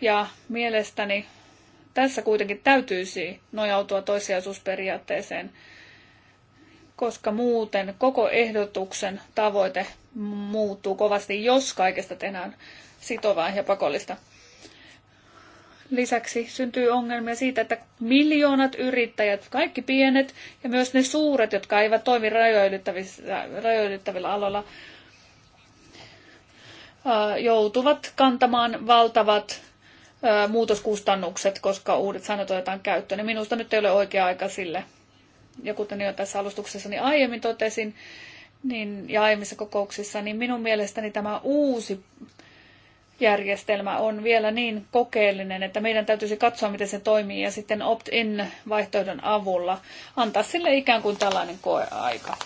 Ja mielestäni tässä kuitenkin täytyisi nojautua toissijaisuusperiaatteeseen, koska muuten koko ehdotuksen tavoite muuttuu kovasti, jos kaikesta tehdään sitovaa ja pakollista. Lisäksi syntyy ongelmia siitä, että miljoonat yrittäjät, kaikki pienet ja myös ne suuret, jotka eivät toimi rajoittavilla aloilla, joutuvat kantamaan valtavat muutoskustannukset, koska uudet säännöt otetaan käyttöön, niin minusta nyt ei ole oikea aika sille. Ja kuten jo tässä niin aiemmin totesin, niin, ja aiemmissa kokouksissa, niin minun mielestäni tämä uusi järjestelmä on vielä niin kokeellinen, että meidän täytyisi katsoa, miten se toimii ja sitten opt-in vaihtoehdon avulla antaa sille ikään kuin tällainen koeaika.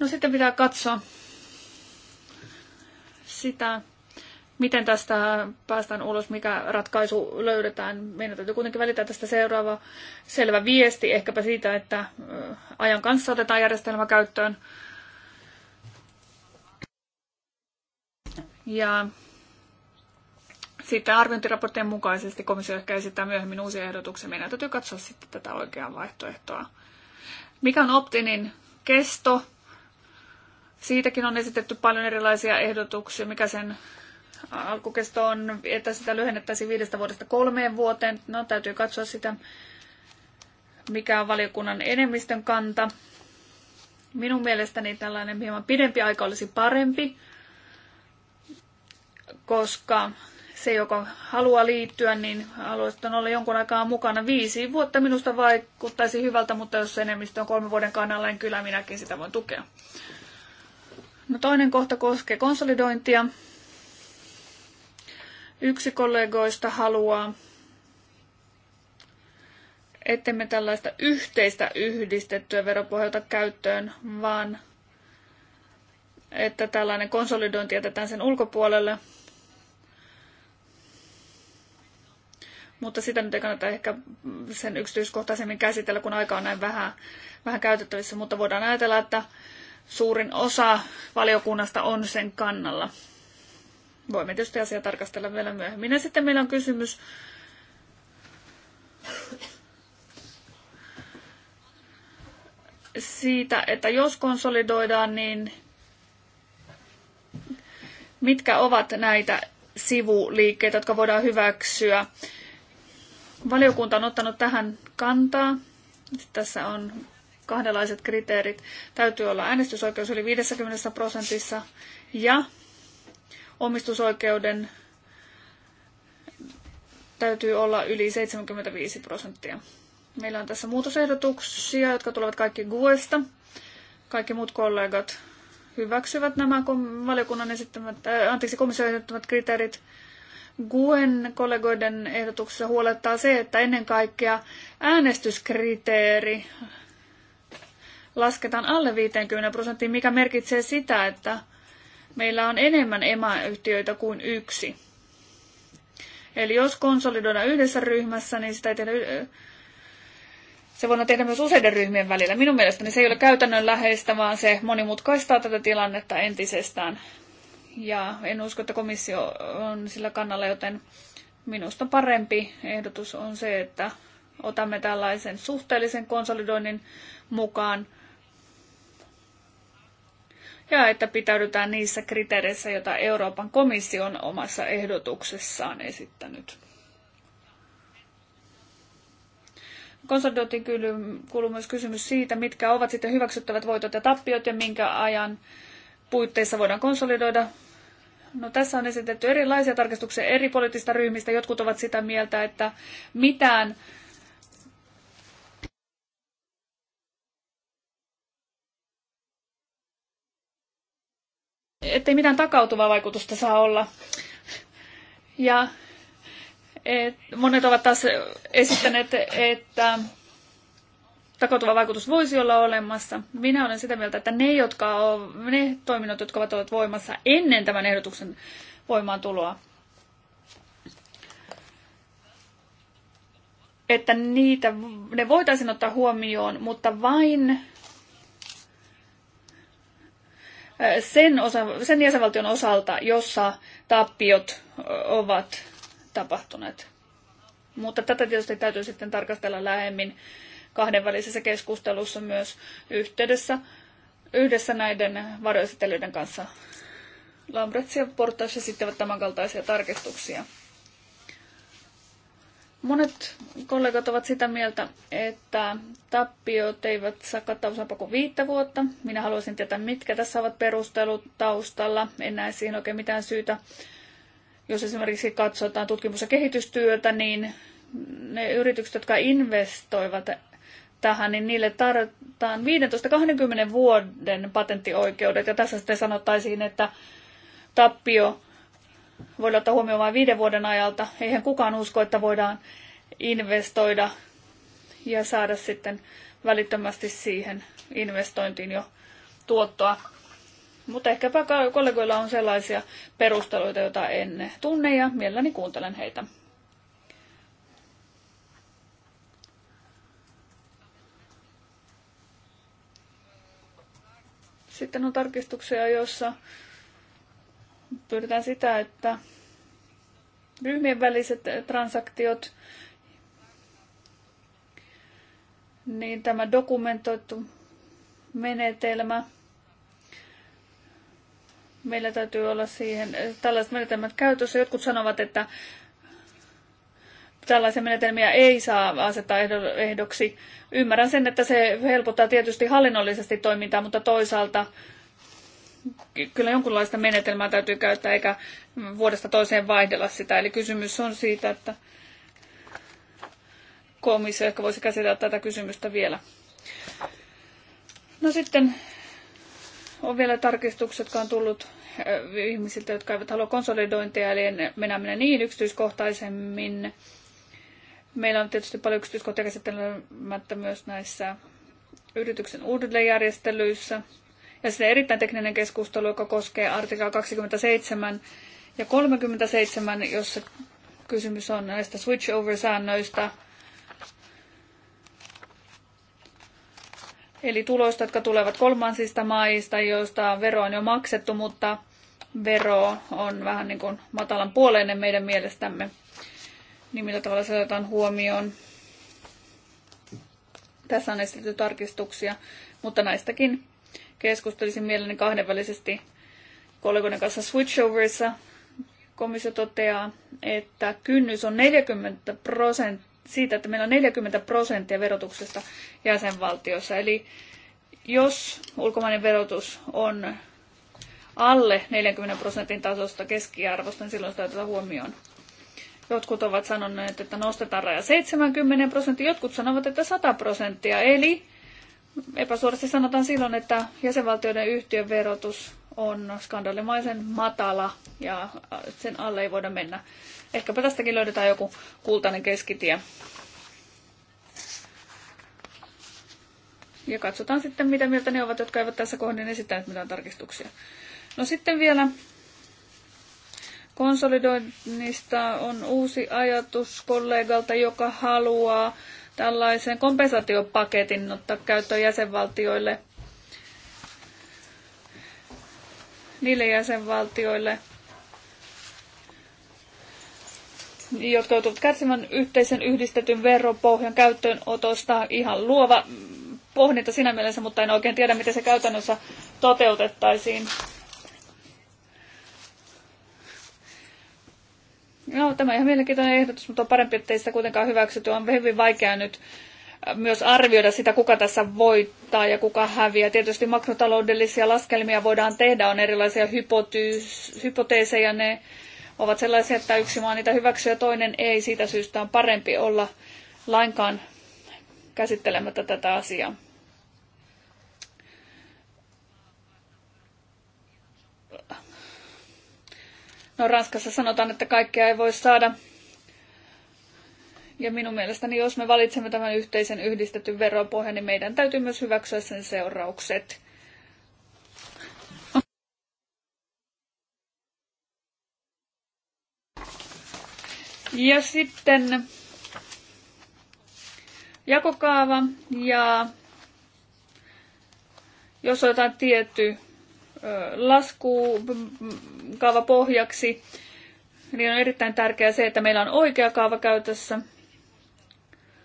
No sitten pitää katsoa sitä, miten tästä päästään ulos, mikä ratkaisu löydetään. Meidän täytyy kuitenkin välittää tästä seuraava selvä viesti, ehkäpä siitä, että ajan kanssa otetaan järjestelmä käyttöön. Ja sitten arviointiraporttien mukaisesti komissio ehkä esittää myöhemmin uusia ehdotuksia. Meidän täytyy katsoa sitten tätä oikeaa vaihtoehtoa. Mikä on optinin kesto? Siitäkin on esitetty paljon erilaisia ehdotuksia, mikä sen alkukesto on, että sitä lyhennettäisiin viidestä vuodesta kolmeen vuoteen. No, täytyy katsoa sitä, mikä on valiokunnan enemmistön kanta. Minun mielestäni tällainen hieman pidempi aika olisi parempi, koska se, joka haluaa liittyä, niin haluaisi olla jonkun aikaa mukana. Viisi vuotta minusta vaikuttaisi hyvältä, mutta jos enemmistö on kolmen vuoden kannalla, niin kyllä minäkin sitä voin tukea. No toinen kohta koskee konsolidointia. Yksi kollegoista haluaa, ettemme tällaista yhteistä yhdistettyä veropohjalta käyttöön, vaan että tällainen konsolidointi jätetään sen ulkopuolelle. Mutta sitä nyt ei kannata ehkä sen yksityiskohtaisemmin käsitellä, kun aika on näin vähän, vähän käytettävissä, mutta voidaan ajatella, että suurin osa valiokunnasta on sen kannalla. Voimme tietysti asiaa tarkastella vielä myöhemmin. Ja sitten meillä on kysymys siitä, että jos konsolidoidaan, niin mitkä ovat näitä sivuliikkeitä, jotka voidaan hyväksyä. Valiokunta on ottanut tähän kantaa. Tässä on kahdenlaiset kriteerit. Täytyy olla äänestysoikeus yli 50 prosentissa ja omistusoikeuden täytyy olla yli 75 prosenttia. Meillä on tässä muutosehdotuksia, jotka tulevat kaikki GUEsta. Kaikki muut kollegat hyväksyvät nämä valiokunnan esittämät, äh, anteeksi, komission esittämät kriteerit. GUEn kollegoiden ehdotuksessa huolettaa se, että ennen kaikkea äänestyskriteeri lasketaan alle 50 prosenttiin, mikä merkitsee sitä, että meillä on enemmän emayhtiöitä kuin yksi. Eli jos konsolidoidaan yhdessä ryhmässä, niin sitä ei tehdä, se voidaan tehdä myös useiden ryhmien välillä. Minun mielestäni se ei ole käytännön läheistä, vaan se monimutkaistaa tätä tilannetta entisestään. Ja en usko, että komissio on sillä kannalla, joten minusta parempi ehdotus on se, että otamme tällaisen suhteellisen konsolidoinnin mukaan – ja että pitäydytään niissä kriteereissä, joita Euroopan komissio on omassa ehdotuksessaan esittänyt. Konsortioitiin kuuluu myös kysymys siitä, mitkä ovat sitten hyväksyttävät voitot ja tappiot ja minkä ajan puitteissa voidaan konsolidoida. No, tässä on esitetty erilaisia tarkistuksia eri poliittisista ryhmistä. Jotkut ovat sitä mieltä, että mitään ettei mitään takautuvaa vaikutusta saa olla. Ja monet ovat taas esittäneet, että takautuva vaikutus voisi olla olemassa. Minä olen sitä mieltä, että ne, jotka on, ne toiminnot, jotka ovat olleet voimassa ennen tämän ehdotuksen voimaantuloa, että niitä, ne voitaisiin ottaa huomioon, mutta vain sen, osa, sen jäsenvaltion osalta, jossa tappiot ovat tapahtuneet. Mutta tätä tietysti täytyy sitten tarkastella lähemmin kahdenvälisessä keskustelussa myös yhteydessä yhdessä näiden varjoesittelyiden kanssa. Lambrets ja Portas esittävät tämänkaltaisia tarkistuksia. Monet kollegat ovat sitä mieltä, että tappiot eivät saa kattavuusapua kuin viittä vuotta. Minä haluaisin tietää, mitkä tässä ovat perustelut taustalla. En näe siihen oikein mitään syytä. Jos esimerkiksi katsotaan tutkimus- ja kehitystyötä, niin ne yritykset, jotka investoivat tähän, niin niille tarvitaan 15-20 vuoden patenttioikeudet. Ja tässä sitten sanottaisiin, että tappio voidaan ottaa huomioon vain viiden vuoden ajalta. Eihän kukaan usko, että voidaan investoida ja saada sitten välittömästi siihen investointiin jo tuottoa. Mutta ehkäpä kollegoilla on sellaisia perusteluita, joita en tunne ja mielelläni kuuntelen heitä. Sitten on tarkistuksia, joissa pyritään sitä, että ryhmien väliset transaktiot, niin tämä dokumentoitu menetelmä, meillä täytyy olla siihen tällaiset menetelmät käytössä. Jotkut sanovat, että tällaisia menetelmiä ei saa asettaa ehdoksi. Ymmärrän sen, että se helpottaa tietysti hallinnollisesti toimintaa, mutta toisaalta kyllä jonkunlaista menetelmää täytyy käyttää, eikä vuodesta toiseen vaihdella sitä. Eli kysymys on siitä, että komissio ehkä voisi käsitellä tätä kysymystä vielä. No sitten on vielä tarkistukset, jotka on tullut eh, ihmisiltä, jotka eivät halua konsolidointia, eli en mennä niin yksityiskohtaisemmin. Meillä on tietysti paljon yksityiskohtia käsittelemättä myös näissä yrityksen uudelleenjärjestelyissä. järjestelyissä ja sitten erittäin tekninen keskustelu, joka koskee artiklaa 27 ja 37, jossa kysymys on näistä switchover-säännöistä, eli tuloista, jotka tulevat kolmansista maista, joista vero on jo maksettu, mutta vero on vähän niin kuin matalan puoleinen meidän mielestämme, niin millä tavalla se otetaan huomioon. Tässä on esitetty tarkistuksia, mutta näistäkin Keskustelisin mielelläni kahdenvälisesti kollegoiden kanssa switchoverissa. Komissio toteaa, että kynnys on 40 prosenttia siitä, että meillä on 40 prosenttia verotuksesta jäsenvaltiossa. Eli jos ulkomainen verotus on alle 40 prosentin tasosta keskiarvosta, niin silloin sitä otetaan huomioon. Jotkut ovat sanoneet, että nostetaan raja 70 prosenttia, jotkut sanovat, että 100 prosenttia. Eli epäsuorasti sanotaan silloin, että jäsenvaltioiden yhtiön verotus on skandalimaisen matala ja sen alle ei voida mennä. Ehkäpä tästäkin löydetään joku kultainen keskitie. Ja katsotaan sitten, mitä mieltä ne ovat, jotka eivät tässä kohdin esittäneet mitään tarkistuksia. No sitten vielä konsolidoinnista on uusi ajatus kollegalta, joka haluaa tällaisen kompensaatiopaketin ottaa käyttöön jäsenvaltioille, niille jäsenvaltioille, jotka joutuvat kärsimään yhteisen yhdistetyn veropohjan käyttöönotosta. Ihan luova pohdinta siinä mielessä, mutta en oikein tiedä, miten se käytännössä toteutettaisiin. No, tämä on ihan mielenkiintoinen ehdotus, mutta on parempi, ei sitä kuitenkaan hyväksytty. On hyvin vaikea nyt äh, myös arvioida sitä, kuka tässä voittaa ja kuka häviää. Tietysti makrotaloudellisia laskelmia voidaan tehdä, on erilaisia hypotyys, hypoteeseja, ne ovat sellaisia, että yksi maa niitä hyväksyy ja toinen ei. Siitä syystä on parempi olla lainkaan käsittelemättä tätä asiaa. No Ranskassa sanotaan, että kaikkea ei voi saada. Ja minun mielestäni, jos me valitsemme tämän yhteisen yhdistetyn veropohjan, niin meidän täytyy myös hyväksyä sen seuraukset. Ja sitten jakokaava ja jos otetaan tietty laskukaava pohjaksi, niin on erittäin tärkeää se, että meillä on oikea kaava käytössä.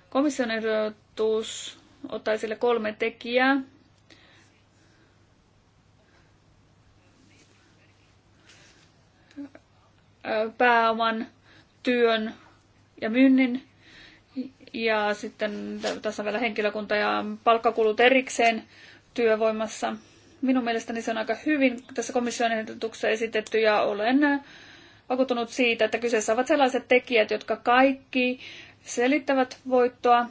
Komission ehdotus ottaa sille kolme tekijää. Pääoman, työn ja myynnin. Ja sitten tässä on vielä henkilökunta ja palkkakulut erikseen työvoimassa – Minun mielestäni se on aika hyvin tässä komission ehdotuksessa esitetty ja olen vakuuttunut siitä, että kyseessä ovat sellaiset tekijät, jotka kaikki selittävät voittoa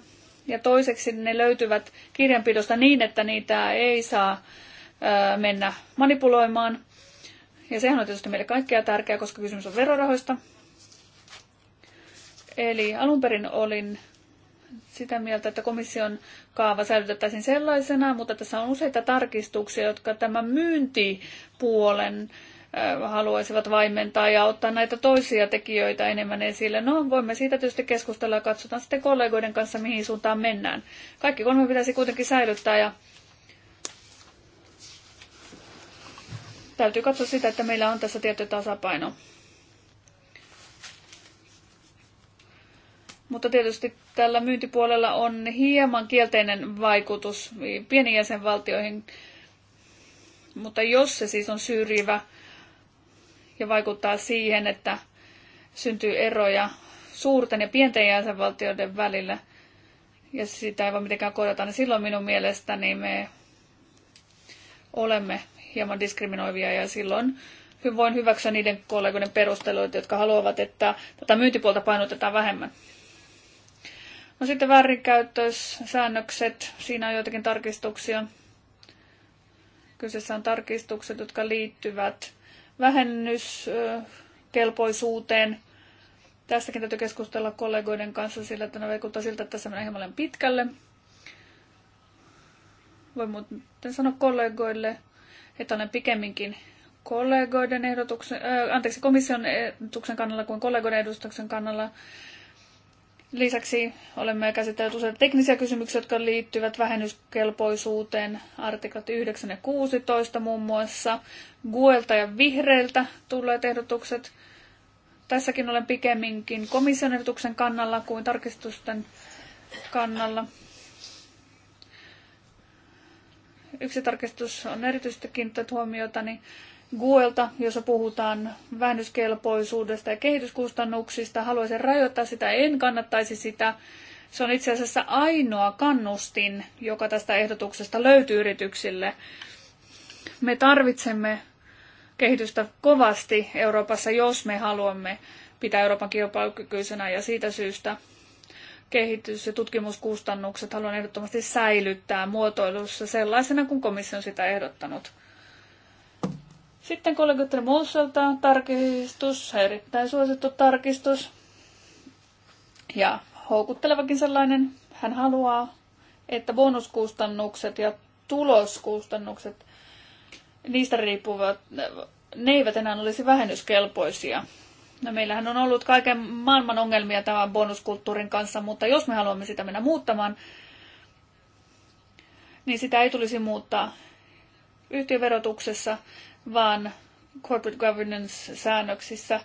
ja toiseksi ne löytyvät kirjanpidosta niin, että niitä ei saa mennä manipuloimaan. Ja sehän on tietysti meille kaikkea tärkeää, koska kysymys on verorahoista. Eli alun perin olin sitä mieltä, että komission kaava säilytettäisiin sellaisena, mutta tässä on useita tarkistuksia, jotka tämän myyntipuolen haluaisivat vaimentaa ja ottaa näitä toisia tekijöitä enemmän esille. No, voimme siitä tietysti keskustella ja katsotaan sitten kollegoiden kanssa, mihin suuntaan mennään. Kaikki kolme pitäisi kuitenkin säilyttää ja täytyy katsoa sitä, että meillä on tässä tietty tasapaino. Mutta tietysti tällä myyntipuolella on hieman kielteinen vaikutus pieniin jäsenvaltioihin, mutta jos se siis on syrjivä ja vaikuttaa siihen, että syntyy eroja suurten ja pienten jäsenvaltioiden välillä, ja sitä ei voi mitenkään korjata, niin silloin minun mielestäni me olemme hieman diskriminoivia ja silloin voin hyväksyä niiden kollegoiden perusteluita, jotka haluavat, että tätä myyntipuolta painotetaan vähemmän. No sitten väärinkäyttössäännökset. Siinä on joitakin tarkistuksia. Kyseessä on tarkistukset, jotka liittyvät vähennyskelpoisuuteen. Tästäkin täytyy keskustella kollegoiden kanssa sillä, että ne vaikuttaa siltä, että tässä menee hieman pitkälle. Voin muuten sanoa kollegoille, että olen pikemminkin kollegoiden ehdotuksen, äh, anteeksi, komission ehdotuksen kannalla kuin kollegoiden edustuksen kannalla Lisäksi olemme käsitelleet useita teknisiä kysymyksiä, jotka liittyvät vähennyskelpoisuuteen, artiklat 9 ja 16 muun muassa, Guelta ja Vihreiltä tulleet ehdotukset. Tässäkin olen pikemminkin komission ehdotuksen kannalla kuin tarkistusten kannalla. Yksi tarkistus on erityisesti kiinnittänyt huomiota, niin Guelta, jossa puhutaan vähennyskelpoisuudesta ja kehityskustannuksista. Haluaisin rajoittaa sitä, en kannattaisi sitä. Se on itse asiassa ainoa kannustin, joka tästä ehdotuksesta löytyy yrityksille. Me tarvitsemme kehitystä kovasti Euroopassa, jos me haluamme pitää Euroopan kilpailukykyisenä ja siitä syystä kehitys- ja tutkimuskustannukset haluan ehdottomasti säilyttää muotoilussa sellaisena kuin komissio on sitä ehdottanut. Sitten kollega Tremosselta on tarkistus, erittäin suosittu tarkistus ja houkuttelevakin sellainen. Hän haluaa, että bonuskustannukset ja tuloskustannukset, niistä riippuvat, ne eivät enää olisi vähennyskelpoisia. No meillähän on ollut kaiken maailman ongelmia tämän bonuskulttuurin kanssa, mutta jos me haluamme sitä mennä muuttamaan, niin sitä ei tulisi muuttaa yhtiöverotuksessa, vaan corporate governance-säännöksissä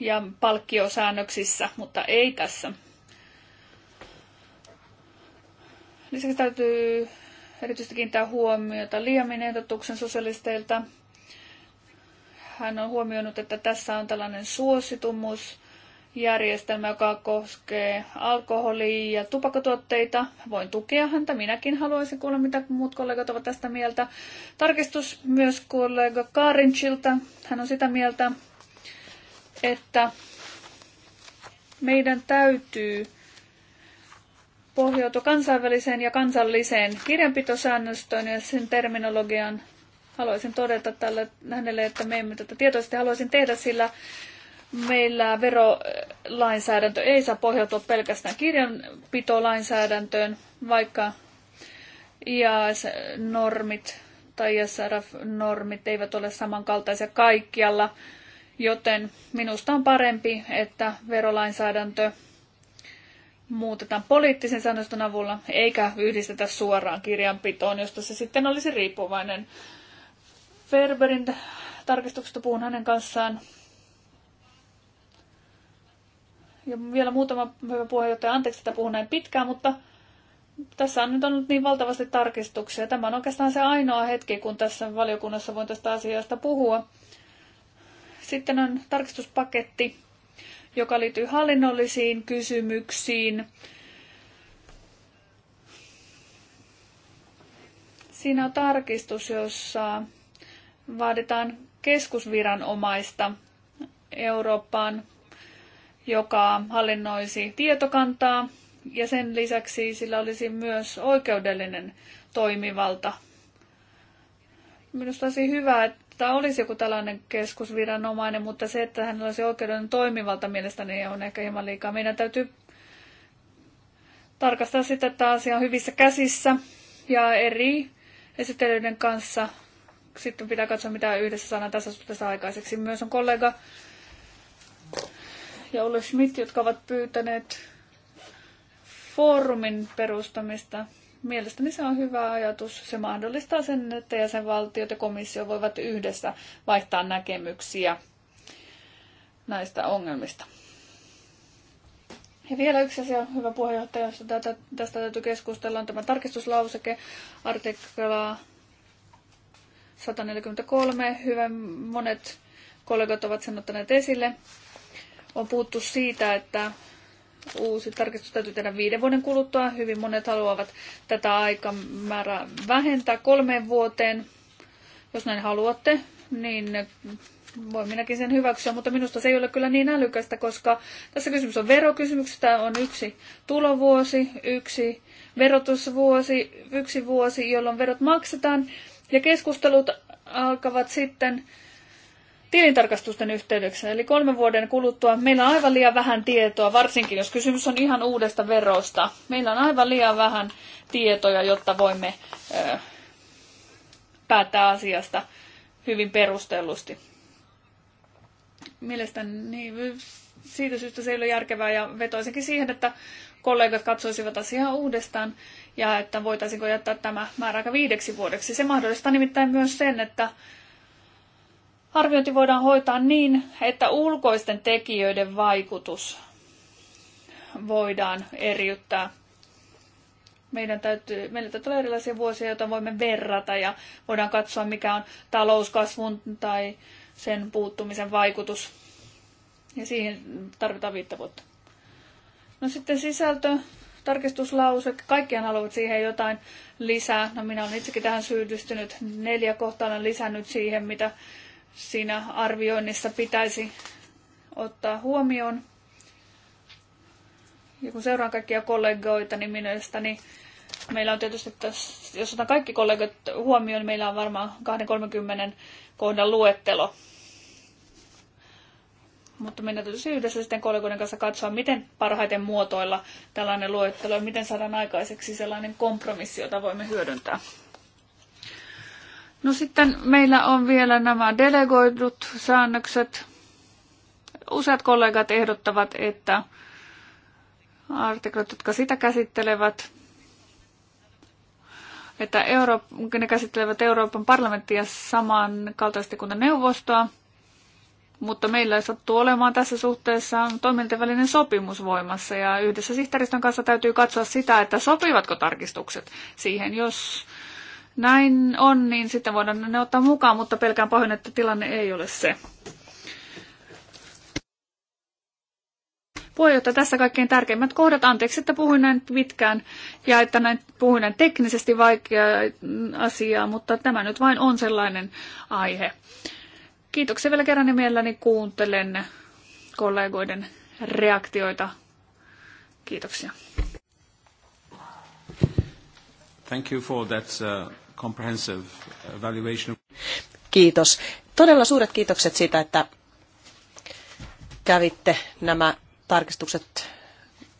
ja palkkiosäännöksissä, mutta ei tässä. Lisäksi täytyy erityisesti kiinnittää huomiota Liamin ehdotuksen sosialisteilta. Hän on huomioinut, että tässä on tällainen suositumus järjestelmä, joka koskee alkoholia ja tupakatuotteita. Voin tukea häntä. Minäkin haluaisin kuulla, mitä muut kollegat ovat tästä mieltä. Tarkistus myös kollega Karinchilta. Hän on sitä mieltä, että meidän täytyy pohjautua kansainväliseen ja kansalliseen kirjanpitosäännöstöön ja sen terminologian. Haluaisin todeta tälle, hänelle, että me emme tätä tietoisesti haluaisin tehdä, sillä meillä verolainsäädäntö ei saa pohjautua pelkästään kirjanpitolainsäädäntöön, vaikka IAS-normit tai ISRF-normit eivät ole samankaltaisia kaikkialla, joten minusta on parempi, että verolainsäädäntö muutetaan poliittisen säännöstön avulla, eikä yhdistetä suoraan kirjanpitoon, josta se sitten olisi riippuvainen. Ferberin tarkistuksesta puhun hänen kanssaan Ja vielä muutama hyvä puheenjohtaja, anteeksi, että puhun näin pitkään, mutta tässä on nyt ollut niin valtavasti tarkistuksia. Tämä on oikeastaan se ainoa hetki, kun tässä valiokunnassa voin tästä asiasta puhua. Sitten on tarkistuspaketti, joka liittyy hallinnollisiin kysymyksiin. Siinä on tarkistus, jossa vaaditaan keskusviranomaista Eurooppaan joka hallinnoisi tietokantaa ja sen lisäksi sillä olisi myös oikeudellinen toimivalta. Minusta olisi hyvä, että olisi joku tällainen keskusviranomainen, mutta se, että hänellä olisi oikeudellinen toimivalta mielestäni on ehkä hieman liikaa. Meidän täytyy tarkastaa sitä, että asia on hyvissä käsissä ja eri esittelyiden kanssa. Sitten pitää katsoa, mitä yhdessä saadaan tässä suhteessa aikaiseksi. Myös on kollega ja Ulle Schmidt, jotka ovat pyytäneet foorumin perustamista. Mielestäni se on hyvä ajatus. Se mahdollistaa sen, että jäsenvaltiot ja komissio voivat yhdessä vaihtaa näkemyksiä näistä ongelmista. Ja vielä yksi asia, hyvä puheenjohtaja, josta tästä täytyy keskustella, on tämä tarkistuslauseke, artikla 143. Hyvä, monet kollegat ovat sen ottaneet esille on puhuttu siitä, että uusi tarkistus täytyy tehdä viiden vuoden kuluttua. Hyvin monet haluavat tätä aikamäärää vähentää kolmeen vuoteen. Jos näin haluatte, niin voi minäkin sen hyväksyä, mutta minusta se ei ole kyllä niin älykästä, koska tässä kysymys on verokysymyksestä, on yksi tulovuosi, yksi verotusvuosi, yksi vuosi, jolloin verot maksetaan, ja keskustelut alkavat sitten tilintarkastusten yhteydessä. Eli kolmen vuoden kuluttua meillä on aivan liian vähän tietoa, varsinkin jos kysymys on ihan uudesta verosta. Meillä on aivan liian vähän tietoja, jotta voimme ö, päättää asiasta hyvin perustellusti. Mielestäni niin, siitä syystä se ei ole järkevää ja vetoisinkin siihen, että kollegat katsoisivat asiaa uudestaan ja että voitaisiinko jättää tämä määräaika viideksi vuodeksi. Se mahdollistaa nimittäin myös sen, että arviointi voidaan hoitaa niin, että ulkoisten tekijöiden vaikutus voidaan eriyttää. Meidän täytyy, meillä täytyy olla erilaisia vuosia, joita voimme verrata ja voidaan katsoa, mikä on talouskasvun tai sen puuttumisen vaikutus. Ja siihen tarvitaan viittä vuotta. No sitten sisältö, tarkistuslause, kaikkihan haluavat siihen jotain lisää. No minä olen itsekin tähän syyllistynyt. Neljä kohtaa olen lisännyt siihen, mitä siinä arvioinnissa pitäisi ottaa huomioon. Ja kun seuraan kaikkia kollegoita, niin mielestäni niin meillä on tietysti, että jos otan kaikki kollegat huomioon, niin meillä on varmaan 20-30 kohdan luettelo. Mutta meidän täytyy yhdessä sitten kollegoiden kanssa katsoa, miten parhaiten muotoilla tällainen luettelo ja miten saadaan aikaiseksi sellainen kompromissi, jota voimme hyödyntää. No sitten meillä on vielä nämä delegoidut säännökset. Useat kollegat ehdottavat, että artiklat, jotka sitä käsittelevät, että Euroop- ne käsittelevät Euroopan parlamenttia samankaltaisesti kuin neuvostoa, mutta meillä sattuu olemaan tässä suhteessa toimintavälinen sopimus voimassa ja yhdessä sihteeristön kanssa täytyy katsoa sitä, että sopivatko tarkistukset siihen, jos näin on, niin sitten voidaan ne ottaa mukaan, mutta pelkään pahoin, että tilanne ei ole se. puheenjohtaja, tässä kaikkein tärkeimmät kohdat. Anteeksi, että puhuin näin pitkään ja että näin puhuin näin teknisesti vaikea asiaa, mutta tämä nyt vain on sellainen aihe. Kiitoksia vielä kerran ja mielelläni kuuntelen kollegoiden reaktioita. Kiitoksia. Thank you for that, uh comprehensive evaluation. Kiitos. Todella suuret kiitokset siitä, että kävitte nämä tarkistukset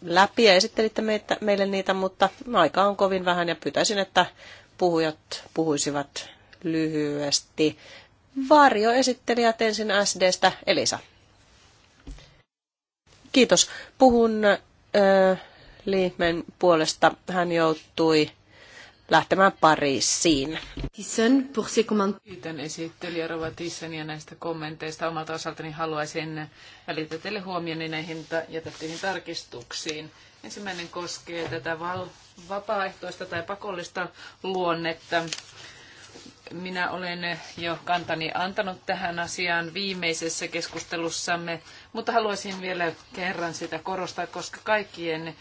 läpi ja esittelitte meitä, meille niitä, mutta aika on kovin vähän ja pyytäisin, että puhujat puhuisivat lyhyesti. Varjoesittelijät ensin SDstä, Elisa. Kiitos. Puhun äh, Liimen puolesta. Hän joutui lähtemään Pariisiin. Tissen, pour ses Kiitän esittelijä Rova ja näistä kommenteista. Omalta osaltani haluaisin välittää teille huomioni näihin jätettyihin tarkistuksiin. Ensimmäinen koskee tätä val- vapaaehtoista tai pakollista luonnetta. Minä olen jo kantani antanut tähän asiaan viimeisessä keskustelussamme, mutta haluaisin vielä kerran sitä korostaa, koska kaikkien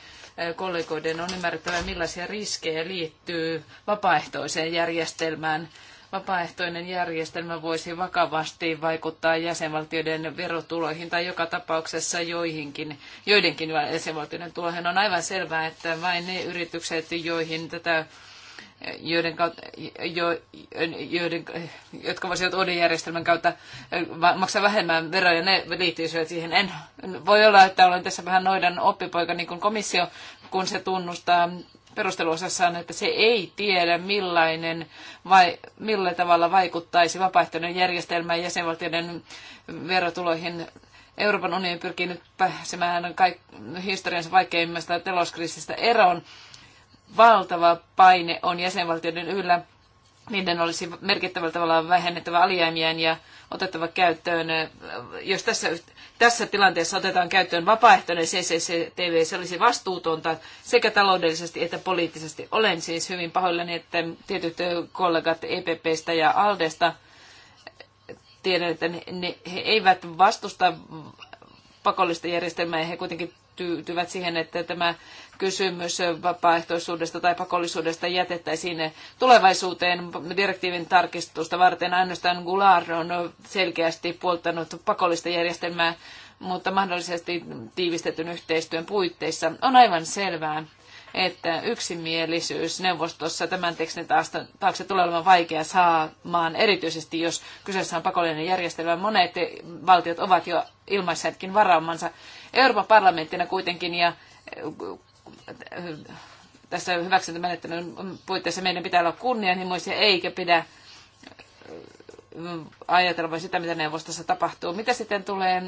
kollegoiden on ymmärrettävä, millaisia riskejä liittyy vapaaehtoiseen järjestelmään. Vapaaehtoinen järjestelmä voisi vakavasti vaikuttaa jäsenvaltioiden verotuloihin tai joka tapauksessa joihinkin, joidenkin jäsenvaltioiden tuloihin. On aivan selvää, että vain ne yritykset, joihin tätä joiden kautta, jo, joiden, jotka voisivat uuden järjestelmän kautta maksaa vähemmän veroja, ne liittyisivät siihen. En, voi olla, että olen tässä vähän noidan oppipoika, niin kuin komissio, kun se tunnustaa perusteluosassaan, että se ei tiedä millainen vai millä tavalla vaikuttaisi vapaaehtoinen järjestelmä jäsenvaltioiden verotuloihin. Euroopan unioni pyrkii nyt pääsemään kaik- historiansa vaikeimmasta talouskriisistä eroon valtava paine on jäsenvaltioiden yllä. Niiden olisi merkittävällä tavalla vähennettävä alijäämiään ja otettava käyttöön, jos tässä, tässä tilanteessa otetaan käyttöön vapaaehtoinen CCTV, se olisi vastuutonta sekä taloudellisesti että poliittisesti. Olen siis hyvin pahoillani, että tietyt kollegat EPPstä ja ALDEsta tiedän, että ne, he eivät vastusta pakollista järjestelmää ja he kuitenkin tyytyvät siihen, että tämä kysymys vapaaehtoisuudesta tai pakollisuudesta jätettäisiin tulevaisuuteen direktiivin tarkistusta varten. Ainoastaan Goulart on selkeästi puoltanut pakollista järjestelmää, mutta mahdollisesti tiivistetyn yhteistyön puitteissa on aivan selvää, että yksimielisyys neuvostossa tämän tekstin taakse tulee olemaan vaikea saamaan, erityisesti jos kyseessä on pakollinen järjestelmä. Monet valtiot ovat jo ilmaisetkin varaumansa Euroopan parlamenttina kuitenkin ja äh, tässä hyväksyntämenettelyn puitteissa meidän pitää olla kunnianhimoisia eikä pidä äh, ajatella sitä, mitä neuvostossa tapahtuu. Mitä sitten tulee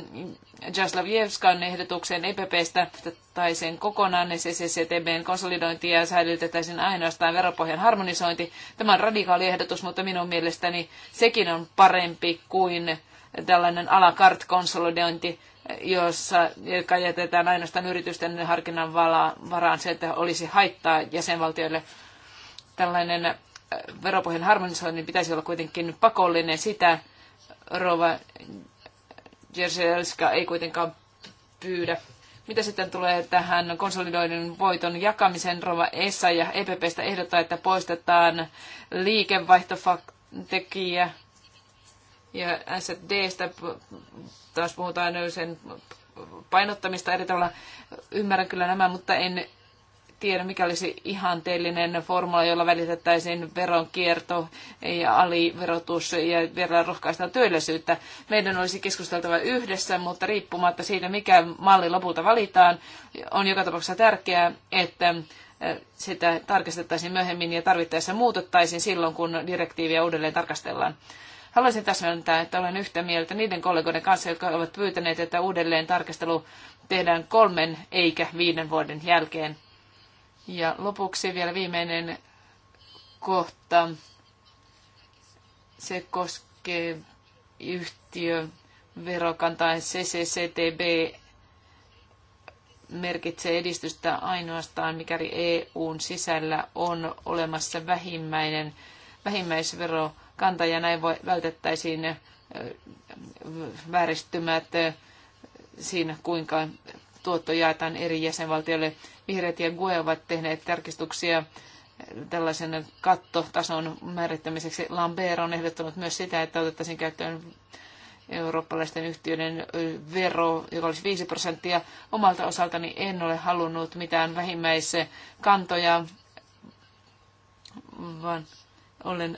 Jaslavievskan ehdotukseen EPPstä tai sen kokonaan SSCTBn niin konsolidointi ja säilytettäisiin ainoastaan veropohjan harmonisointi. Tämä on radikaali ehdotus, mutta minun mielestäni sekin on parempi kuin tällainen alakart konsolidointi, jossa, joka jätetään ainoastaan yritysten harkinnan varaan se, että olisi haittaa jäsenvaltioille tällainen veropohjan harmonisoinnin pitäisi olla kuitenkin pakollinen. Sitä Rova Jerselska ei kuitenkaan pyydä. Mitä sitten tulee tähän konsolidoidun voiton jakamiseen? Rova Essa ja EPPstä ehdottaa, että poistetaan liikevaihtotekijä. Ja SDstä taas puhutaan sen painottamista eri tavalla. Ymmärrän kyllä nämä, mutta en tiedä, mikä olisi ihanteellinen formula, jolla välitettäisiin veronkierto ja aliverotus ja vielä rohkaistaan työllisyyttä. Meidän olisi keskusteltava yhdessä, mutta riippumatta siitä, mikä malli lopulta valitaan, on joka tapauksessa tärkeää, että äh, sitä tarkistettaisiin myöhemmin ja tarvittaessa muutettaisiin silloin, kun direktiiviä uudelleen tarkastellaan. Haluaisin täsmentää, että olen yhtä mieltä niiden kollegoiden kanssa, jotka ovat pyytäneet, että uudelleen tarkastelu tehdään kolmen eikä viiden vuoden jälkeen. Ja lopuksi vielä viimeinen kohta. Se koskee yhtiö verokantaa CCCTB merkitsee edistystä ainoastaan, mikäli EUn sisällä on olemassa vähimmäinen, vähimmäisverokanta ja näin voi, vältettäisiin vääristymät siinä, kuinka tuotto jaetaan eri jäsenvaltioille. Vihreät ja GUE ovat tehneet tarkistuksia tällaisen kattotason määrittämiseksi. Lambert on ehdottanut myös sitä, että otettaisiin käyttöön eurooppalaisten yhtiöiden vero, joka olisi 5 prosenttia. Omalta osaltani en ole halunnut mitään vähimmäiskantoja, vaan olen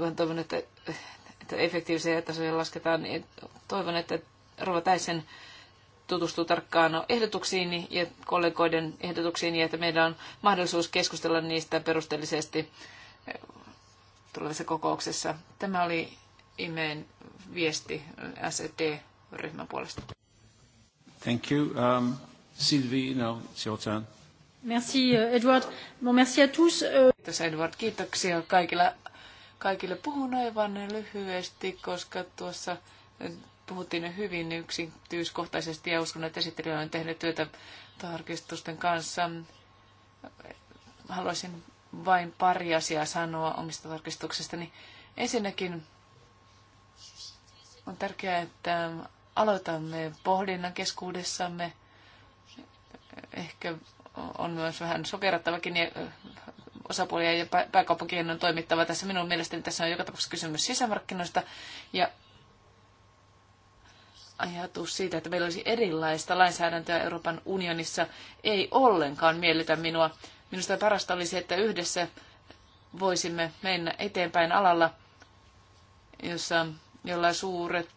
vaan toivon, että, että efektiivisiä tasoja lasketaan, niin toivon, että Rova Täisen tutustua tarkkaan ehdotuksiini ja kollegoiden ehdotuksiin, ja että meillä on mahdollisuus keskustella niistä perusteellisesti eh, tulevassa kokouksessa. Tämä oli Imeen viesti set ryhmän puolesta. Thank you. Um, Sylvie, now it's your turn. Merci uh, Edward. Bon, merci à tous. Uh, Kiitos Edward, kiitoksia kaikille, kaikille. Puhun aivan lyhyesti, koska tuossa puhuttiin hyvin yksityiskohtaisesti ja uskon, että esittelijä on tehnyt työtä tarkistusten kanssa. Haluaisin vain pari asiaa sanoa omista tarkistuksestani. Ensinnäkin on tärkeää, että aloitamme pohdinnan keskuudessamme. Ehkä on myös vähän sokerattavakin ja osapuolia ja pääkaupunkien on toimittava tässä. Minun mielestäni tässä on joka tapauksessa kysymys sisämarkkinoista ja ajatus siitä, että meillä olisi erilaista lainsäädäntöä Euroopan unionissa, ei ollenkaan miellytä minua. Minusta parasta olisi, että yhdessä voisimme mennä eteenpäin alalla, jossa, jolla suuret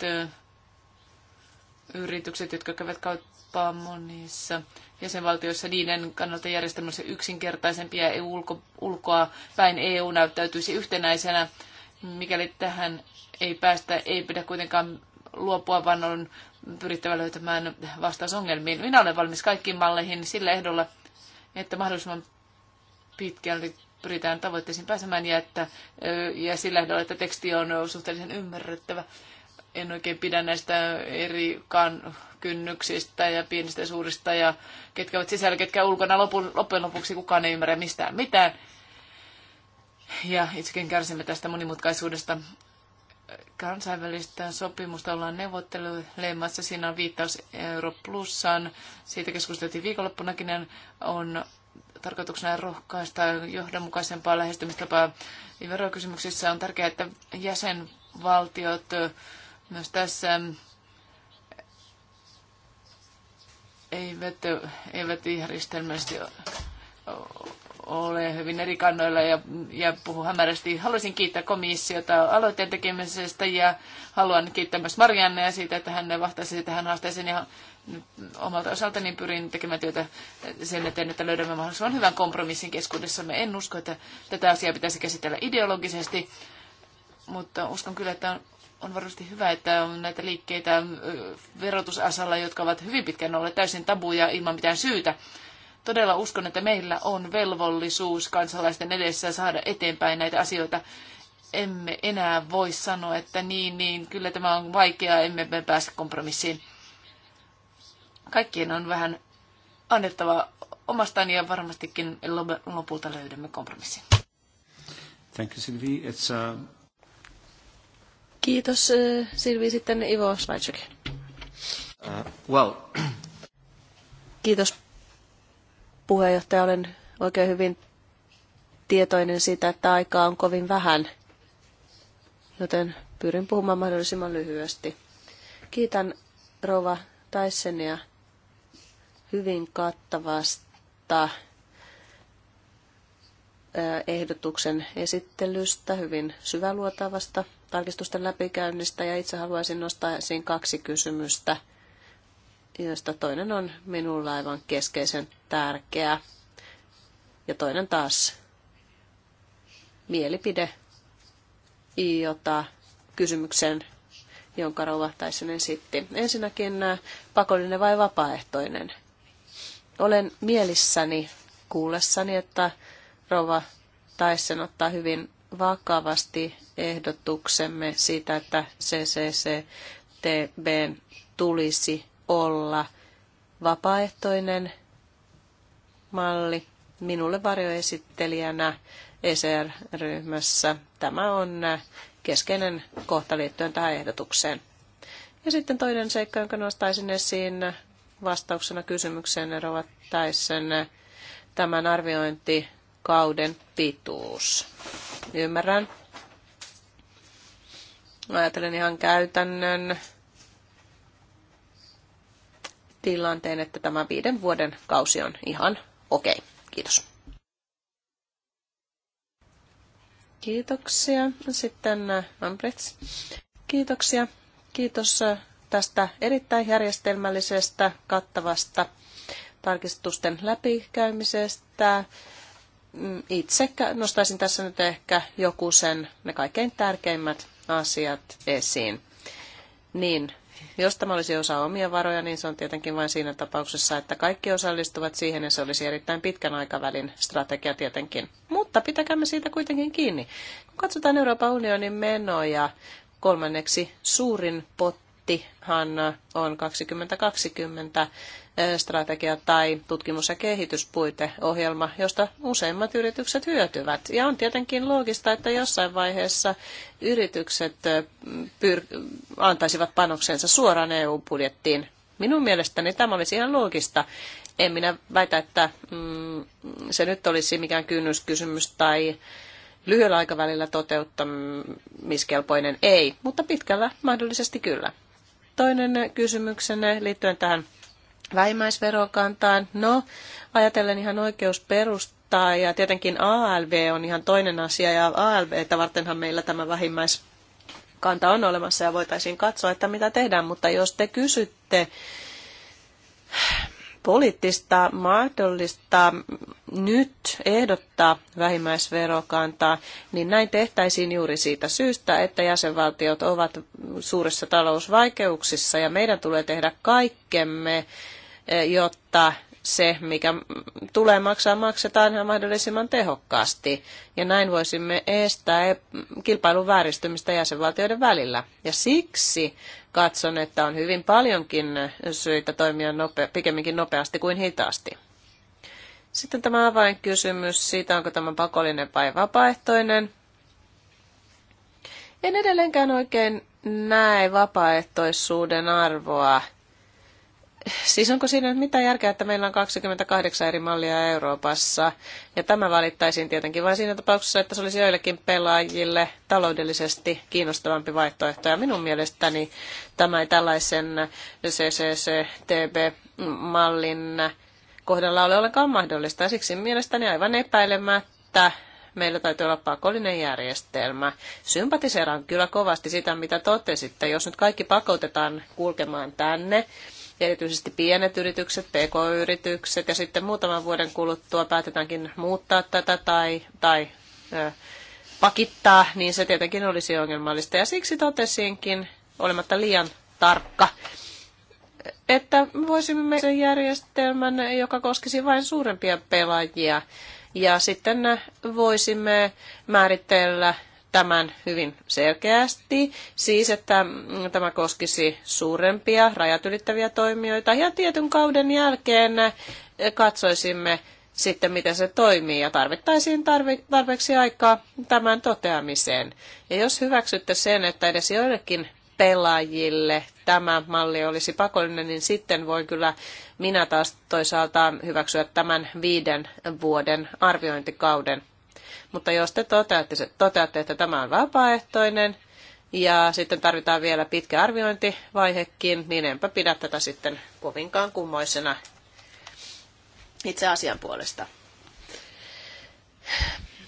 yritykset, jotka käyvät kauppaa monissa jäsenvaltioissa, niiden kannalta järjestelmässä yksinkertaisempia ja EU ulko, ulkoa päin EU näyttäytyisi yhtenäisenä. Mikäli tähän ei päästä, ei pidä kuitenkaan luopua, vaan on pyrittävä löytämään vastaus ongelmiin. Minä olen valmis kaikkiin malleihin sillä ehdolla, että mahdollisimman pitkälti pyritään tavoitteisiin pääsemään ja, että, ja sillä ehdolla, että teksti on suhteellisen ymmärrettävä. En oikein pidä näistä eri kynnyksistä ja pienistä ja suurista ja ketkä ovat sisällä, ketkä ulkona. Lopun, loppujen lopuksi kukaan ei ymmärrä mistään mitään. Ja itsekin kärsimme tästä monimutkaisuudesta kansainvälistä sopimusta ollaan neuvottelemassa. Siinä on viittaus Euro plusan Siitä keskusteltiin viikonloppunakin. On tarkoituksena rohkaista johdonmukaisempaa lähestymistapaa. Verokysymyksissä on tärkeää, että jäsenvaltiot myös tässä eivät, eivät järjestelmällisesti ole hyvin eri kannoilla ja, ja puhu hämärästi. Haluaisin kiittää komissiota aloitteen tekemisestä ja haluan kiittää myös ja siitä, että hän vahtaisi tähän haasteeseen ja omalta osaltani pyrin tekemään työtä sen eteen, että löydämme mahdollisimman hyvän kompromissin keskuudessamme. En usko, että tätä asiaa pitäisi käsitellä ideologisesti, mutta uskon kyllä, että on, on varmasti hyvä, että on näitä liikkeitä verotusasalla, jotka ovat hyvin pitkään olleet täysin tabuja ilman mitään syytä todella uskon, että meillä on velvollisuus kansalaisten edessä saada eteenpäin näitä asioita. Emme enää voi sanoa, että niin, niin, kyllä tämä on vaikeaa, emme me pääse kompromissiin. Kaikkien on vähän annettava omastaan ja varmastikin lopulta löydämme kompromissin. Thank you, Sylvie. It's, uh... Kiitos äh, Silvi. Sitten Ivo Svajczyk. Uh, well. Kiitos puheenjohtaja, olen oikein hyvin tietoinen siitä, että aikaa on kovin vähän, joten pyrin puhumaan mahdollisimman lyhyesti. Kiitän Rova Taissenia hyvin kattavasta ehdotuksen esittelystä, hyvin syväluotavasta tarkistusten läpikäynnistä ja itse haluaisin nostaa esiin kaksi kysymystä – joista toinen on minulla aivan keskeisen tärkeä ja toinen taas mielipide, jota kysymyksen, jonka rouvahtaisin sitten. Ensinnäkin äh, pakollinen vai vapaaehtoinen? Olen mielissäni kuullessani, että Rova Taisen ottaa hyvin vakavasti ehdotuksemme siitä, että CCCTB tulisi olla vapaaehtoinen malli minulle varjoesittelijänä ECR-ryhmässä. Tämä on keskeinen kohta liittyen tähän ehdotukseen. Ja sitten toinen seikka, jonka nostaisin esiin vastauksena kysymykseen, Rovat tämän arviointikauden pituus. Ymmärrän. Ajattelen ihan käytännön tilanteen, että tämä viiden vuoden kausi on ihan okei. Okay. Kiitos. Kiitoksia. Sitten äh, Ambrits. Kiitoksia. Kiitos äh, tästä erittäin järjestelmällisestä, kattavasta tarkistusten läpikäymisestä. Mm, itse nostaisin tässä nyt ehkä joku sen, ne kaikkein tärkeimmät asiat esiin. Niin jos tämä olisi osa omia varoja, niin se on tietenkin vain siinä tapauksessa, että kaikki osallistuvat siihen ja se olisi erittäin pitkän aikavälin strategia tietenkin. Mutta pitäkäämme siitä kuitenkin kiinni. Kun katsotaan Euroopan unionin menoja, kolmanneksi suurin potti hän on 2020 strategia tai tutkimus- ja kehityspuiteohjelma, josta useimmat yritykset hyötyvät. Ja on tietenkin loogista, että jossain vaiheessa yritykset pyr- antaisivat panoksensa suoraan EU-budjettiin. Minun mielestäni tämä olisi ihan loogista. En minä väitä, että mm, se nyt olisi mikään kynnyskysymys tai lyhyellä aikavälillä toteuttamiskelpoinen ei, mutta pitkällä mahdollisesti kyllä. Toinen kysymyksenne liittyen tähän vähimmäisverokantaan. No, ajatellen ihan oikeusperustaa ja tietenkin ALV on ihan toinen asia ja ALVtä vartenhan meillä tämä kanta on olemassa ja voitaisiin katsoa, että mitä tehdään, mutta jos te kysytte poliittista mahdollista nyt ehdottaa vähimmäisverokantaa, niin näin tehtäisiin juuri siitä syystä, että jäsenvaltiot ovat suurissa talousvaikeuksissa ja meidän tulee tehdä kaikkemme, eh, jotta se, mikä tulee maksaa, maksetaan mahdollisimman tehokkaasti. Ja näin voisimme estää kilpailun vääristymistä jäsenvaltioiden välillä. Ja siksi katson, että on hyvin paljonkin syitä toimia nope, pikemminkin nopeasti kuin hitaasti. Sitten tämä avainkysymys siitä, onko tämä pakollinen vai vapaaehtoinen. En edelleenkään oikein näe vapaaehtoisuuden arvoa Siis onko siinä nyt mitään järkeä, että meillä on 28 eri mallia Euroopassa, ja tämä valittaisiin tietenkin vain siinä tapauksessa, että se olisi joillekin pelaajille taloudellisesti kiinnostavampi vaihtoehto, ja minun mielestäni tämä ei tällaisen CCCTB-mallin kohdalla ole ollenkaan mahdollista, ja siksi mielestäni aivan epäilemättä meillä täytyy olla pakollinen järjestelmä. Sympatiseeraan kyllä kovasti sitä, mitä totesitte. Jos nyt kaikki pakotetaan kulkemaan tänne, erityisesti pienet yritykset, pk-yritykset, ja sitten muutaman vuoden kuluttua päätetäänkin muuttaa tätä tai, tai ö, pakittaa, niin se tietenkin olisi ongelmallista. Ja siksi totesinkin, olematta liian tarkka, että voisimme sen järjestelmän, joka koskisi vain suurempia pelaajia, ja sitten voisimme määritellä tämän hyvin selkeästi, siis että tämä koskisi suurempia rajat ylittäviä toimijoita ja tietyn kauden jälkeen katsoisimme sitten, miten se toimii ja tarvittaisiin tarve, tarpeeksi aikaa tämän toteamiseen. Ja jos hyväksytte sen, että edes joillekin pelaajille tämä malli olisi pakollinen, niin sitten voi kyllä minä taas toisaalta hyväksyä tämän viiden vuoden arviointikauden mutta jos te toteatte, toteatte, että tämä on vapaaehtoinen ja sitten tarvitaan vielä pitkä arviointivaihekin, niin enpä pidä tätä sitten kovinkaan kummoisena itse asian puolesta.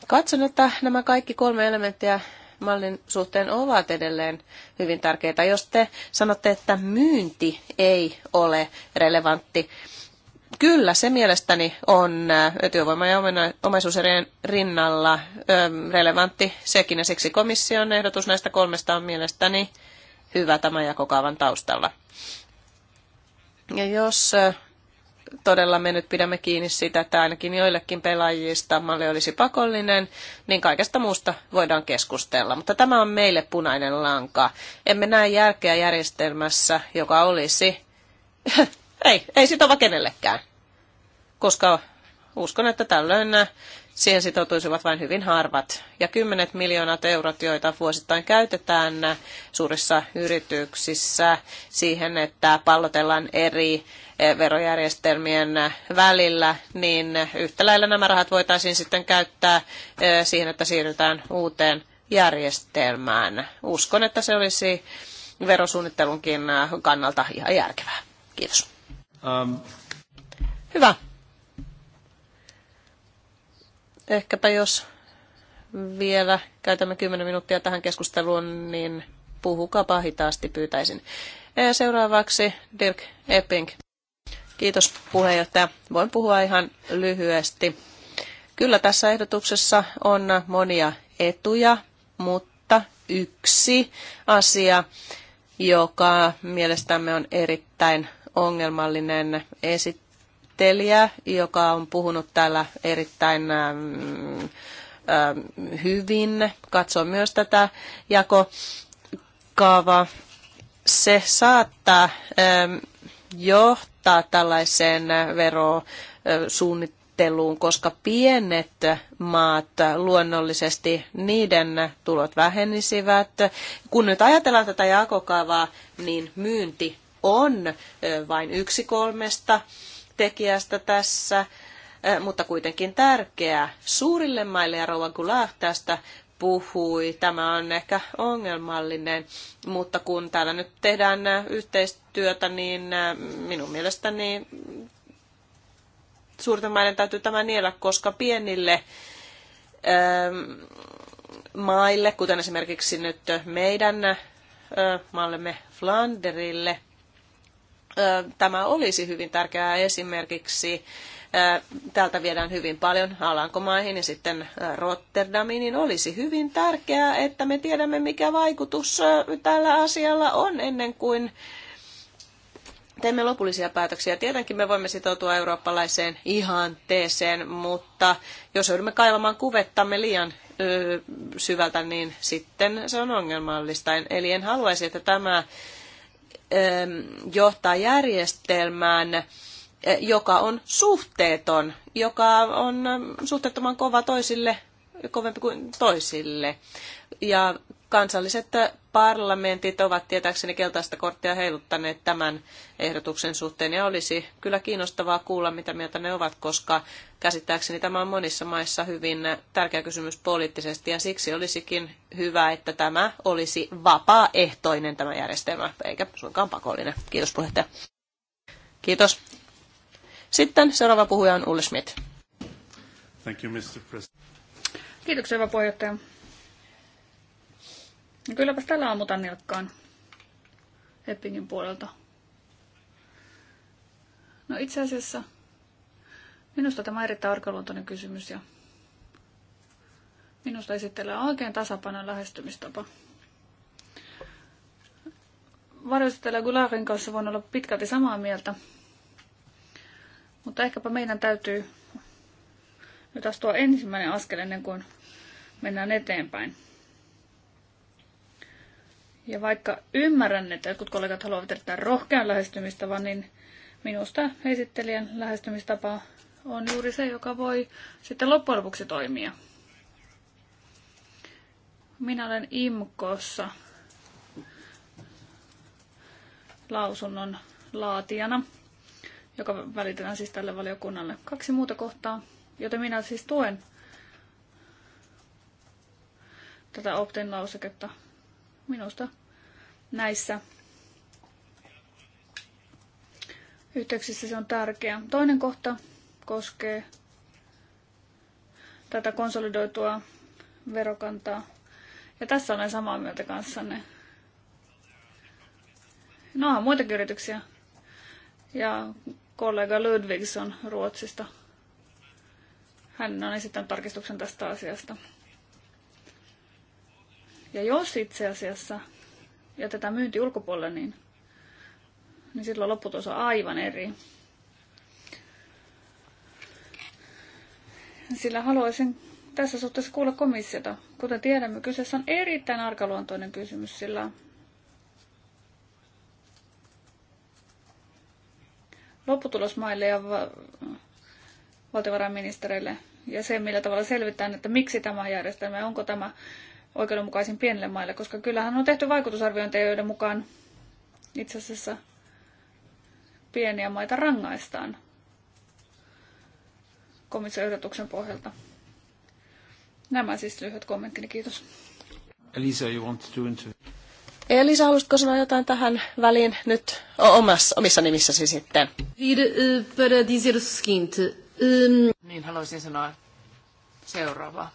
Katson, että nämä kaikki kolme elementtiä mallin suhteen ovat edelleen hyvin tärkeitä. Jos te sanotte, että myynti ei ole relevantti Kyllä, se mielestäni on äh, työvoima- ja omaisuuserien rinnalla ähm, relevantti sekin, ja siksi komission ehdotus näistä kolmesta on mielestäni hyvä tämän jakokaavan taustalla. Ja jos äh, todella me nyt pidämme kiinni siitä, että ainakin joillekin pelaajista malli olisi pakollinen, niin kaikesta muusta voidaan keskustella. Mutta tämä on meille punainen lanka. Emme näe järkeä järjestelmässä, joka olisi [laughs] Ei, ei sitova kenellekään. Koska uskon, että tällöin siihen sitoutuisivat vain hyvin harvat. Ja kymmenet miljoonat eurot, joita vuosittain käytetään suurissa yrityksissä siihen, että pallotellaan eri eh, verojärjestelmien välillä, niin yhtä lailla nämä rahat voitaisiin sitten käyttää eh, siihen, että siirrytään uuteen järjestelmään. Uskon, että se olisi verosuunnittelunkin kannalta ihan järkevää. Kiitos. Um... Hyvä. Ehkäpä jos vielä käytämme 10 minuuttia tähän keskusteluun, niin puhukaapa hitaasti pyytäisin. Seuraavaksi Dirk Epping. Kiitos puheenjohtaja. Voin puhua ihan lyhyesti. Kyllä tässä ehdotuksessa on monia etuja, mutta yksi asia, joka mielestämme on erittäin ongelmallinen esittelijä, joka on puhunut täällä erittäin ähm, ähm, hyvin, katso myös tätä jakokaavaa. Se saattaa ähm, johtaa tällaiseen verosuunnitteluun koska pienet maat luonnollisesti niiden tulot vähenisivät. Kun nyt ajatellaan tätä jakokaavaa, niin myynti on vain yksi kolmesta tekijästä tässä, mutta kuitenkin tärkeä suurille maille ja Rouva Goulart tästä puhui. Tämä on ehkä ongelmallinen, mutta kun täällä nyt tehdään yhteistyötä, niin minun mielestäni suurten maiden täytyy tämä niellä, koska pienille maille, kuten esimerkiksi nyt meidän maallemme Flanderille, tämä olisi hyvin tärkeää esimerkiksi täältä viedään hyvin paljon Alankomaihin ja sitten Rotterdamiin, niin olisi hyvin tärkeää, että me tiedämme, mikä vaikutus tällä asialla on ennen kuin teemme lopullisia päätöksiä. Tietenkin me voimme sitoutua eurooppalaiseen ihanteeseen, mutta jos joudumme kaivamaan kuvettamme liian syvältä, niin sitten se on ongelmallista. Eli en haluaisi, että tämä Ähm, johtaa järjestelmään, äh, joka on suhteeton, joka on ähm, suhteettoman kova toisille, kovempi kuin toisille. Ja Kansalliset parlamentit ovat tietääkseni keltaista korttia heiluttaneet tämän ehdotuksen suhteen ja olisi kyllä kiinnostavaa kuulla, mitä mieltä ne ovat, koska käsittääkseni tämä on monissa maissa hyvin tärkeä kysymys poliittisesti ja siksi olisikin hyvä, että tämä olisi vapaaehtoinen tämä järjestelmä, eikä suinkaan pakollinen. Kiitos puheenjohtaja. Kiitos. Sitten seuraava puhuja on Ulle Schmidt. Thank you, Mr. President. Kiitoksia, puheenjohtaja. No kylläpä täällä ammutan nilkkaan Eppingin puolelta. No itse asiassa minusta tämä on erittäin arkaluontoinen kysymys ja minusta esittelee oikein tasapainon lähestymistapa. Varjostelija Gularin kanssa voin olla pitkälti samaa mieltä, mutta ehkäpä meidän täytyy nyt astua ensimmäinen askel ennen kuin mennään eteenpäin. Ja vaikka ymmärrän, että jotkut kollegat haluavat erittäin rohkean lähestymistavan, niin minusta esittelijän lähestymistapa on juuri se, joka voi sitten loppujen lopuksi toimia. Minä olen IMKOssa lausunnon laatijana, joka välitetään siis tälle valiokunnalle. Kaksi muuta kohtaa, joten minä siis tuen tätä optin lauseketta minusta näissä yhteyksissä se on tärkeä. Toinen kohta koskee tätä konsolidoitua verokantaa. Ja tässä olen samaa mieltä kanssanne. No, on muitakin yrityksiä. Ja kollega Ludvigsson Ruotsista. Hän on esittänyt tarkistuksen tästä asiasta. Ja jos itse asiassa jätetään myynti ulkopuolelle, niin, niin silloin lopputulos on aivan eri. Sillä haluaisin tässä suhteessa kuulla komissiota. Kuten tiedämme, kyseessä on erittäin arkaluontoinen kysymys, sillä lopputulosmaille ja valtiovarainministereille ja se, millä tavalla selvitään, että miksi tämä järjestelmä, onko tämä oikeudenmukaisin pienille maille, koska kyllähän on tehty vaikutusarviointeja, joiden mukaan itse asiassa pieniä maita rangaistaan komission ehdotuksen pohjalta. Nämä siis lyhyet kommenttini, kiitos. Elisa, you want to interview? Elisa, haluaisitko sanoa jotain tähän väliin nyt omassa, omissa nimissäsi sitten? Eh, eh, niin, haluaisin sanoa seuraavaa.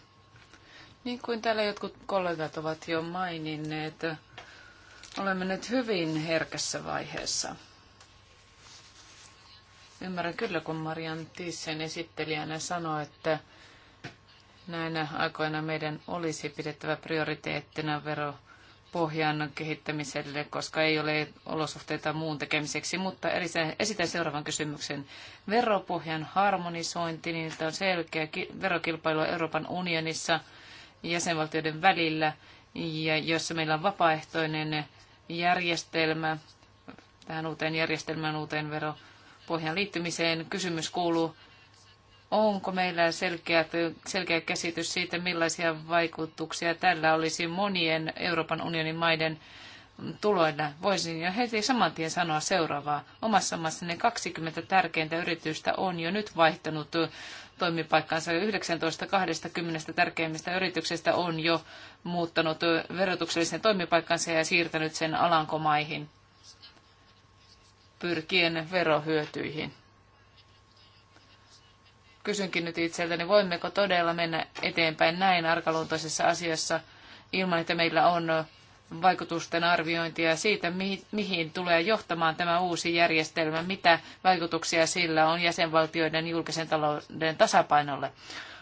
Niin kuin täällä jotkut kollegat ovat jo maininneet, olemme nyt hyvin herkässä vaiheessa. Ymmärrän kyllä, kun Marian Tissen esittelijänä sanoi, että näinä aikoina meidän olisi pidettävä prioriteettina veropohjan kehittämiselle, koska ei ole olosuhteita muun tekemiseksi. Mutta esitän seuraavan kysymyksen. Veropohjan harmonisointi, niin tämä on selkeä verokilpailu Euroopan unionissa – jäsenvaltioiden välillä, ja jossa meillä on vapaaehtoinen järjestelmä, tähän uuteen järjestelmään, uuteen veropohjan liittymiseen. Kysymys kuuluu, onko meillä selkeä, selkeä käsitys siitä, millaisia vaikutuksia tällä olisi monien Euroopan unionin maiden tuloilla. Voisin jo heti saman tien sanoa seuraavaa. Omassa maassa ne 20 tärkeintä yritystä on jo nyt vaihtanut toimipaikkaansa. 19 20 tärkeimmistä yrityksistä on jo muuttanut verotuksellisen toimipaikkansa ja siirtänyt sen alankomaihin pyrkien verohyötyihin. Kysynkin nyt itseltäni, voimmeko todella mennä eteenpäin näin arkaluontoisessa asiassa ilman, että meillä on vaikutusten arviointia siitä, mihin tulee johtamaan tämä uusi järjestelmä, mitä vaikutuksia sillä on jäsenvaltioiden julkisen talouden tasapainolle.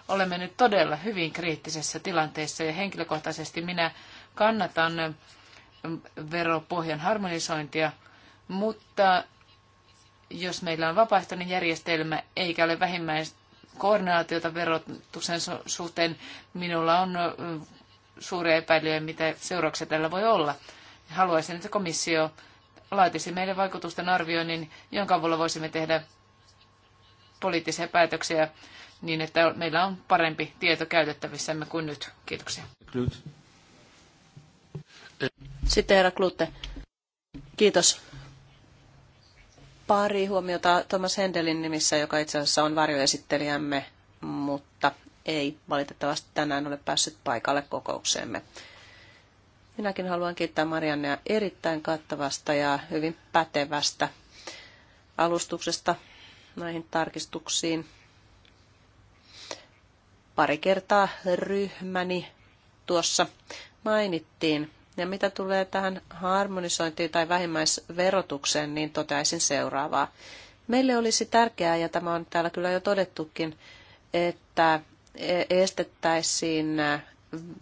Olemme nyt todella hyvin kriittisessä tilanteessa ja henkilökohtaisesti minä kannatan veropohjan harmonisointia, mutta jos meillä on vapaaehtoinen järjestelmä eikä ole vähimmäis koordinaatiota verotuksen suhteen. Minulla on suuria epäilyjä, mitä seurauksia tällä voi olla. Haluaisin, että komissio laatisi meille vaikutusten arvioinnin, jonka avulla voisimme tehdä poliittisia päätöksiä niin, että meillä on parempi tieto käytettävissämme kuin nyt. Kiitoksia. Sitten herra Klute. Kiitos. Pari huomiota Thomas Hendelin nimissä, joka itse asiassa on varjoesittelijämme, mutta ei valitettavasti tänään ole päässyt paikalle kokoukseemme. Minäkin haluan kiittää Mariannea erittäin kattavasta ja hyvin pätevästä alustuksesta näihin tarkistuksiin. Pari kertaa ryhmäni tuossa mainittiin. Ja mitä tulee tähän harmonisointiin tai vähimmäisverotukseen, niin toteaisin seuraavaa. Meille olisi tärkeää, ja tämä on täällä kyllä jo todettukin, että estettäisiin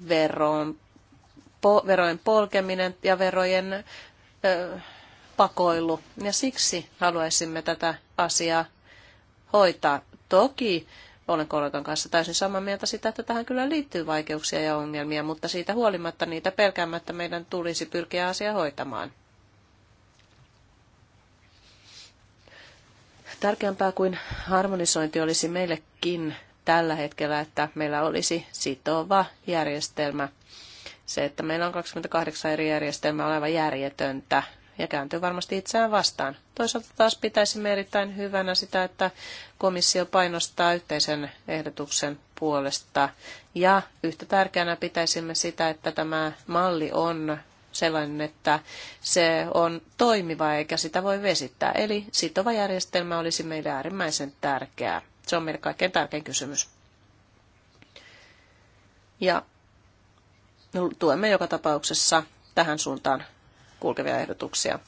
veron, po, verojen polkeminen ja verojen ö, pakoilu. Ja siksi haluaisimme tätä asiaa hoitaa. Toki olen kollegan kanssa täysin samaa mieltä sitä, että tähän kyllä liittyy vaikeuksia ja ongelmia, mutta siitä huolimatta niitä pelkäämättä meidän tulisi pyrkiä asia hoitamaan. Tärkeämpää kuin harmonisointi olisi meillekin tällä hetkellä, että meillä olisi sitova järjestelmä. Se, että meillä on 28 eri järjestelmää, on aivan järjetöntä ja kääntyy varmasti itseään vastaan. Toisaalta taas pitäisi erittäin hyvänä sitä, että komissio painostaa yhteisen ehdotuksen puolesta. Ja yhtä tärkeänä pitäisimme sitä, että tämä malli on sellainen, että se on toimiva eikä sitä voi vesittää. Eli sitova järjestelmä olisi meille äärimmäisen tärkeää. Se on meille kaikkein tärkein kysymys. Ja tuemme joka tapauksessa tähän suuntaan kulkevia ehdotuksia.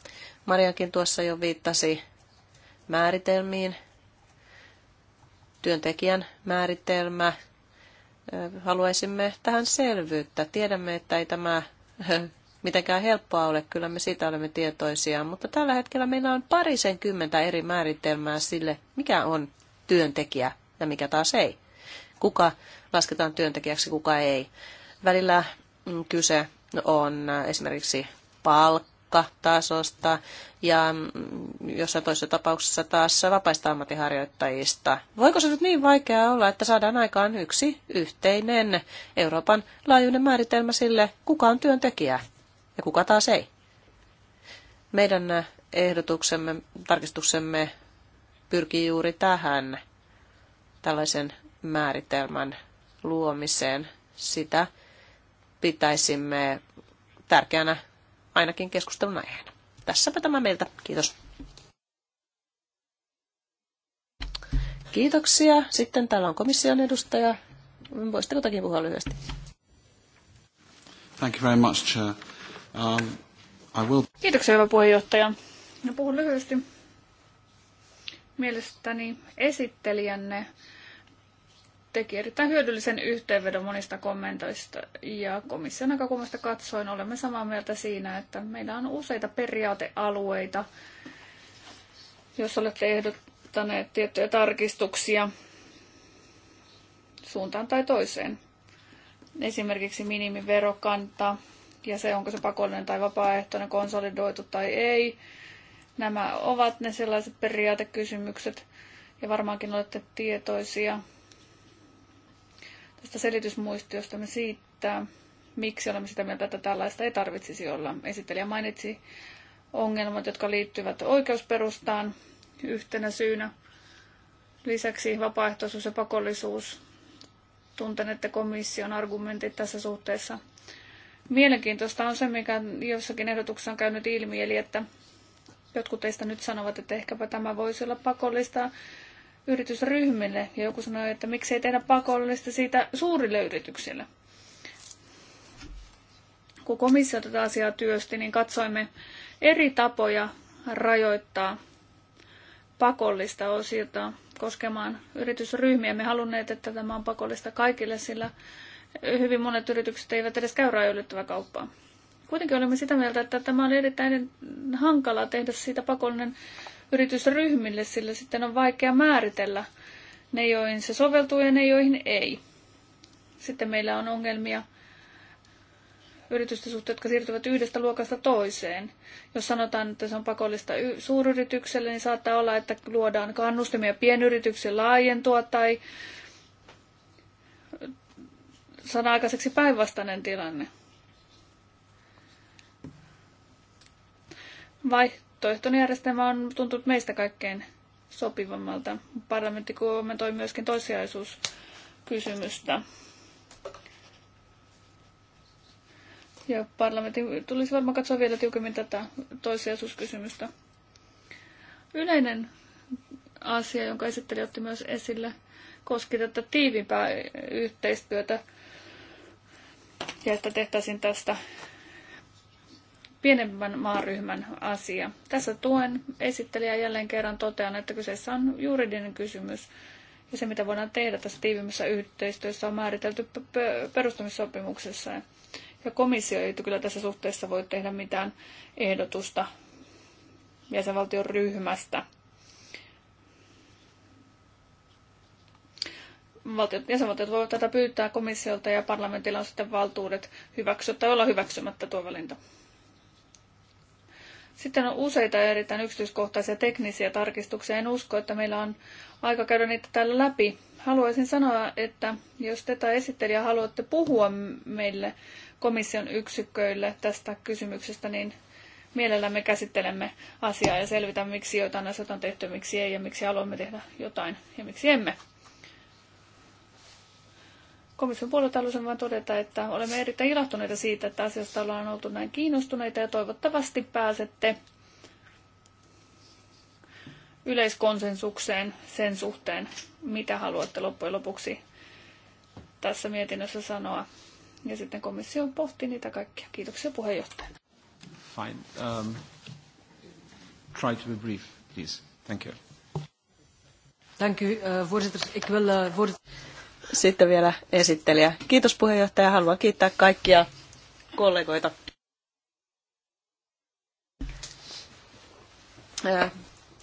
Mariakin tuossa jo viittasi määritelmiin. Työntekijän määritelmä. Haluaisimme tähän selvyyttä. Tiedämme, että ei tämä mitenkään helppoa ole, kyllä me siitä olemme tietoisia, mutta tällä hetkellä meillä on parisenkymmentä eri määritelmää sille, mikä on työntekijä ja mikä taas ei. Kuka lasketaan työntekijäksi, kuka ei. Välillä mm, kyse on äh, esimerkiksi palkkatasosta ja mm, jossain toisessa tapauksessa taas vapaista ammattiharjoittajista. Voiko se nyt niin vaikeaa olla, että saadaan aikaan yksi yhteinen Euroopan laajuinen määritelmä sille, kuka on työntekijä ja kuka taas ei? Meidän äh, ehdotuksemme, tarkistuksemme pyrkii juuri tähän tällaisen määritelmän luomiseen. Sitä pitäisimme tärkeänä ainakin keskustelun aiheena. Tässäpä tämä meiltä. Kiitos. Kiitoksia. Sitten täällä on komission edustaja. Voisitteko takin puhua lyhyesti? Thank you very much, Chair. Um, I will... Kiitoksia, hyvä puheenjohtaja. No, puhun lyhyesti. Mielestäni esittelijänne teki erittäin hyödyllisen yhteenvedon monista kommentoista ja komission näkökulmasta katsoen olemme samaa mieltä siinä, että meillä on useita periaatealueita, jos olette ehdottaneet tiettyjä tarkistuksia suuntaan tai toiseen. Esimerkiksi minimiverokanta ja se, onko se pakollinen tai vapaaehtoinen, konsolidoitu tai ei, Nämä ovat ne sellaiset periaatekysymykset, ja varmaankin olette tietoisia tästä me siitä, miksi olemme sitä mieltä, että tällaista ei tarvitsisi olla. Esittelijä mainitsi ongelmat, jotka liittyvät oikeusperustaan yhtenä syynä. Lisäksi vapaaehtoisuus ja pakollisuus. Tunten, että komission argumentit tässä suhteessa. Mielenkiintoista on se, mikä jossakin ehdotuksessa on käynyt ilmi, eli että Jotkut teistä nyt sanovat, että ehkäpä tämä voisi olla pakollista yritysryhmille. Ja joku sanoi, että miksi ei tehdä pakollista siitä suurille yrityksille. Kun komissio tätä asiaa työsti, niin katsoimme eri tapoja rajoittaa pakollista osiota koskemaan yritysryhmiä. Me halunneet, että tämä on pakollista kaikille, sillä hyvin monet yritykset eivät edes käy rajoittavaa kauppaa. Kuitenkin olemme sitä mieltä, että tämä on erittäin hankalaa tehdä siitä pakollinen yritysryhmille, sillä sitten on vaikea määritellä ne, joihin se soveltuu ja ne, joihin ei. Sitten meillä on ongelmia yritysten suhteen, jotka siirtyvät yhdestä luokasta toiseen. Jos sanotaan, että se on pakollista suuryritykselle, niin saattaa olla, että luodaan kannustimia pienyrityksen laajentua tai saada aikaiseksi päinvastainen tilanne. Vaihtoehtoinen järjestelmä on tuntunut meistä kaikkein sopivammalta. Parlamentti kommentoi myöskin toissijaisuuskysymystä. Ja parlamentin tulisi varmaan katsoa vielä tiukemmin tätä toissijaisuuskysymystä. Yleinen asia, jonka esittelijä otti myös esille, koski tätä tiivimpää yhteistyötä ja että tehtäisiin tästä pienemmän maaryhmän asia. Tässä tuen esittelijä jälleen kerran totean, että kyseessä on juridinen kysymys. Ja se, mitä voidaan tehdä tässä tiivimmässä yhteistyössä, on määritelty perustamissopimuksessa. Ja komissio ei kyllä tässä suhteessa voi tehdä mitään ehdotusta jäsenvaltion ryhmästä. Valtiot, jäsenvaltiot voivat tätä pyytää komissiolta ja parlamentilla on sitten valtuudet hyväksyä tai olla hyväksymättä tuo valinta. Sitten on useita erittäin yksityiskohtaisia teknisiä tarkistuksia. En usko, että meillä on aika käydä niitä täällä läpi. Haluaisin sanoa, että jos tätä esittelijä haluatte puhua meille komission yksiköille tästä kysymyksestä, niin mielellämme käsittelemme asiaa ja selvitämme, miksi joitain asioita on tehty, miksi ei ja miksi haluamme tehdä jotain ja miksi emme komission puolelta haluaisin vain todeta, että olemme erittäin ilahtuneita siitä, että asiasta ollaan oltu näin kiinnostuneita ja toivottavasti pääsette yleiskonsensukseen sen suhteen, mitä haluatte loppujen lopuksi tässä mietinnössä sanoa. Ja sitten komissio pohtii niitä kaikkia. Kiitoksia puheenjohtaja. Fine. Um, try to be brief, please. Thank you. Thank you, uh, eh, voorzitter. Ik wil, uh, voorzitter sitten vielä esittelijä. Kiitos puheenjohtaja. Haluan kiittää kaikkia kollegoita. Äh,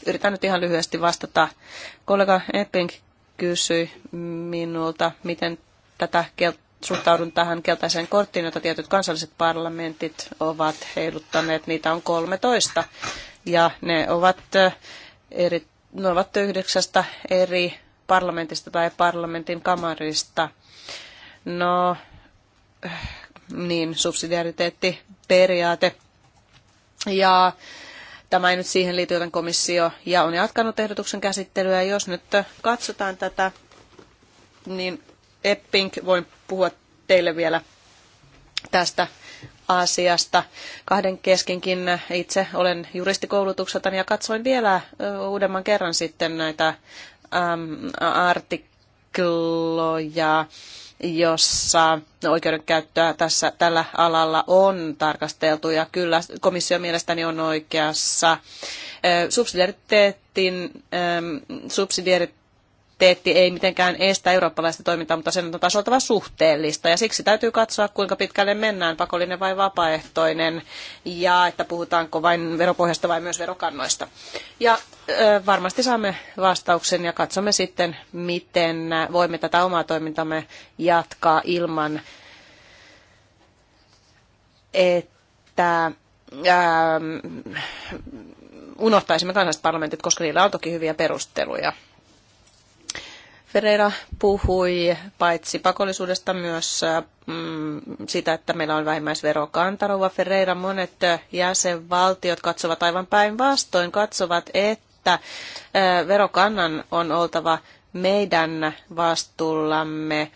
yritän nyt ihan lyhyesti vastata. Kollega Epping kysyi minulta, miten tätä suhtaudun tähän keltaiseen korttiin, jota tietyt kansalliset parlamentit ovat heiluttaneet. Niitä on 13 ja ne ovat, äh, eri, ne ovat yhdeksästä eri parlamentista tai parlamentin kamarista. No, niin, subsidiariteettiperiaate. Ja tämä ei nyt siihen liity, joten komissio ja on jatkanut ehdotuksen käsittelyä. Jos nyt katsotaan tätä, niin Epping, voin puhua teille vielä tästä asiasta. Kahden keskinkin itse olen juristikoulutukseltani ja katsoin vielä uudemman kerran sitten näitä artikloja, jossa oikeudenkäyttöä tässä, tällä alalla on tarkasteltu ja kyllä komissio mielestäni on oikeassa. Subsidiariteetin, subsidiariteetin teetti ei mitenkään estä eurooppalaista toimintaa, mutta sen on taas oltava suhteellista. Ja siksi täytyy katsoa, kuinka pitkälle mennään, pakollinen vai vapaaehtoinen, ja että puhutaanko vain veropohjasta vai myös verokannoista. Ja ö, varmasti saamme vastauksen ja katsomme sitten, miten voimme tätä omaa toimintamme jatkaa ilman, että... Ö, ähm, unohtaisimme kansalliset parlamentit, koska niillä on toki hyviä perusteluja. Ferreira puhui paitsi pakollisuudesta myös äh, mm, sitä, että meillä on vähimmäisverokanta. Rouva Ferreira, monet äh, jäsenvaltiot katsovat aivan päinvastoin, katsovat, että äh, verokannan on oltava meidän vastuullamme,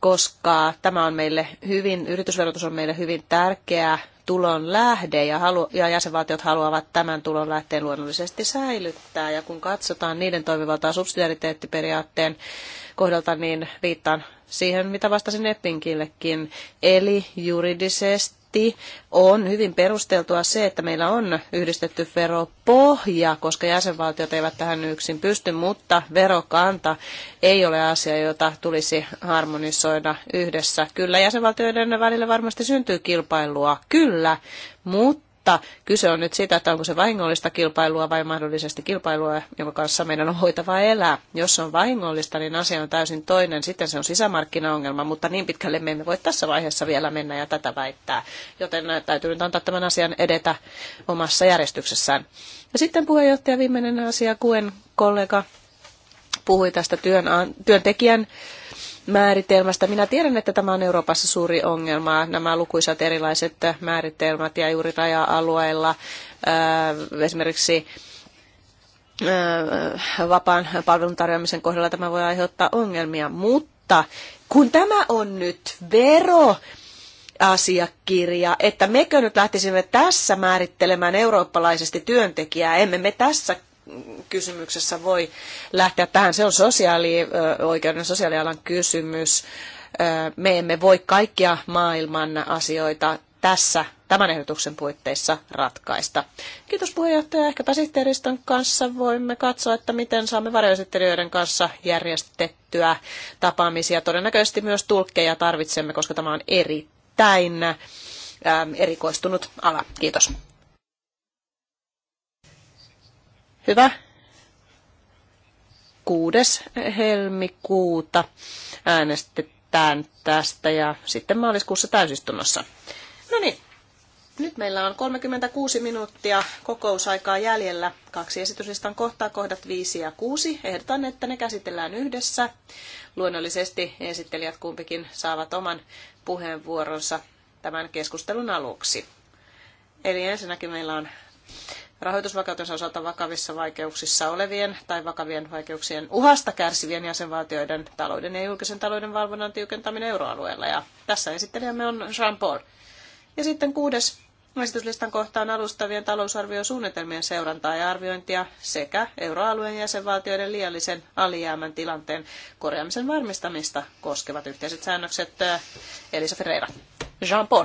koska tämä on meille hyvin, yritysverotus on meille hyvin tärkeä tulon lähde ja, halu- ja jäsenvaltiot haluavat tämän tulon lähteen luonnollisesti säilyttää. Ja kun katsotaan niiden toimivaltaa subsidiariteettiperiaatteen kohdalta, niin viittaan siihen, mitä vastasin Eppinkillekin. Eli juridisesti miksi on hyvin perusteltua se, että meillä on yhdistetty veropohja, koska jäsenvaltiot eivät tähän yksin pysty, mutta verokanta ei ole asia, jota tulisi harmonisoida yhdessä. Kyllä jäsenvaltioiden välillä varmasti syntyy kilpailua, kyllä, mutta mutta kyse on nyt sitä, että onko se vahingollista kilpailua vai mahdollisesti kilpailua, jonka kanssa meidän on hoitava elää. Jos se on vahingollista, niin asia on täysin toinen, sitten se on sisämarkkinaongelma, mutta niin pitkälle me emme voi tässä vaiheessa vielä mennä ja tätä väittää. Joten täytyy nyt antaa tämän asian edetä omassa järjestyksessään. Ja sitten puheenjohtaja, viimeinen asia, kuen kollega puhui tästä työn, työntekijän määritelmästä. Minä tiedän, että tämä on Euroopassa suuri ongelma, nämä lukuisat erilaiset määritelmät ja juuri raja-alueilla äh, esimerkiksi äh, vapaan palvelun tarjoamisen kohdalla tämä voi aiheuttaa ongelmia, mutta kun tämä on nyt vero, asiakirja, että mekö nyt lähtisimme tässä määrittelemään eurooppalaisesti työntekijää, emme me tässä kysymyksessä voi lähteä tähän. Se on sosiaalioikeuden, sosiaalialan kysymys. Me emme voi kaikkia maailman asioita tässä tämän ehdotuksen puitteissa ratkaista. Kiitos puheenjohtaja. Ehkäpä sihteeristön kanssa voimme katsoa, että miten saamme varjoesittelijöiden kanssa järjestettyä tapaamisia. Todennäköisesti myös tulkkeja tarvitsemme, koska tämä on erittäin erikoistunut ala. Kiitos. Hyvä. 6. helmikuuta äänestetään tästä ja sitten maaliskuussa täysistunnossa. No niin, nyt meillä on 36 minuuttia kokousaikaa jäljellä. Kaksi esityslistan kohtaa, kohdat 5 ja 6. Ehdotan, että ne käsitellään yhdessä. Luonnollisesti esittelijät kumpikin saavat oman puheenvuoronsa tämän keskustelun aluksi. Eli ensinnäkin meillä on rahoitusvakautensa osalta vakavissa vaikeuksissa olevien tai vakavien vaikeuksien uhasta kärsivien jäsenvaltioiden talouden ja julkisen talouden valvonnan tiukentaminen euroalueella. Ja tässä esittelijämme on Jean Paul. Ja sitten kuudes esityslistan kohta on alustavien talousarviosuunnitelmien seurantaa ja arviointia sekä euroalueen jäsenvaltioiden liiallisen alijäämän tilanteen korjaamisen varmistamista koskevat yhteiset säännökset. Äh, Elisa Ferreira. Jean Paul.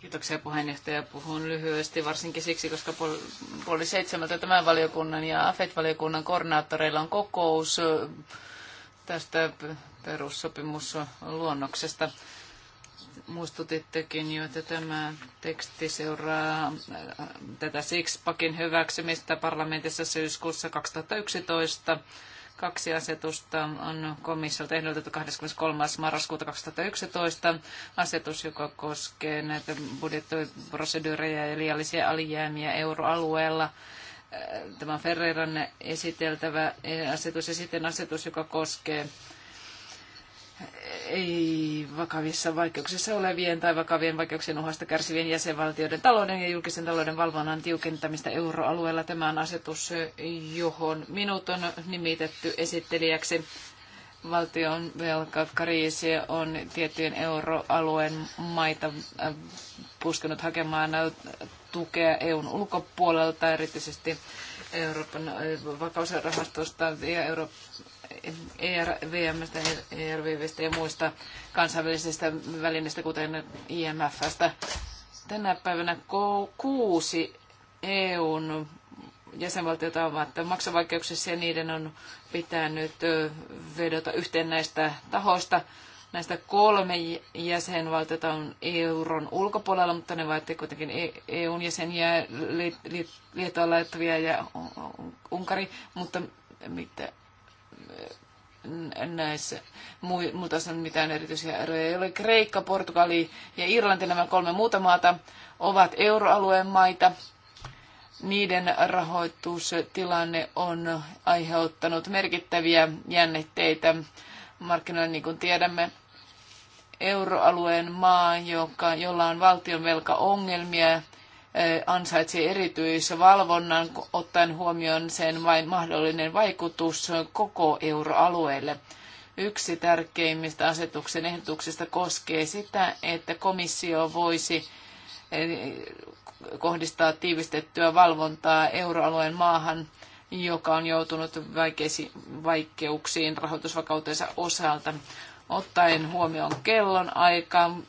Kiitoksia puheenjohtaja. Puhun lyhyesti varsinkin siksi, koska puoli seitsemältä tämän valiokunnan ja AFET-valiokunnan koordinaattoreilla on kokous tästä perussopimusluonnoksesta. Muistutittekin jo, että tämä teksti seuraa tätä Sixpackin hyväksymistä parlamentissa syyskuussa 2011 Kaksi asetusta on komissiolta ehdotettu 23. marraskuuta 2011. Asetus, joka koskee näitä budjettiproseduureja ja liiallisia alijäämiä euroalueella tämä Ferreiran esiteltävä asetus ja sitten asetus, joka koskee ei vakavissa vaikeuksissa olevien tai vakavien vaikeuksien uhasta kärsivien jäsenvaltioiden talouden ja julkisen talouden valvonnan tiukentamista euroalueella. Tämä on asetus, johon minut on nimitetty esittelijäksi. Valtion velkakriisi on tiettyjen euroalueen maita äh, puskenut hakemaan tukea EUn ulkopuolelta, erityisesti Euroopan äh, vakausrahastosta ja Euroopan ERVMstä, ERVVstä ja muista kansainvälisistä välineistä, kuten IMFstä. Tänä päivänä kuusi EUn jäsenvaltiota ovat maksavaikeuksissa ja niiden on pitänyt vedota yhteen näistä tahoista. Näistä kolme jäsenvaltiota on euron ulkopuolella, mutta ne vaatii kuitenkin EUn e jäseniä, Liettua, Latvia ja Unkari, mutta mitä näissä muuta sanon, mitään erityisiä eroja. Ei ole Kreikka, Portugali ja Irlanti, nämä kolme muuta maata, ovat euroalueen maita. Niiden rahoitustilanne on aiheuttanut merkittäviä jännitteitä markkinoilla, niin kuin tiedämme. Euroalueen maa, joka, jolla on valtionvelkaongelmia ansaitsee erityisvalvonnan ottaen huomioon sen vain mahdollinen vaikutus koko euroalueelle. Yksi tärkeimmistä asetuksen ehdotuksista koskee sitä, että komissio voisi eh, kohdistaa tiivistettyä valvontaa euroalueen maahan, joka on joutunut vaikeuksiin rahoitusvakautensa osalta, ottaen huomioon kellon aikaan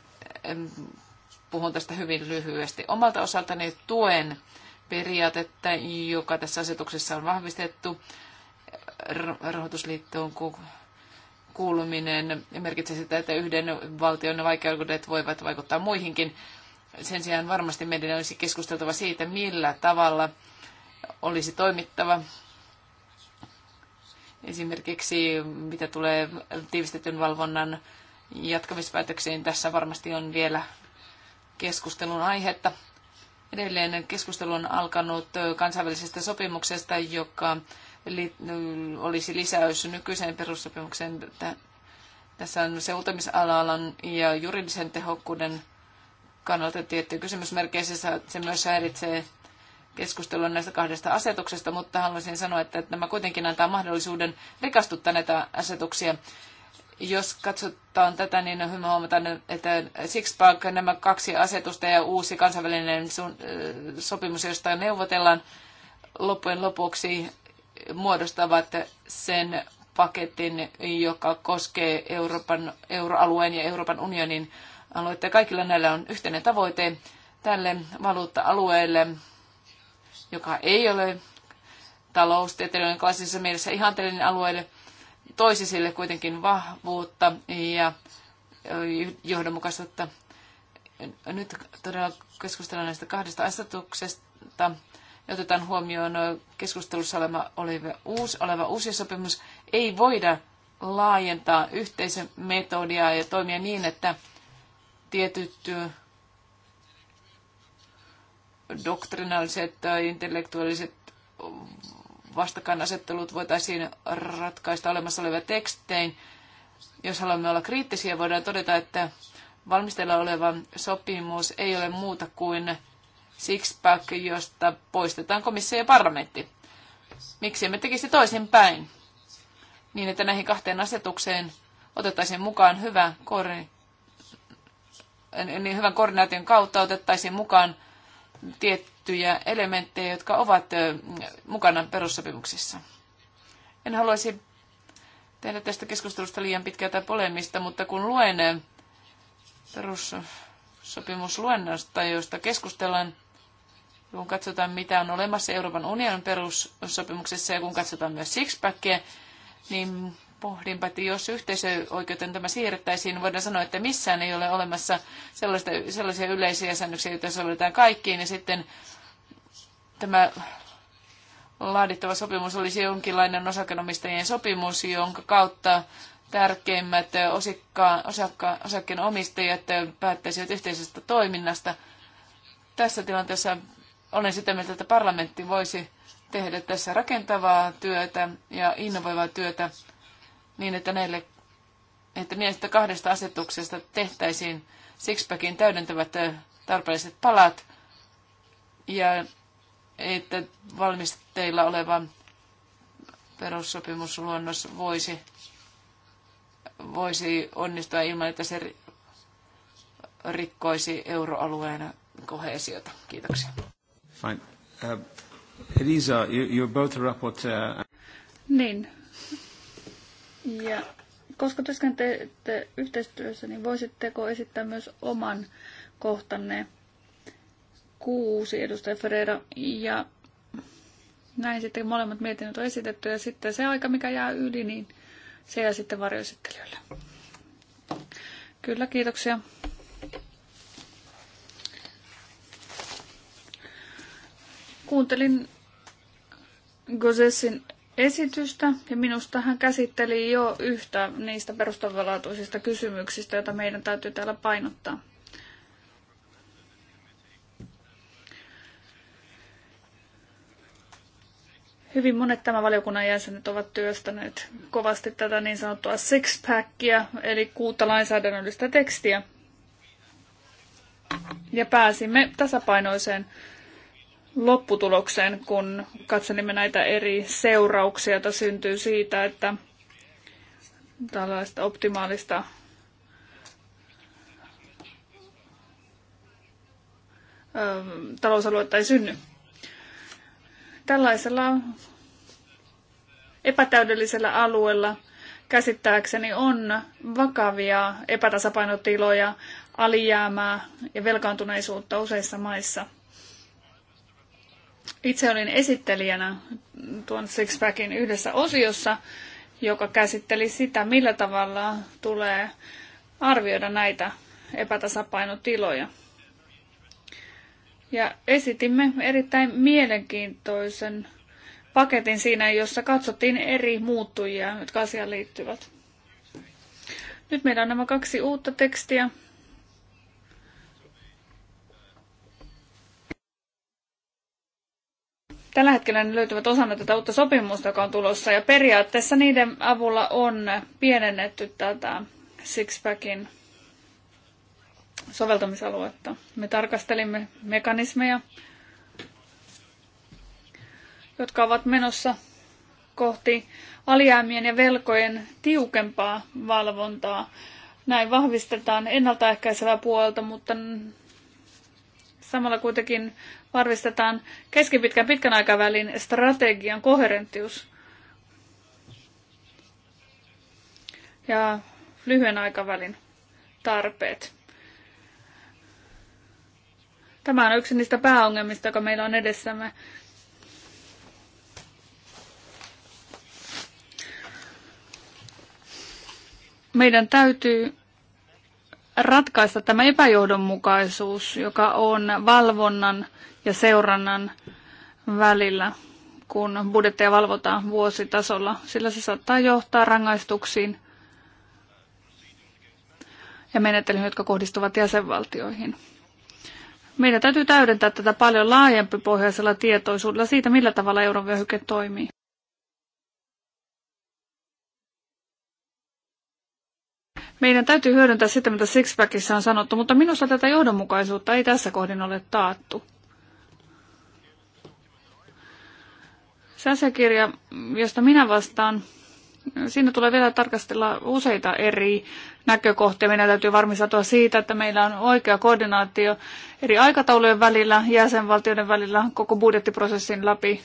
puhun tästä hyvin lyhyesti. Omalta osaltani tuen periaatetta, joka tässä asetuksessa on vahvistettu rahoitusliittoon kuuluminen merkitsee sitä, että yhden valtion vaikeudet voivat vaikuttaa muihinkin. Sen sijaan varmasti meidän olisi keskusteltava siitä, millä tavalla olisi toimittava. Esimerkiksi mitä tulee tiivistetyn valvonnan jatkamispäätöksiin, tässä varmasti on vielä keskustelun aihetta. Edelleen keskustelu on alkanut kansainvälisestä sopimuksesta, joka olisi lisäys nykyiseen perussopimukseen. Tässä on seutamisalan ja juridisen tehokkuuden kannalta tietty kysymysmerkeissä. Se myös häiritsee keskustelua näistä kahdesta asetuksesta, mutta haluaisin sanoa, että nämä kuitenkin antaa mahdollisuuden rikastuttaa näitä asetuksia jos katsotaan tätä, niin on hyvä huomata, että Sixpack, nämä kaksi asetusta ja uusi kansainvälinen sopimus, josta neuvotellaan loppujen lopuksi, muodostavat sen paketin, joka koskee Euroopan, euroalueen ja Euroopan unionin aluetta. Kaikilla näillä on yhteinen tavoite tälle valuutta-alueelle, joka ei ole taloustieteilijöiden klassisessa mielessä ihanteellinen alueelle, toisi sille kuitenkin vahvuutta ja johdonmukaisuutta. Nyt todella keskustellaan näistä kahdesta asetuksesta otetaan huomioon keskustelussa oleva, oleva, uusi, oleva uusi sopimus. Ei voida laajentaa yhteisen metodia ja toimia niin, että tietyt doktrinaaliset tai intellektuaaliset vastakkainasettelut voitaisiin ratkaista olemassa olevia tekstein. Jos haluamme olla kriittisiä, voidaan todeta, että valmistella oleva sopimus ei ole muuta kuin six-pack, josta poistetaan komissio ja parlamentti. Miksi emme tekisi toisinpäin? Niin, että näihin kahteen asetukseen otettaisiin mukaan hyvä kori, niin hyvän koordinaation kautta otettaisiin mukaan tiet, tiettyjä elementtejä, jotka ovat mukana perussopimuksissa. En haluaisi tehdä tästä keskustelusta liian pitkää tai polemista, mutta kun luen perussopimusluennosta, josta keskustellaan, kun katsotaan mitä on olemassa Euroopan unionin perussopimuksessa ja kun katsotaan myös sixpackia, niin pohdinpa, että jos yhteisöoikeuteen tämä siirrettäisiin, niin voidaan sanoa, että missään ei ole olemassa sellaisia yleisiä säännöksiä, joita sovelletaan kaikkiin, ja sitten tämä laadittava sopimus olisi jonkinlainen osakkeenomistajien sopimus, jonka kautta tärkeimmät osakkeenomistajat päättäisivät yhteisestä toiminnasta. Tässä tilanteessa olen sitä mieltä, että parlamentti voisi tehdä tässä rakentavaa työtä ja innovoivaa työtä niin, että näille että näistä kahdesta asetuksesta tehtäisiin Sixpackin täydentävät tarpeelliset palat ja että valmisteilla oleva perussopimusluonnos voisi, voisi onnistua ilman, että se rikkoisi euroalueen kohesiota. Kiitoksia. Fine. Uh, Elisa, you, you're both a rapporteur. Niin. Ja koska työskentelette yhteistyössä, niin voisitteko esittää myös oman kohtanne 6, edustaja Ferreira ja näin sitten molemmat mietinnöt on esitetty ja sitten se aika, mikä jää yli, niin se jää sitten varjoesittelijöille. Kyllä, kiitoksia. Kuuntelin Gozessin esitystä ja minusta hän käsitteli jo yhtä niistä perustavanlaatuisista kysymyksistä, joita meidän täytyy täällä painottaa. Hyvin monet tämän valiokunnan jäsenet ovat työstäneet kovasti tätä niin sanottua six-packia, eli kuutta lainsäädännöllistä tekstiä. Ja pääsimme tasapainoiseen lopputulokseen, kun katselimme näitä eri seurauksia, joita syntyy siitä, että tällaista optimaalista talousaluetta ei synny. Tällaisella epätäydellisellä alueella käsittääkseni on vakavia epätasapainotiloja, alijäämää ja velkaantuneisuutta useissa maissa. Itse olin esittelijänä tuon Sixpackin yhdessä osiossa, joka käsitteli sitä, millä tavalla tulee arvioida näitä epätasapainotiloja. Ja esitimme erittäin mielenkiintoisen paketin siinä, jossa katsottiin eri muuttujia, jotka asiaan liittyvät. Nyt meillä on nämä kaksi uutta tekstiä. Tällä hetkellä ne löytyvät osana tätä uutta sopimusta, joka on tulossa, ja periaatteessa niiden avulla on pienennetty tätä Sixpackin soveltamisaluetta. Me tarkastelimme mekanismeja, jotka ovat menossa kohti alijäämien ja velkojen tiukempaa valvontaa. Näin vahvistetaan ennaltaehkäisevää puolta, mutta samalla kuitenkin varmistetaan keskipitkän pitkän aikavälin strategian koherenttius ja lyhyen aikavälin tarpeet. Tämä on yksi niistä pääongelmista, joka meillä on edessämme. Meidän täytyy ratkaista tämä epäjohdonmukaisuus, joka on valvonnan ja seurannan välillä, kun budjetteja valvotaan vuositasolla, sillä se saattaa johtaa rangaistuksiin ja menettelyihin, jotka kohdistuvat jäsenvaltioihin. Meidän täytyy täydentää tätä paljon laajempi pohjaisella tietoisuudella siitä, millä tavalla eurovyöhyke toimii. Meidän täytyy hyödyntää sitä, mitä Sixpackissa on sanottu, mutta minusta tätä johdonmukaisuutta ei tässä kohdin ole taattu. Se asiakirja, josta minä vastaan, siinä tulee vielä tarkastella useita eri näkökohtia. Meidän täytyy varmistautua siitä, että meillä on oikea koordinaatio eri aikataulujen välillä, jäsenvaltioiden välillä, koko budjettiprosessin läpi.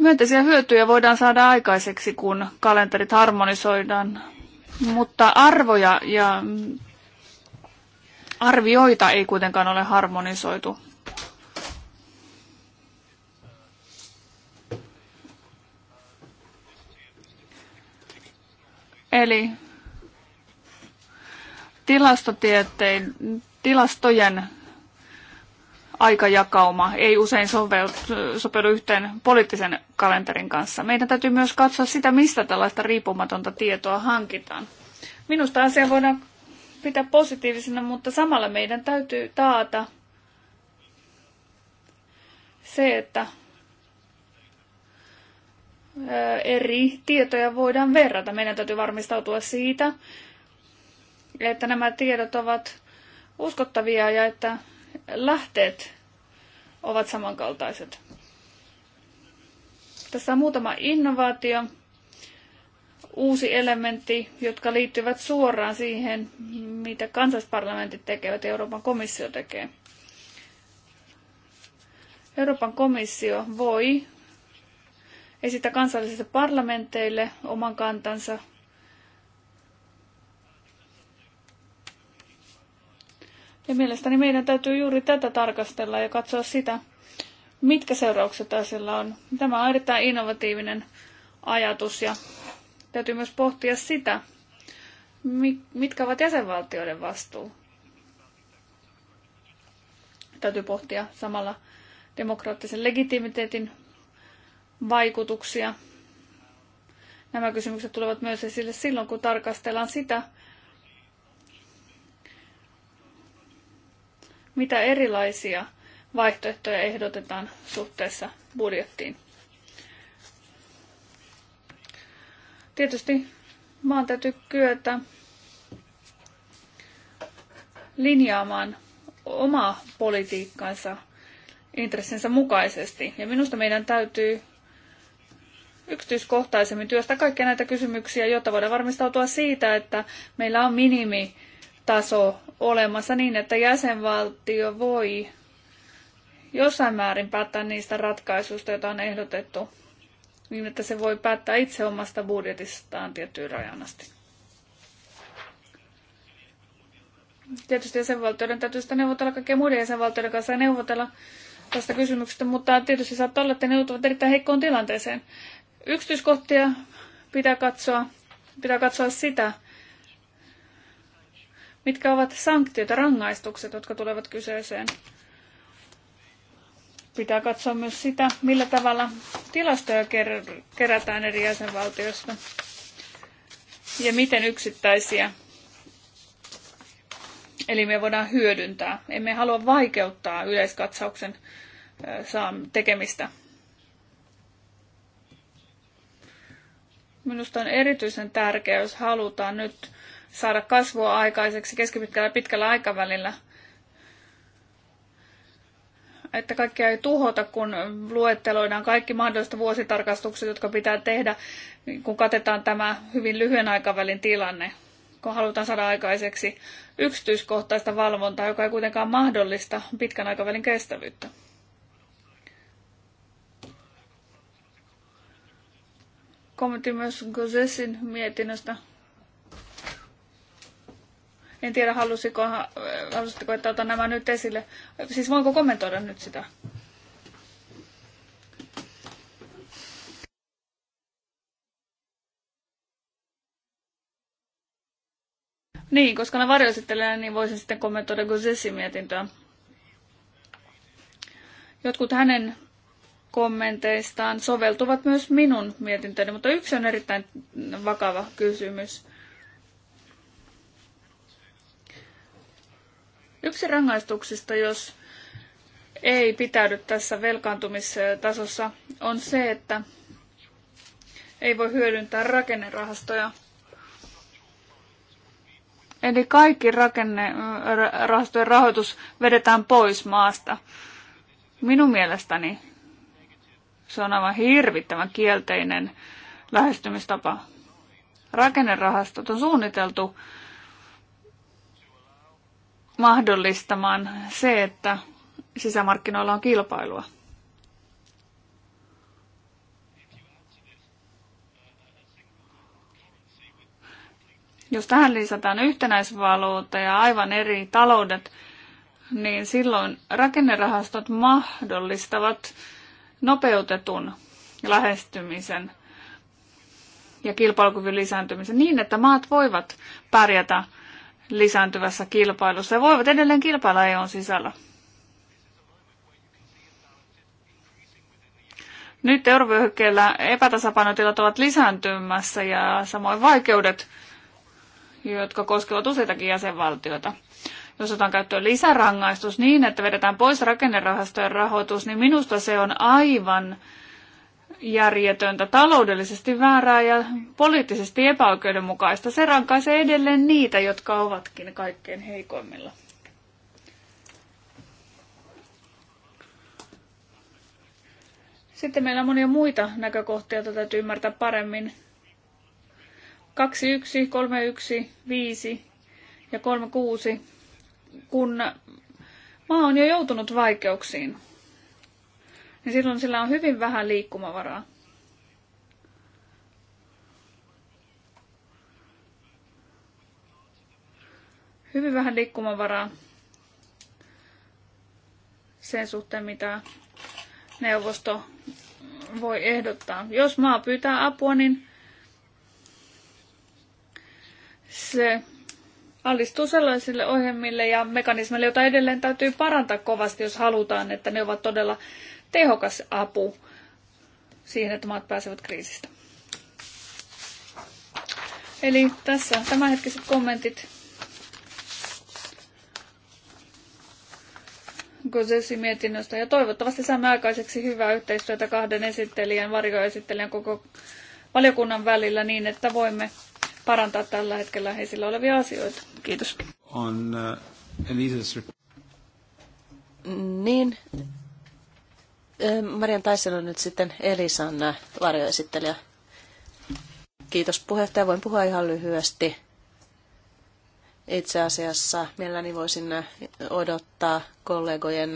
Myönteisiä hyötyjä voidaan saada aikaiseksi, kun kalenterit harmonisoidaan, mutta arvoja ja Arvioita ei kuitenkaan ole harmonisoitu. Eli tilastotieteen, tilastojen aikajakauma ei usein sopeudu yhteen poliittisen kalenterin kanssa. Meidän täytyy myös katsoa sitä, mistä tällaista riippumatonta tietoa hankitaan. Minusta asia voidaan pitää positiivisena, mutta samalla meidän täytyy taata se, että eri tietoja voidaan verrata. Meidän täytyy varmistautua siitä, että nämä tiedot ovat uskottavia ja että lähteet ovat samankaltaiset. Tässä on muutama innovaatio, uusi elementti, jotka liittyvät suoraan siihen, mitä kansallisparlamentit tekevät ja Euroopan komissio tekee. Euroopan komissio voi esittää kansallisille parlamenteille oman kantansa Ja mielestäni meidän täytyy juuri tätä tarkastella ja katsoa sitä, mitkä seuraukset asialla on. Tämä on erittäin innovatiivinen ajatus ja Täytyy myös pohtia sitä, mitkä ovat jäsenvaltioiden vastuu. Täytyy pohtia samalla demokraattisen legitimiteetin vaikutuksia. Nämä kysymykset tulevat myös esille silloin, kun tarkastellaan sitä, mitä erilaisia vaihtoehtoja ehdotetaan suhteessa budjettiin. Tietysti maan täytyy kyetä linjaamaan omaa politiikkaansa intressinsä mukaisesti. Ja minusta meidän täytyy yksityiskohtaisemmin työstää kaikkia näitä kysymyksiä, jotta voidaan varmistautua siitä, että meillä on minimitaso olemassa niin, että jäsenvaltio voi jossain määrin päättää niistä ratkaisuista, joita on ehdotettu niin että se voi päättää itse omasta budjetistaan tiettyyn rajan asti. Tietysti jäsenvaltioiden täytyy sitä neuvotella kaikkien muiden jäsenvaltioiden kanssa ja neuvotella tästä kysymyksestä, mutta tietysti saattaa olla, että ne joutuvat erittäin heikkoon tilanteeseen. Yksityiskohtia pitää katsoa, pitää katsoa sitä, mitkä ovat sanktiot ja rangaistukset, jotka tulevat kyseeseen. Pitää katsoa myös sitä, millä tavalla tilastoja kerätään eri jäsenvaltioista ja miten yksittäisiä elimiä voidaan hyödyntää. Emme halua vaikeuttaa yleiskatsauksen tekemistä. Minusta on erityisen tärkeää, jos halutaan nyt saada kasvua aikaiseksi keskipitkällä ja pitkällä aikavälillä, että kaikkea ei tuhota, kun luetteloidaan kaikki mahdolliset vuositarkastukset, jotka pitää tehdä, kun katetaan tämä hyvin lyhyen aikavälin tilanne, kun halutaan saada aikaiseksi yksityiskohtaista valvontaa, joka ei kuitenkaan mahdollista pitkän aikavälin kestävyyttä. Kommentti myös Gozesin mietinnöstä en tiedä, halusiko, äh, halusitteko, että otan nämä nyt esille. Siis voinko kommentoida nyt sitä? Niin, koska ne varjoesittelijänä, niin voisin sitten kommentoida Gozesi-mietintöä. Jotkut hänen kommenteistaan soveltuvat myös minun mietintöni, mutta yksi on erittäin vakava kysymys. Yksi rangaistuksista, jos ei pitäydy tässä velkaantumistasossa, on se, että ei voi hyödyntää rakennerahastoja. Eli kaikki rakennerahastojen rahoitus vedetään pois maasta. Minun mielestäni se on aivan hirvittävän kielteinen lähestymistapa. Rakennerahastot on suunniteltu mahdollistamaan se, että sisämarkkinoilla on kilpailua. Jos tähän lisätään yhtenäisvaluutta ja aivan eri taloudet, niin silloin rakennerahastot mahdollistavat nopeutetun lähestymisen ja kilpailukyvyn lisääntymisen niin, että maat voivat pärjätä lisääntyvässä kilpailussa ja voivat edelleen kilpailla EUn sisällä. Nyt eurovyöhykkeellä epätasapainotilat ovat lisääntymässä ja samoin vaikeudet, jotka koskevat useitakin jäsenvaltioita. Jos otan käyttöön lisärangaistus niin, että vedetään pois rakennerahastojen rahoitus, niin minusta se on aivan järjetöntä, taloudellisesti väärää ja poliittisesti epäoikeudenmukaista. Se rankaisee edelleen niitä, jotka ovatkin kaikkein heikoimmilla. Sitten meillä on monia muita näkökohtia, joita täytyy ymmärtää paremmin. 21, 31, 5 ja 36, kun maa on jo joutunut vaikeuksiin niin silloin sillä on hyvin vähän liikkumavaraa. Hyvin vähän liikkumavaraa sen suhteen, mitä neuvosto voi ehdottaa. Jos maa pyytää apua, niin se alistuu sellaisille ohjelmille ja mekanismeille, joita edelleen täytyy parantaa kovasti, jos halutaan, että ne ovat todella tehokas apu siihen, että maat pääsevät kriisistä. Eli tässä tämänhetkiset kommentit. Gozesi mietinnöstä ja toivottavasti saamme aikaiseksi hyvää yhteistyötä kahden esittelijän, varjoesittelijän koko valiokunnan välillä niin, että voimme parantaa tällä hetkellä heisillä olevia asioita. Kiitos. On, uh, Niin, Marian Taisel on nyt sitten Elisan varjoesittelijä. Kiitos puheenjohtaja. Voin puhua ihan lyhyesti. Itse asiassa mielelläni voisin odottaa kollegojen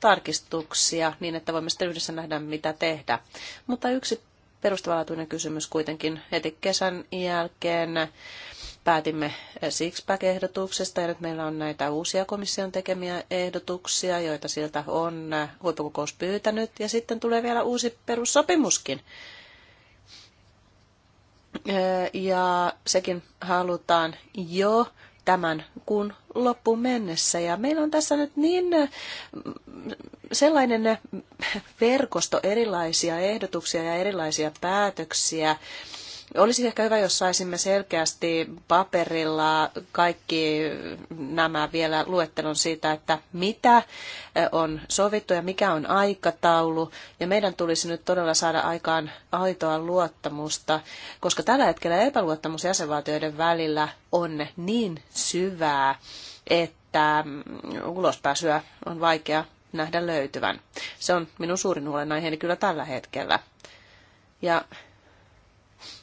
tarkistuksia niin, että voimme sitten yhdessä nähdä, mitä tehdä. Mutta yksi perustavanlaatuinen kysymys kuitenkin heti kesän jälkeen päätimme Sixpack-ehdotuksesta ja nyt meillä on näitä uusia komission tekemiä ehdotuksia, joita sieltä on huippukokous pyytänyt ja sitten tulee vielä uusi perussopimuskin. Ja sekin halutaan jo tämän kuun loppuun mennessä. Ja meillä on tässä nyt niin mm, sellainen verkosto erilaisia ehdotuksia ja erilaisia päätöksiä, olisi ehkä hyvä, jos saisimme selkeästi paperilla kaikki nämä vielä luettelon siitä, että mitä on sovittu ja mikä on aikataulu. Ja meidän tulisi nyt todella saada aikaan aitoa luottamusta, koska tällä hetkellä epäluottamus jäsenvaltioiden välillä on niin syvää, että mm, ulospääsyä on vaikea nähdä löytyvän. Se on minun suurin huolenaiheeni kyllä tällä hetkellä. Ja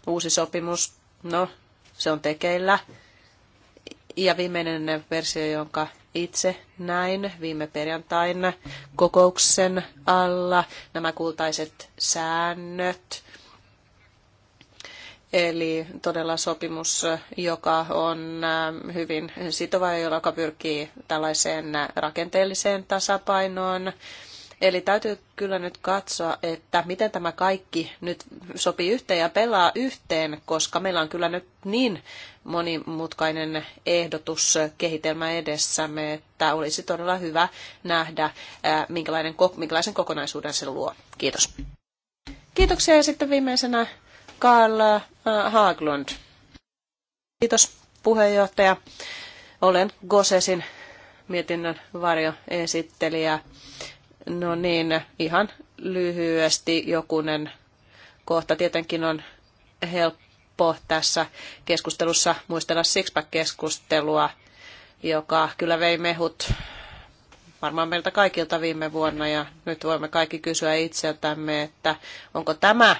uusi sopimus. No, se on tekeillä. Ja viimeinen versio, jonka itse näin viime perjantaina kokouksen alla, nämä kultaiset säännöt. Eli todella sopimus, joka on äh, hyvin sitova ja joka pyrkii tällaiseen rakenteelliseen tasapainoon Eli täytyy kyllä nyt katsoa, että miten tämä kaikki nyt sopii yhteen ja pelaa yhteen, koska meillä on kyllä nyt niin monimutkainen ehdotus kehitelmä edessämme, että olisi todella hyvä nähdä, minkälainen, minkälaisen kokonaisuuden se luo. Kiitos. Kiitoksia ja sitten viimeisenä Karl Haglund. Kiitos puheenjohtaja. Olen Gosesin mietinnön varjoesittelijä. No niin, ihan lyhyesti jokunen kohta tietenkin on helppo tässä keskustelussa muistella Sixpack-keskustelua, joka kyllä vei mehut varmaan meiltä kaikilta viime vuonna ja nyt voimme kaikki kysyä itseltämme, että onko tämä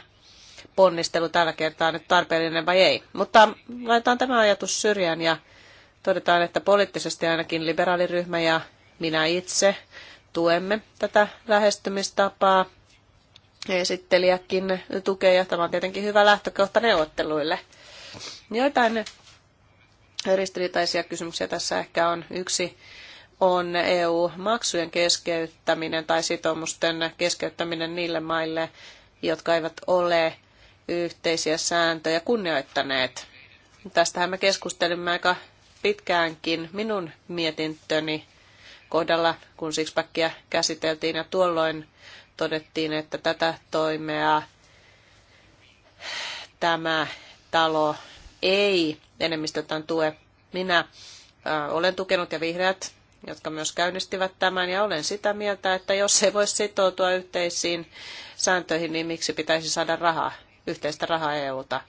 ponnistelu tällä kertaa nyt tarpeellinen vai ei. Mutta laitetaan tämä ajatus syrjään ja todetaan, että poliittisesti ainakin liberaaliryhmä ja minä itse tuemme tätä lähestymistapaa. Esittelijäkin tukee ja tämä on tietenkin hyvä lähtökohta neuvotteluille. Joitain ristiriitaisia kysymyksiä tässä ehkä on. Yksi on EU-maksujen keskeyttäminen tai sitoumusten keskeyttäminen niille maille, jotka eivät ole yhteisiä sääntöjä kunnioittaneet. Tästähän me keskustelimme aika pitkäänkin. Minun mietintöni kohdalla, kun Sixpackia käsiteltiin ja tuolloin todettiin, että tätä toimea tämä talo ei enemmistötään tue. Minä olen tukenut ja vihreät, jotka myös käynnistivät tämän, ja olen sitä mieltä, että jos ei voi sitoutua yhteisiin sääntöihin, niin miksi pitäisi saada rahaa, yhteistä rahaa EUta.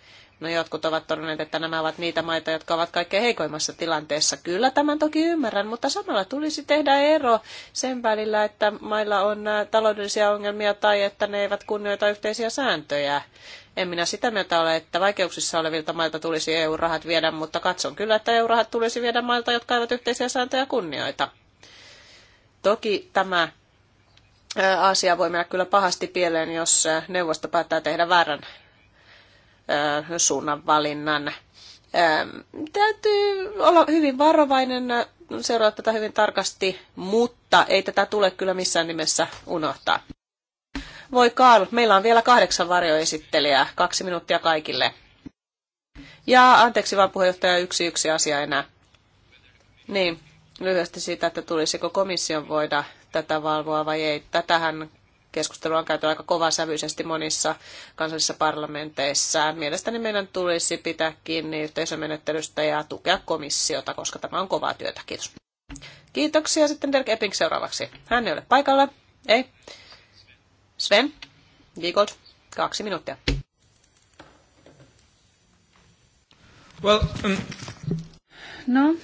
No jotkut ovat todenneet, että nämä ovat niitä maita, jotka ovat kaikkein heikoimmassa tilanteessa. Kyllä tämän toki ymmärrän, mutta samalla tulisi tehdä ero sen välillä, että mailla on taloudellisia ongelmia tai että ne eivät kunnioita yhteisiä sääntöjä. En minä sitä mieltä ole, että vaikeuksissa olevilta mailta tulisi EU-rahat viedä, mutta katson kyllä, että EU-rahat tulisi viedä mailta, jotka eivät yhteisiä sääntöjä kunnioita. Toki tämä asia voi mennä kyllä pahasti pieleen, jos neuvosto päättää tehdä väärän suunnan valinnan. Täytyy olla hyvin varovainen, seuraa tätä hyvin tarkasti, mutta ei tätä tule kyllä missään nimessä unohtaa. Voi Karl, meillä on vielä kahdeksan varjoesittelijää, kaksi minuuttia kaikille. Ja anteeksi vaan puheenjohtaja, yksi yksi asia enää. Niin, lyhyesti siitä, että tulisiko komission voida tätä valvoa vai ei. Tätähän keskustelua on käyty aika kovasävyisesti monissa kansallisissa parlamenteissa. Mielestäni meidän tulisi pitää kiinni yhteisömenettelystä ja tukea komissiota, koska tämä on kovaa työtä. Kiitos. Kiitoksia. Sitten Dirk Epping seuraavaksi. Hän ei ole paikalla. Ei. Sven, Giegold, kaksi minuuttia. Well, um... No,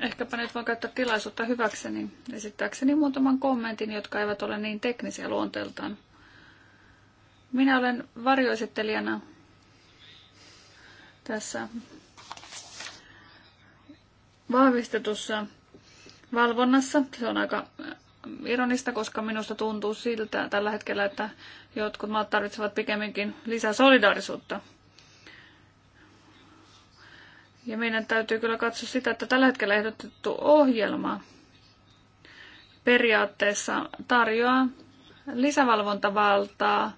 Ehkäpä nyt voin käyttää tilaisuutta hyväkseni esittääkseni muutaman kommentin, jotka eivät ole niin teknisiä luonteeltaan. Minä olen varjoesittelijänä tässä vahvistetussa valvonnassa. Se on aika äh, ironista, koska minusta tuntuu siltä tällä hetkellä, että jotkut maat tarvitsevat pikemminkin lisää solidaarisuutta ja meidän täytyy kyllä katsoa sitä, että tällä hetkellä ehdotettu ohjelma periaatteessa tarjoaa lisävalvontavaltaa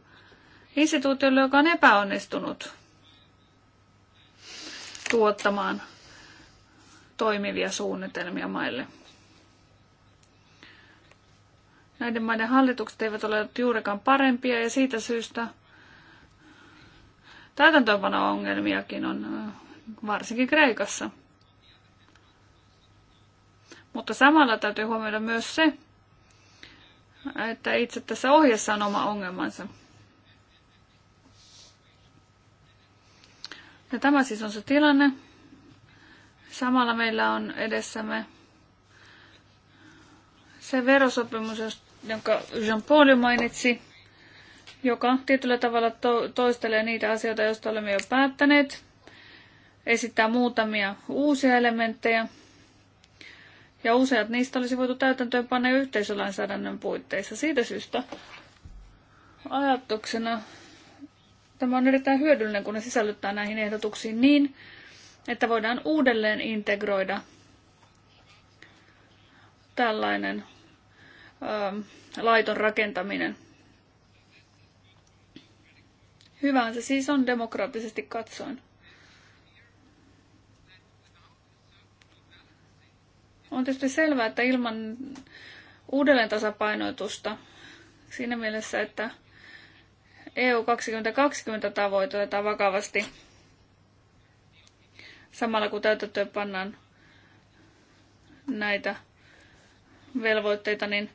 instituutiolle, joka on epäonnistunut tuottamaan toimivia suunnitelmia maille. Näiden maiden hallitukset eivät ole juurikaan parempia ja siitä syystä täytäntöönpano-ongelmiakin on varsinkin Kreikassa. Mutta samalla täytyy huomioida myös se, että itse tässä ohjeessa on oma ongelmansa. Ja tämä siis on se tilanne. Samalla meillä on edessämme se verosopimus, jonka Jean-Paul mainitsi, joka tietyllä tavalla to- toistelee niitä asioita, joista olemme jo päättäneet esittää muutamia uusia elementtejä, ja useat niistä olisi voitu täytäntöön panna yhteisölainsäädännön puitteissa. Siitä syystä ajatuksena tämä on erittäin hyödyllinen, kun ne sisällyttää näihin ehdotuksiin niin, että voidaan uudelleen integroida tällainen ö, ähm, laiton rakentaminen. Hyvä se siis on demokraattisesti katsoen. On tietysti selvää, että ilman uudelleen tasapainoitusta siinä mielessä, että EU 2020 tavoite vakavasti samalla kun täytäntöön pannaan näitä velvoitteita, niin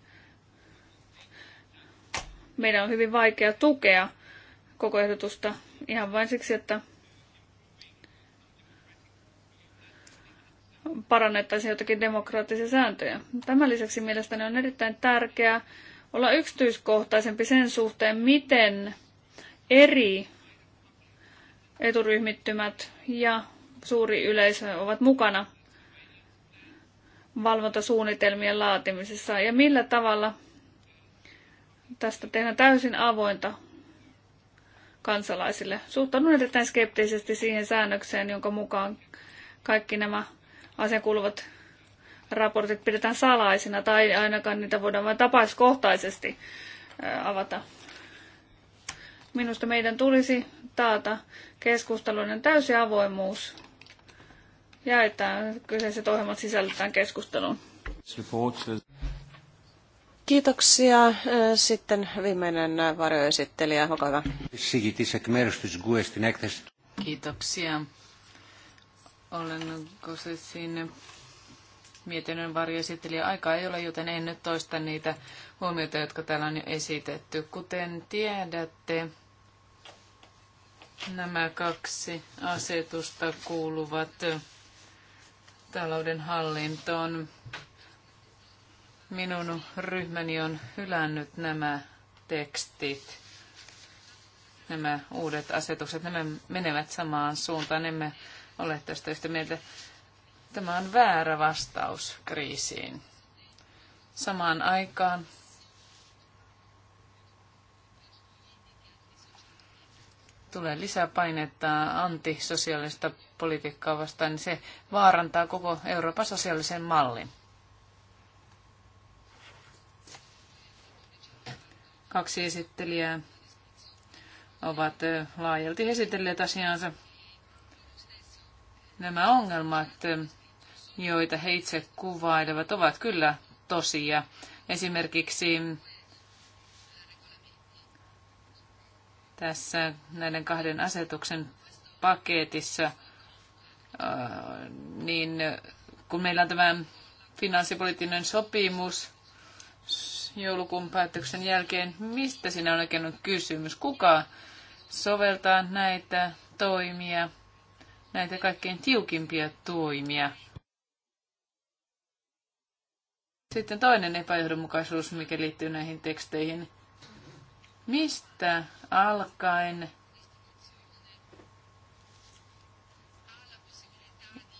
meidän on hyvin vaikea tukea koko ehdotusta ihan vain siksi, että parannettaisiin jotakin demokraattisia sääntöjä. Tämän lisäksi mielestäni on erittäin tärkeää olla yksityiskohtaisempi sen suhteen, miten eri eturyhmittymät ja suuri yleisö ovat mukana valvontasuunnitelmien laatimisessa ja millä tavalla tästä tehdään täysin avointa kansalaisille. Suhtaudun erittäin skeptisesti siihen säännökseen, jonka mukaan kaikki nämä asiakuuluvat raportit pidetään salaisina tai ainakaan niitä voidaan vain tapauskohtaisesti avata. Minusta meidän tulisi taata keskustelujen täysi avoimuus ja että kyseiset ohjelmat sisällytään keskusteluun. Kiitoksia. Sitten viimeinen varjoesittelijä, olkaa hyvä. Kiitoksia Olenko se siinä mietinnön varjoesittelijä aika ei ole, joten en nyt toista niitä huomioita, jotka täällä on jo esitetty. Kuten tiedätte, nämä kaksi asetusta kuuluvat talouden hallintoon. Minun ryhmäni on hylännyt nämä tekstit, nämä uudet asetukset. Nämä menevät samaan suuntaan. Emme ole tästä yhtä mieltä. Tämä on väärä vastaus kriisiin. Samaan aikaan tulee lisää painetta antisosiaalista politiikkaa vastaan, niin se vaarantaa koko Euroopan sosiaalisen mallin. Kaksi esittelijää ovat laajalti esitelleet asiansa. Nämä ongelmat, joita he itse kuvailevat, ovat kyllä tosia. Esimerkiksi tässä näiden kahden asetuksen paketissa, äh, niin kun meillä on tämä finanssipoliittinen sopimus joulukuun päätöksen jälkeen, mistä siinä on oikein kysymys? Kuka soveltaa näitä toimia näitä kaikkein tiukimpia toimia. Sitten toinen epäjohdonmukaisuus, mikä liittyy näihin teksteihin. Mistä alkaen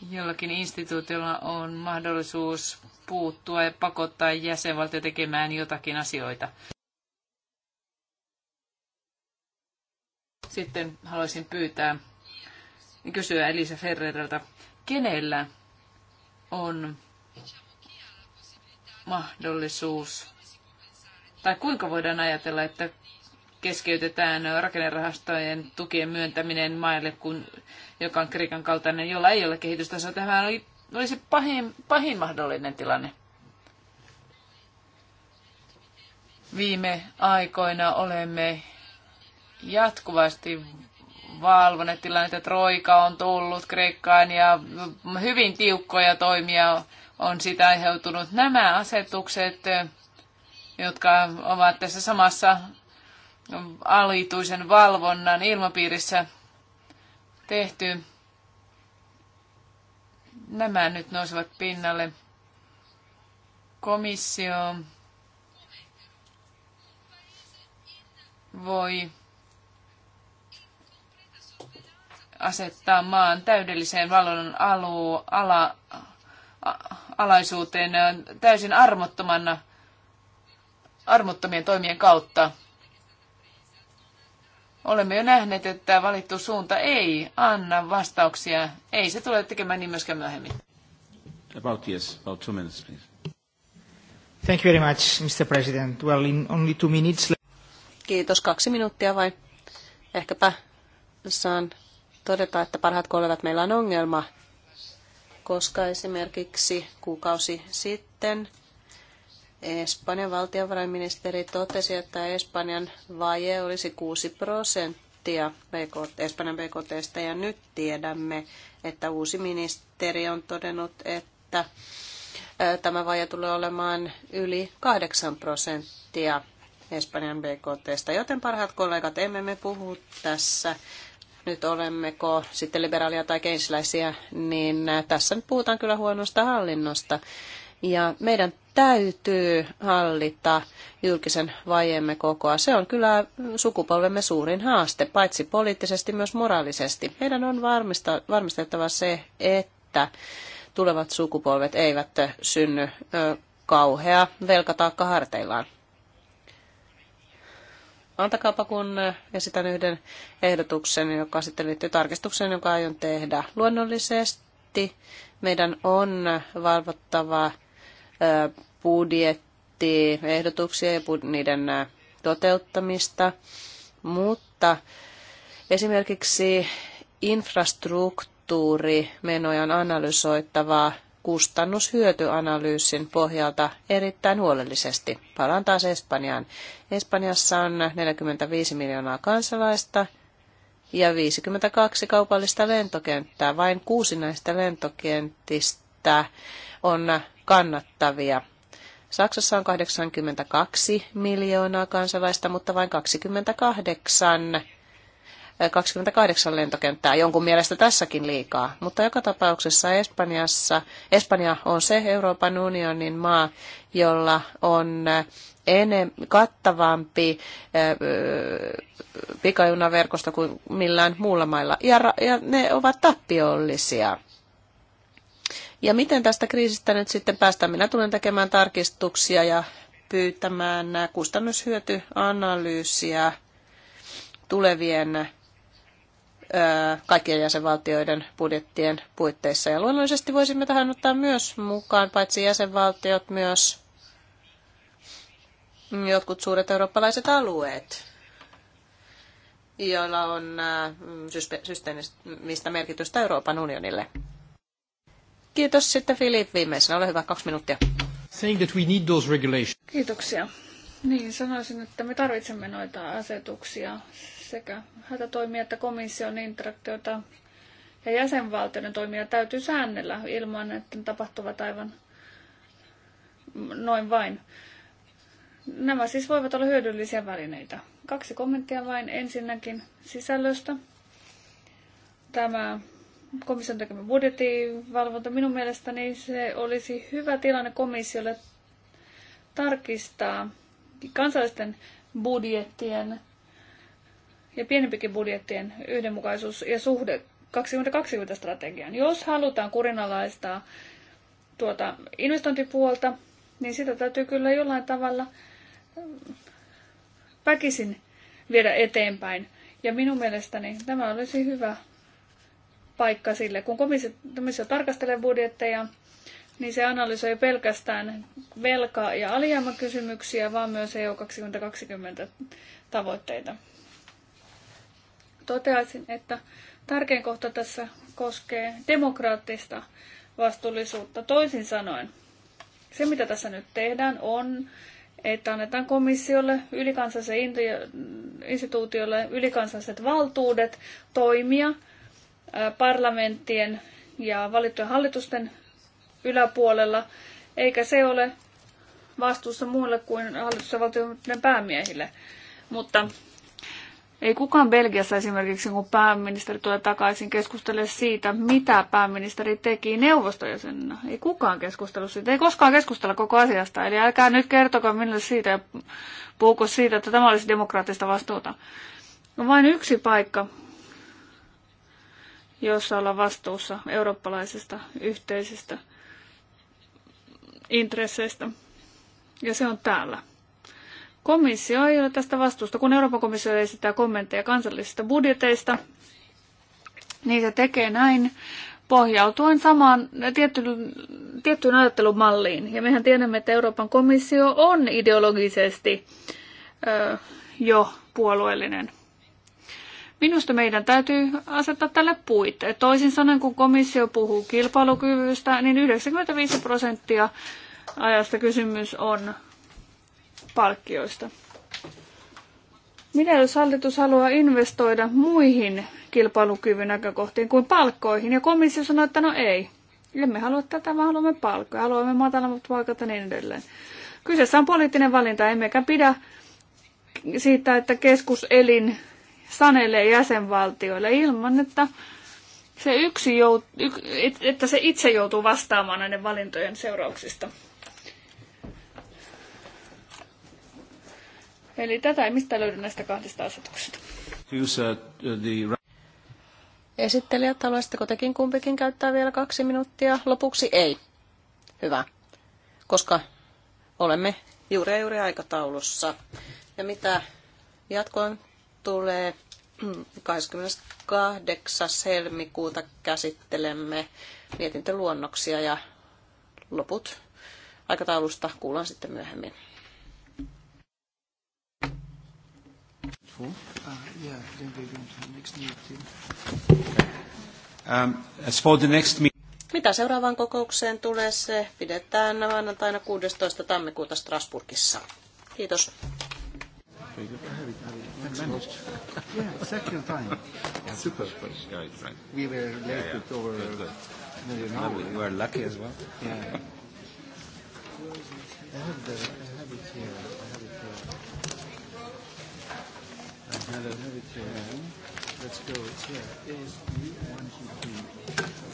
jollakin instituutiolla on mahdollisuus puuttua ja pakottaa jäsenvaltio tekemään jotakin asioita? Sitten haluaisin pyytää kysyä Elisa Ferreralta, kenellä on mahdollisuus, tai kuinka voidaan ajatella, että keskeytetään rakennerahastojen tukien myöntäminen maille, kun, joka on Kreikan kaltainen, jolla ei ole kehitystasoa. Tämä oli, olisi pahin, pahin mahdollinen tilanne. Viime aikoina olemme jatkuvasti tilanne, että Troika on tullut Kreikkaan ja hyvin tiukkoja toimia on sitä aiheutunut. Nämä asetukset, jotka ovat tässä samassa alituisen valvonnan ilmapiirissä tehty, nämä nyt nousevat pinnalle. Komissio voi asettaa maan täydelliseen valvonnan alu, ala, alaisuuteen täysin armottomana, armottomien toimien kautta. Olemme jo nähneet, että valittu suunta ei anna vastauksia. Ei se tule tekemään niin myöskään myöhemmin. About yes, about two minutes, please. Thank you very much, Mr. President. Well, in only two minutes... Kiitos, kaksi minuuttia vain. Ehkäpä saan todeta, että parhaat kollegat, meillä on ongelma, koska esimerkiksi kuukausi sitten Espanjan valtiovarainministeri totesi, että Espanjan vaje olisi 6 prosenttia Espanjan BKT, ja nyt tiedämme, että uusi ministeri on todennut, että tämä vaje tulee olemaan yli 8 prosenttia Espanjan BKT, Joten parhaat kollegat, emme me puhu tässä nyt olemmeko sitten liberaalia tai keinsiläisiä, niin tässä nyt puhutaan kyllä huonosta hallinnosta. Ja meidän täytyy hallita julkisen vajemme kokoa. Se on kyllä sukupolvemme suurin haaste, paitsi poliittisesti myös moraalisesti. Meidän on varmista, varmistettava se, että tulevat sukupolvet eivät synny ö, kauhea velkataakka harteillaan antakaapa kun esitän yhden ehdotuksen, joka sitten liittyy tarkistukseen, joka aion tehdä. Luonnollisesti meidän on valvottava budjetti, ehdotuksia ja niiden toteuttamista, mutta esimerkiksi infrastruktuurimenoja on analysoittavaa kustannushyötyanalyysin pohjalta erittäin huolellisesti. Palaan taas Espanjaan. Espanjassa on 45 miljoonaa kansalaista ja 52 kaupallista lentokenttää. Vain kuusi näistä lentokentistä on kannattavia. Saksassa on 82 miljoonaa kansalaista, mutta vain 28 28 lentokenttää, jonkun mielestä tässäkin liikaa. Mutta joka tapauksessa Espanjassa, Espanja on se Euroopan unionin maa, jolla on eh, enem, kattavampi eh, pikajunaverkosto kuin millään muulla mailla. Ja, ja ne ovat tappiollisia. Ja miten tästä kriisistä nyt sitten päästään? Minä tulen tekemään tarkistuksia ja pyytämään kustannushyötyanalyysiä tulevien kaikkien jäsenvaltioiden budjettien puitteissa. Ja luonnollisesti voisimme tähän ottaa myös mukaan, paitsi jäsenvaltiot, myös jotkut suuret eurooppalaiset alueet, joilla on systeemistä merkitystä Euroopan unionille. Kiitos sitten Filip viimeisenä. Ole hyvä, kaksi minuuttia. Saying that we need those regulations. Kiitoksia. Niin, sanoisin, että me tarvitsemme noita asetuksia sekä hätätoimia että komission interaktiota ja jäsenvaltioiden toimia täytyy säännellä ilman, että ne tapahtuvat aivan noin vain. Nämä siis voivat olla hyödyllisiä välineitä. Kaksi kommenttia vain ensinnäkin sisällöstä. Tämä komission tekemä budjettivalvonta minun mielestäni se olisi hyvä tilanne komissiolle tarkistaa kansallisten budjettien ja pienempikin budjettien yhdenmukaisuus ja suhde 2020-strategian. Jos halutaan kurinalaistaa tuota investointipuolta, niin sitä täytyy kyllä jollain tavalla väkisin viedä eteenpäin. Ja minun mielestäni tämä olisi hyvä paikka sille, kun komissio, komissio tarkastelee budjetteja, niin se analysoi pelkästään velka- ja alijäämäkysymyksiä, vaan myös EU 2020 tavoitteita. Toteaisin, että tärkein kohta tässä koskee demokraattista vastuullisuutta. Toisin sanoen, se mitä tässä nyt tehdään on, että annetaan komissiolle, ylikansalliselle instituutiolle ylikansalliset valtuudet toimia parlamenttien ja valittujen hallitusten yläpuolella, eikä se ole vastuussa muille kuin hallitus- ja valtioiden päämiehille. Mutta ei kukaan Belgiassa esimerkiksi, kun pääministeri tulee takaisin, keskustele siitä, mitä pääministeri teki neuvostojäsenenä. Ei kukaan keskustelu siitä. Ei koskaan keskustella koko asiasta. Eli älkää nyt kertokaa minulle siitä ja puhuko siitä, että tämä olisi demokraattista vastuuta. On vain yksi paikka, jossa ollaan vastuussa eurooppalaisista yhteisistä intresseistä. Ja se on täällä. Komissio ei ole tästä vastuusta, kun Euroopan komissio esittää kommentteja kansallisista budjeteista, niin se tekee näin pohjautuen samaan tiettyyn, tiettyyn ajattelumalliin. Ja mehän tiedämme, että Euroopan komissio on ideologisesti ö, jo puolueellinen. Minusta meidän täytyy asettaa tälle puitteet. Toisin sanoen, kun komissio puhuu kilpailukyvystä, niin 95 prosenttia ajasta kysymys on palkkioista. Mitä jos hallitus haluaa investoida muihin kilpailukyvyn näkökohtiin kuin palkkoihin? Ja komissio sanoo, että no ei. Emme halua tätä, vaan haluamme palkkoja, haluamme matalammat palkat ja niin edelleen. Kyseessä on poliittinen valinta, emmekä pidä siitä, että keskuselin sanelee jäsenvaltioille ilman, että se, yksi jout, että se itse joutuu vastaamaan näiden valintojen seurauksista. Eli tätä ei mistään löydy näistä kahdesta asetuksesta. Esittelijät, haluaisitteko tekin kumpikin käyttää vielä kaksi minuuttia? Lopuksi ei. Hyvä. Koska olemme juuri ja juuri aikataulussa. Ja mitä jatkoon tulee 28. [clears throat] helmikuuta käsittelemme mietintöluonnoksia ja loput aikataulusta kuullaan sitten myöhemmin. for? Uh, yeah, then we go to the next meeting. Um, as for the next meeting. Mitä seuraavaan kokoukseen tulee, se pidetään maanantaina 16. tammikuuta Strasburgissa. Kiitos. Yeah, I don't Let's go. It's here. Is 123.